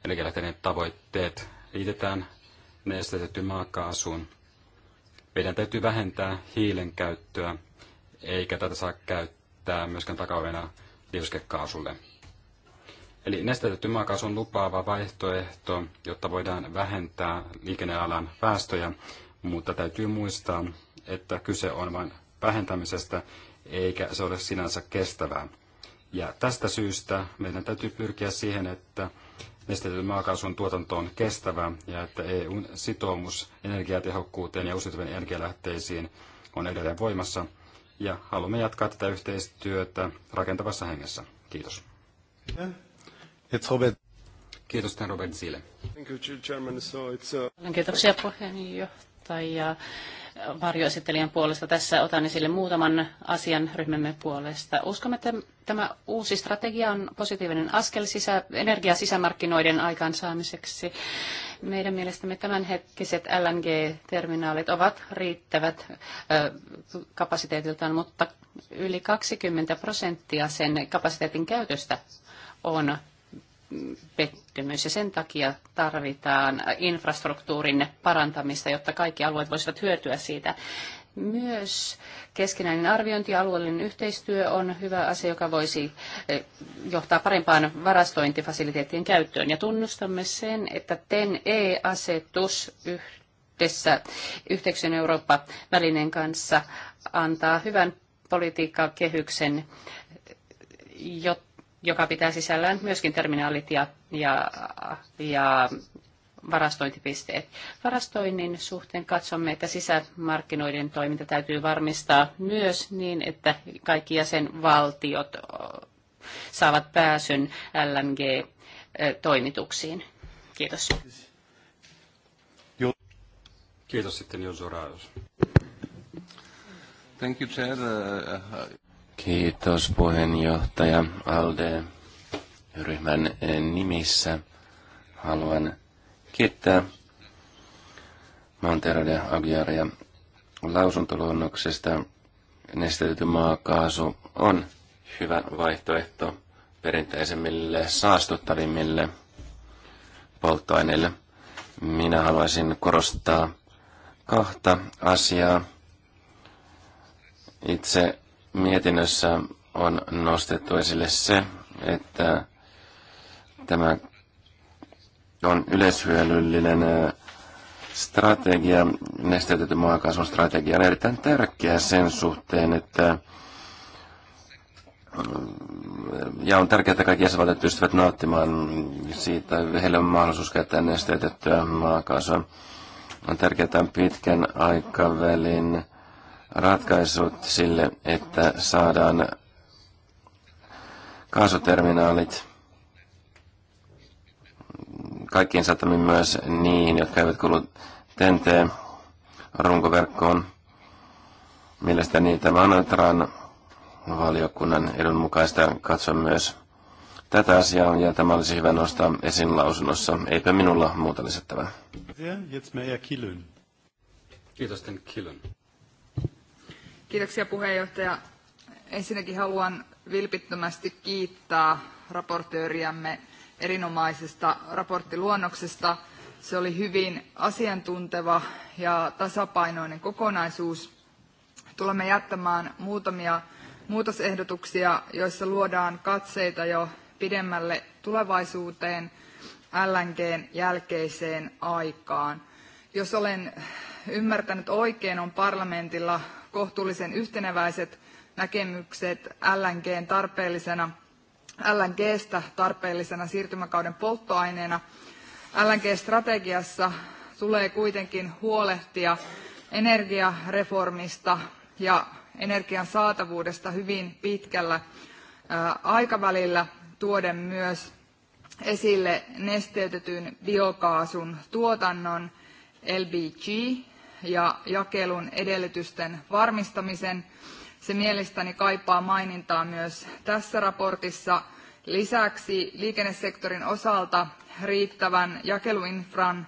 energialähteiden tavoitteet liitetään nestetettyyn maakaasuun. Meidän täytyy vähentää hiilen käyttöä, eikä tätä saa käyttää myöskään takavena liuskekaasulle. Eli nestetetty maakaasu on lupaava vaihtoehto, jotta voidaan vähentää liikennealan päästöjä, mutta täytyy muistaa, että kyse on vain vähentämisestä, eikä se ole sinänsä kestävää. Ja tästä syystä meidän täytyy pyrkiä siihen, että nestetetyn maakaasun tuotanto on kestävää ja että EUn sitoumus energiatehokkuuteen ja uusiutuvien energialähteisiin on edelleen voimassa. Ja haluamme jatkaa tätä yhteistyötä rakentavassa hengessä. Kiitos. It's Robert. Kiitos, Robert Sille. Uh, kiitoksia puheenjohtaja varjoesittelijän puolesta. Tässä otan esille muutaman asian ryhmämme puolesta. Uskomme, että tämä uusi strategia on positiivinen askel sisä, energiasisämarkkinoiden aikaansaamiseksi. Meidän mielestämme tämänhetkiset LNG-terminaalit ovat riittävät kapasiteetiltaan, mutta yli 20 prosenttia sen kapasiteetin käytöstä on pettymys ja sen takia tarvitaan infrastruktuurin parantamista, jotta kaikki alueet voisivat hyötyä siitä. Myös keskinäinen arviointi ja alueellinen yhteistyö on hyvä asia, joka voisi eh, johtaa parempaan varastointifasiliteettien käyttöön. Ja tunnustamme sen, että TEN-E-asetus yhdessä yhteyksien Eurooppa-välineen kanssa antaa hyvän politiikkakehyksen, jotta joka pitää sisällään myöskin terminaalit ja, ja, ja varastointipisteet. Varastoinnin suhteen katsomme, että sisämarkkinoiden toiminta täytyy varmistaa myös niin, että kaikki jäsenvaltiot saavat pääsyn LNG-toimituksiin. Kiitos. Kiitos sitten Jozo Thank you, Chair. Kiitos puheenjohtaja ALDE-ryhmän nimissä. Haluan kiittää Manteroiden Agiaria lausuntoluonnoksesta. Nestetyty maakaasu on hyvä vaihtoehto perinteisemmille saastuttavimmille polttoaineille. Minä haluaisin korostaa kahta asiaa. Itse Mietinnössä on nostettu esille se, että tämä on yleishyödyllinen strategia, nesteytetty maakaasun strategia on erittäin tärkeä sen suhteen, että ja on tärkeää, että kaikki jäsenvaltiot pystyvät nauttimaan siitä, heillä on mahdollisuus käyttää nesteytettyä maakaasua. On tärkeää pitkän aikavälin ratkaisut sille, että saadaan kaasuterminaalit kaikkien satamiin myös niihin, jotka eivät kuulu tenteen runkoverkkoon. Mielestäni tämä on Tran valiokunnan edun mukaista katsoa myös tätä asiaa, ja tämä olisi hyvä nostaa esiin lausunnossa. Eipä minulla muuta lisättävää. Kiitos, Kilön. Kiitoksia puheenjohtaja. Ensinnäkin haluan vilpittömästi kiittää raportööriämme erinomaisesta raporttiluonnoksesta. Se oli hyvin asiantunteva ja tasapainoinen kokonaisuus. Tulemme jättämään muutamia muutosehdotuksia, joissa luodaan katseita jo pidemmälle tulevaisuuteen, LNGn jälkeiseen aikaan. Jos olen ymmärtänyt oikein, on parlamentilla kohtuullisen yhteneväiset näkemykset LNGn tarpeellisena, LNGstä tarpeellisena siirtymäkauden polttoaineena. LNG-strategiassa tulee kuitenkin huolehtia energiareformista ja energian saatavuudesta hyvin pitkällä aikavälillä tuoden myös esille nesteytetyn biokaasun tuotannon LBG ja jakelun edellytysten varmistamisen. Se mielestäni kaipaa mainintaa myös tässä raportissa. Lisäksi liikennesektorin osalta riittävän jakeluinfran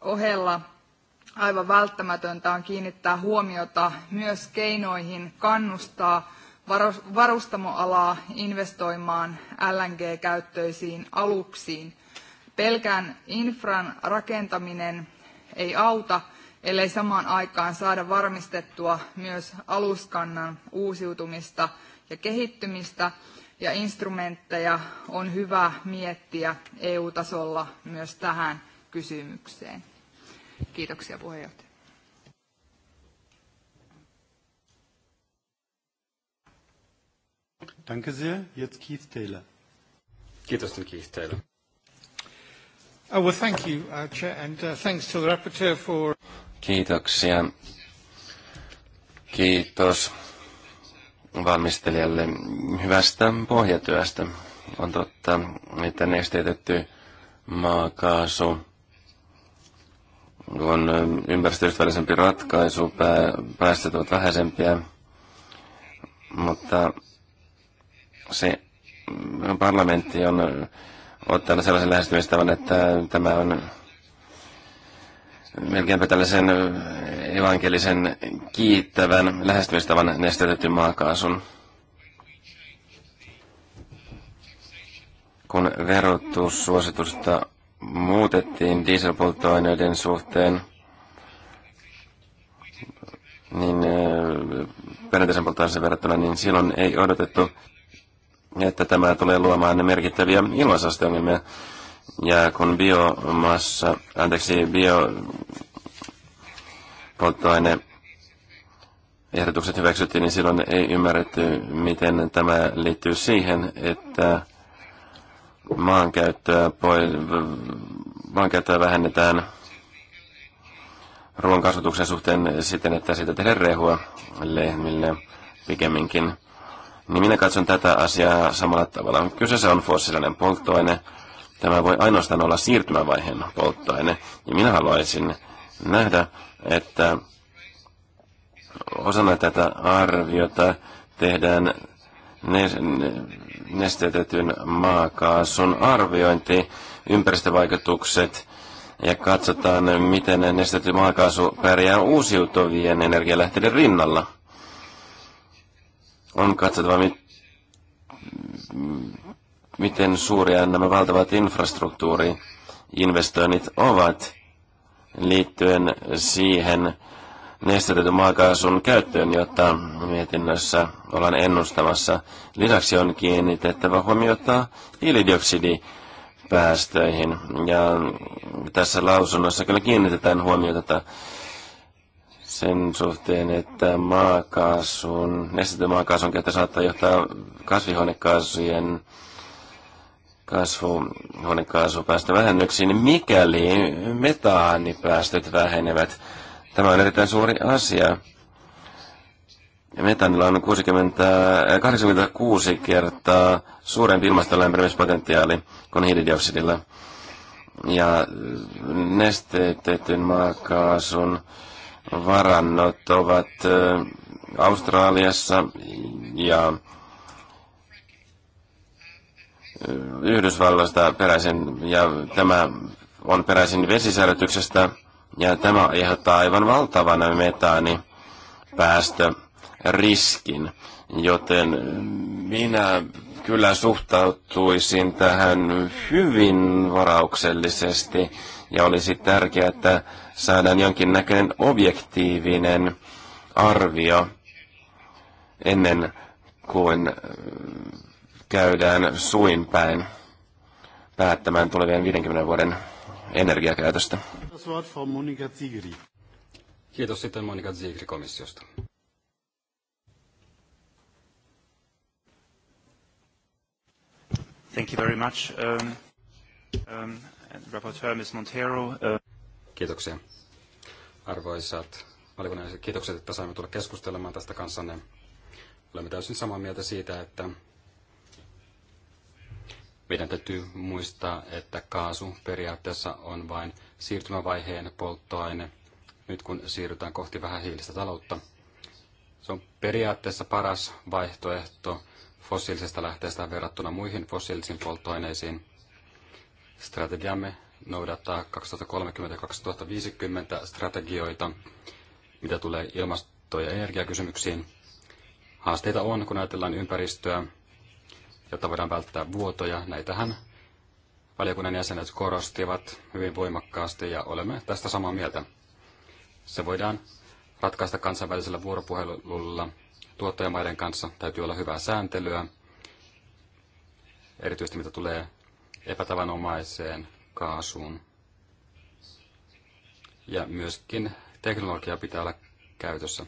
ohella aivan välttämätöntä on kiinnittää huomiota myös keinoihin kannustaa varustamoalaa investoimaan LNG-käyttöisiin aluksiin. Pelkän infran rakentaminen ei auta, ellei samaan aikaan saada varmistettua myös aluskannan uusiutumista ja kehittymistä, ja instrumentteja on hyvä miettiä EU-tasolla myös tähän kysymykseen. Kiitoksia puheenjohtaja. Danke sehr. Jetzt Keith Taylor. Kiitos, Keith Taylor. Oh, well, thank you, uh, Chair, and uh, thanks to the rapporteur for... Kiitoksia. Kiitos valmistelijalle hyvästä pohjatyöstä. On totta, että nesteytetty maakaasu on ympäristöystävällisempi ratkaisu, päästöt ovat vähäisempiä, mutta se parlamentti on ottanut sellaisen lähestymistavan, että tämä on melkeinpä tällaisen evankelisen kiittävän lähestymistavan nestetetyn maakaasun. Kun verotussuositusta muutettiin dieselpolttoaineiden suhteen, niin perinteisen polttoaineeseen verrattuna, niin silloin ei odotettu, että tämä tulee luomaan merkittäviä ilmansaasteongelmia. Ja kun biomassa, anteeksi, bio polttoaine ehdotukset hyväksyttiin, niin silloin ei ymmärretty, miten tämä liittyy siihen, että maankäyttöä, poi, maankäyttöä vähennetään ruoan kasvatuksen suhteen siten, että siitä tehdään rehua lehmille pikemminkin. Niin minä katson tätä asiaa samalla tavalla. Kyseessä on fossiilinen polttoaine, Tämä voi ainoastaan olla siirtymävaiheen polttoaine. Ja minä haluaisin nähdä, että osana tätä arviota tehdään nesteytetyn maakaasun arviointi, ympäristövaikutukset ja katsotaan, miten nestetty maakaasu pärjää uusiutuvien energialähteiden rinnalla. On katsottava, miten suuria nämä valtavat infrastruktuuriinvestoinnit ovat liittyen siihen nestetetyn maakaasun käyttöön, jota mietinnössä ollaan ennustamassa. Lisäksi on kiinnitettävä huomiota hiilidioksidi päästöihin. Ja tässä lausunnossa kyllä kiinnitetään huomiota sen suhteen, että maakaasun, nestetymaakaasun käyttö saattaa johtaa kasvihuonekaasujen kasvu, huonekaasupäästövähennyksiin, niin mikäli metaanipäästöt vähenevät. Tämä on erittäin suuri asia. Metanilla on 60, 86 äh, kertaa suurempi ilmaston lämpenemispotentiaali kuin hiilidioksidilla. Ja nesteetetyn maakaasun varannot ovat äh, Australiassa ja Yhdysvalloista peräisin, ja tämä on peräisin vesisäilytyksestä, ja tämä aiheuttaa aivan valtavan metaanipäästöriskin, joten minä kyllä suhtautuisin tähän hyvin varauksellisesti ja olisi tärkeää, että saadaan jonkinnäköinen objektiivinen arvio ennen kuin käydään suin päin päättämään tulevien 50 vuoden energiakäytöstä. Kiitos sitten Monika Zigri komissiosta. Thank you very much. Um, um, rapporteur Ms. Montero. Uh... Kiitoksia. Arvoisat valiokunnan kiitokset, että saimme tulla keskustelemaan tästä kanssanne. Olemme täysin samaa mieltä siitä, että meidän täytyy muistaa, että kaasu periaatteessa on vain siirtymävaiheen polttoaine, nyt kun siirrytään kohti vähähiilistä taloutta. Se on periaatteessa paras vaihtoehto fossiilisesta lähteestä verrattuna muihin fossiilisiin polttoaineisiin. Strategiamme noudattaa 2030-2050 strategioita, mitä tulee ilmasto- ja energiakysymyksiin. Haasteita on, kun ajatellaan ympäristöä, jotta voidaan välttää vuotoja. Näitähän valiokunnan jäsenet korostivat hyvin voimakkaasti ja olemme tästä samaa mieltä. Se voidaan ratkaista kansainvälisellä vuoropuhelulla tuottajamaiden kanssa. Täytyy olla hyvää sääntelyä, erityisesti mitä tulee epätavanomaiseen kaasuun. Ja myöskin teknologia pitää olla käytössä.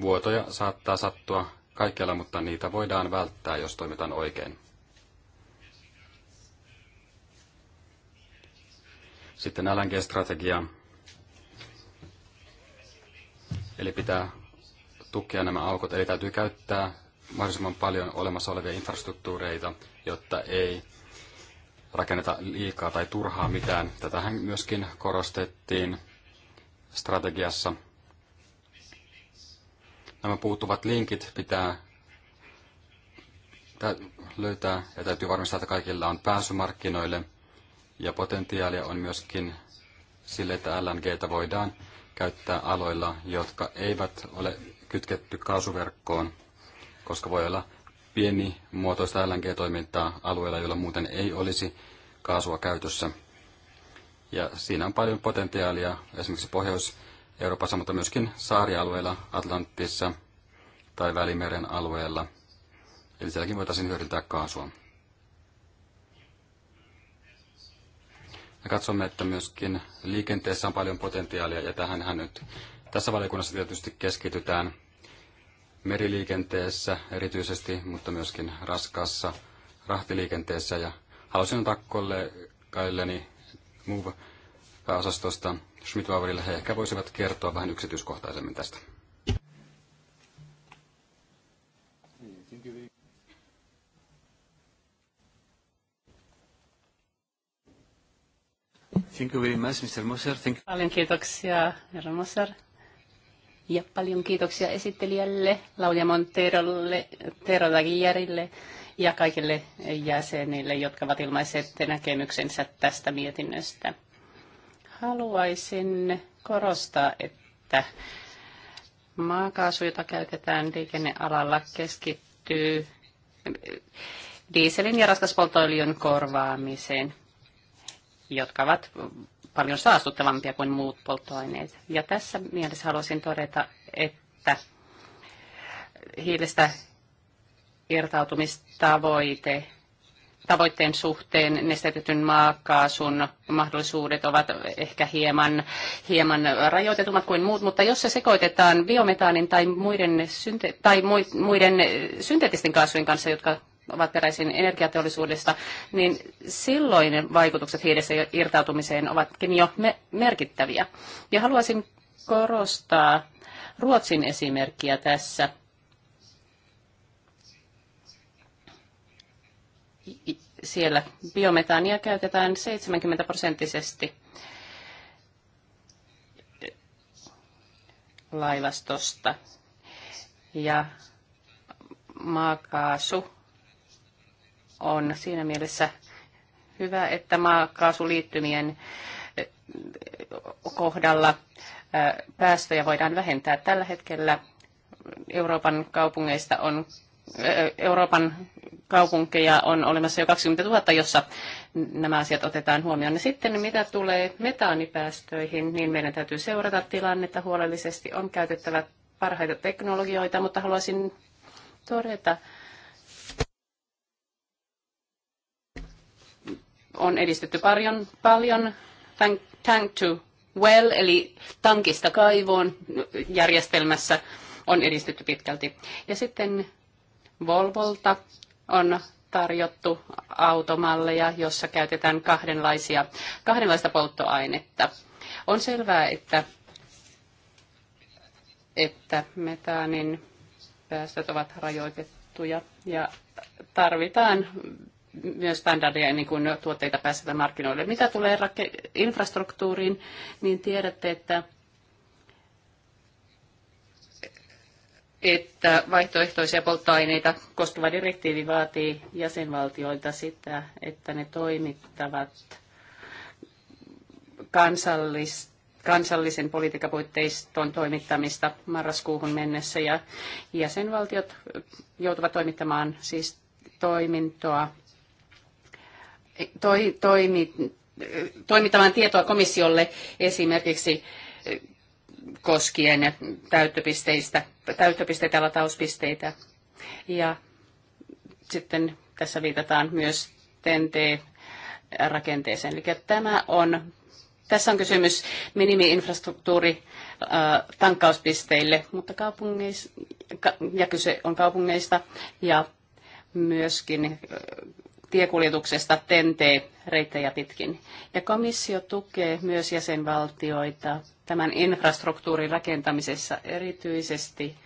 Vuotoja saattaa sattua kaikkialla, mutta niitä voidaan välttää, jos toimitaan oikein. Sitten LNG-strategia. Eli pitää tukea nämä aukot, eli täytyy käyttää mahdollisimman paljon olemassa olevia infrastruktuureita, jotta ei rakenneta liikaa tai turhaa mitään. Tätähän myöskin korostettiin strategiassa – Nämä puuttuvat linkit pitää löytää ja täytyy varmistaa, että kaikilla on pääsy markkinoille. Ja potentiaalia on myöskin sille, että LNGtä voidaan käyttää aloilla, jotka eivät ole kytketty kaasuverkkoon, koska voi olla pienimuotoista LNG-toimintaa alueella, joilla muuten ei olisi kaasua käytössä. Ja siinä on paljon potentiaalia esimerkiksi Pohjois- Euroopassa, mutta myöskin saarialueilla, Atlantissa tai Välimeren alueella. Eli sielläkin voitaisiin hyödyntää kaasua. Me katsomme, että myöskin liikenteessä on paljon potentiaalia, ja tähän nyt tässä valiokunnassa tietysti keskitytään meriliikenteessä erityisesti, mutta myöskin raskaassa rahtiliikenteessä. Ja halusin antaa kollegailleni MOVE-pääosastosta Schmidt välillä. He ehkä voisivat kertoa vähän yksityiskohtaisemmin tästä. Thank you very much, Mr. Moser. Thank Paljon kiitoksia, herra Moser. Ja paljon kiitoksia esittelijälle, Laulia Monterolle, Tero Dagierille ja kaikille jäsenille, jotka ovat ilmaisseet näkemyksensä tästä mietinnöstä. Haluaisin korostaa, että maakaasu, jota käytetään liikennealalla, keskittyy dieselin ja raskaspolttoöljyn korvaamiseen, jotka ovat paljon saastuttavampia kuin muut polttoaineet. Ja tässä mielessä haluaisin todeta, että hiilestä irtautumistavoite tavoitteen suhteen nestetetyn maakaasun mahdollisuudet ovat ehkä hieman, hieman rajoitetummat kuin muut, mutta jos se sekoitetaan biometaanin tai muiden, synte- tai muiden synteettisten kaasujen kanssa, jotka ovat peräisin energiateollisuudesta, niin silloin vaikutukset hiilestä irtautumiseen ovatkin jo me- merkittäviä. Ja haluaisin korostaa Ruotsin esimerkkiä tässä siellä biometaania käytetään 70 prosenttisesti laivastosta. Ja maakaasu on siinä mielessä hyvä, että maakaasuliittymien kohdalla päästöjä voidaan vähentää. Tällä hetkellä Euroopan kaupungeista on Euroopan kaupunkeja on olemassa jo 20 000, jossa nämä asiat otetaan huomioon. Ja sitten mitä tulee metaanipäästöihin, niin meidän täytyy seurata tilannetta huolellisesti. On käytettävä parhaita teknologioita, mutta haluaisin todeta, on edistetty paljon, paljon tank, tank to well, eli tankista kaivoon järjestelmässä on edistetty pitkälti. Ja sitten Volvolta on tarjottu automalleja, jossa käytetään kahdenlaisia, kahdenlaista polttoainetta. On selvää, että, että metaanin päästöt ovat rajoitettuja ja tarvitaan myös standardeja ennen kuin tuotteita pääsevät markkinoille. Mitä tulee infrastruktuuriin, niin tiedätte, että että vaihtoehtoisia polttoaineita koskeva direktiivi vaatii jäsenvaltioilta sitä, että ne toimittavat kansallis, kansallisen politiikapuitteiston toimittamista marraskuuhun mennessä. Ja jäsenvaltiot joutuvat toimittamaan siis toimintoa, toi, toimi, toimittamaan tietoa komissiolle esimerkiksi koskien täyttöpisteistä, täyttöpisteitä ja latauspisteitä. Ja sitten tässä viitataan myös TNT-rakenteeseen. Eli tämä on, tässä on kysymys minimiinfrastruktuuri tankkauspisteille, mutta kaupungeista ja kyse on kaupungeista ja myöskin tiekuljetuksesta TEN-T-reittejä pitkin. Ja komissio tukee myös jäsenvaltioita tämän infrastruktuurin rakentamisessa erityisesti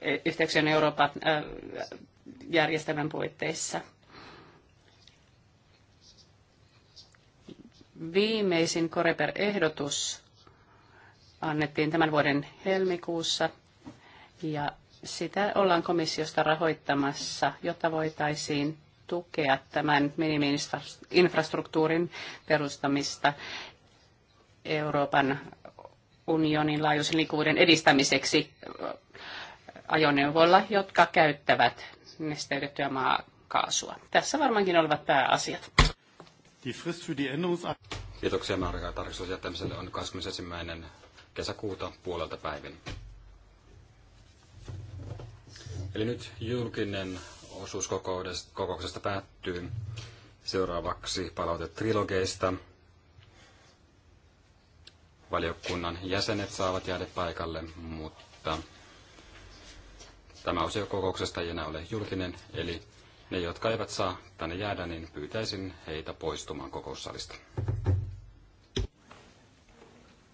eh, yhteyksien Euroopan eh, järjestelmän puitteissa. Viimeisin Koreper-ehdotus annettiin tämän vuoden helmikuussa ja sitä ollaan komissiosta rahoittamassa, jotta voitaisiin tukea tämän minimiinfrastruktuurin perustamista Euroopan unionin laajuisen liikkuvuuden edistämiseksi ajoneuvoilla, jotka käyttävät nesteytettyä maakaasua. Tässä varmaankin olivat pääasiat. Kiitoksia määräaikatarkistusjättämiselle on 21. kesäkuuta puolelta päivin. Eli nyt julkinen osuus kokouksesta päättyy. Seuraavaksi palaute trilogeista. Valiokunnan jäsenet saavat jäädä paikalle, mutta tämä osio kokouksesta ei enää ole julkinen, eli ne, jotka eivät saa tänne jäädä, niin pyytäisin heitä poistumaan kokoussalista.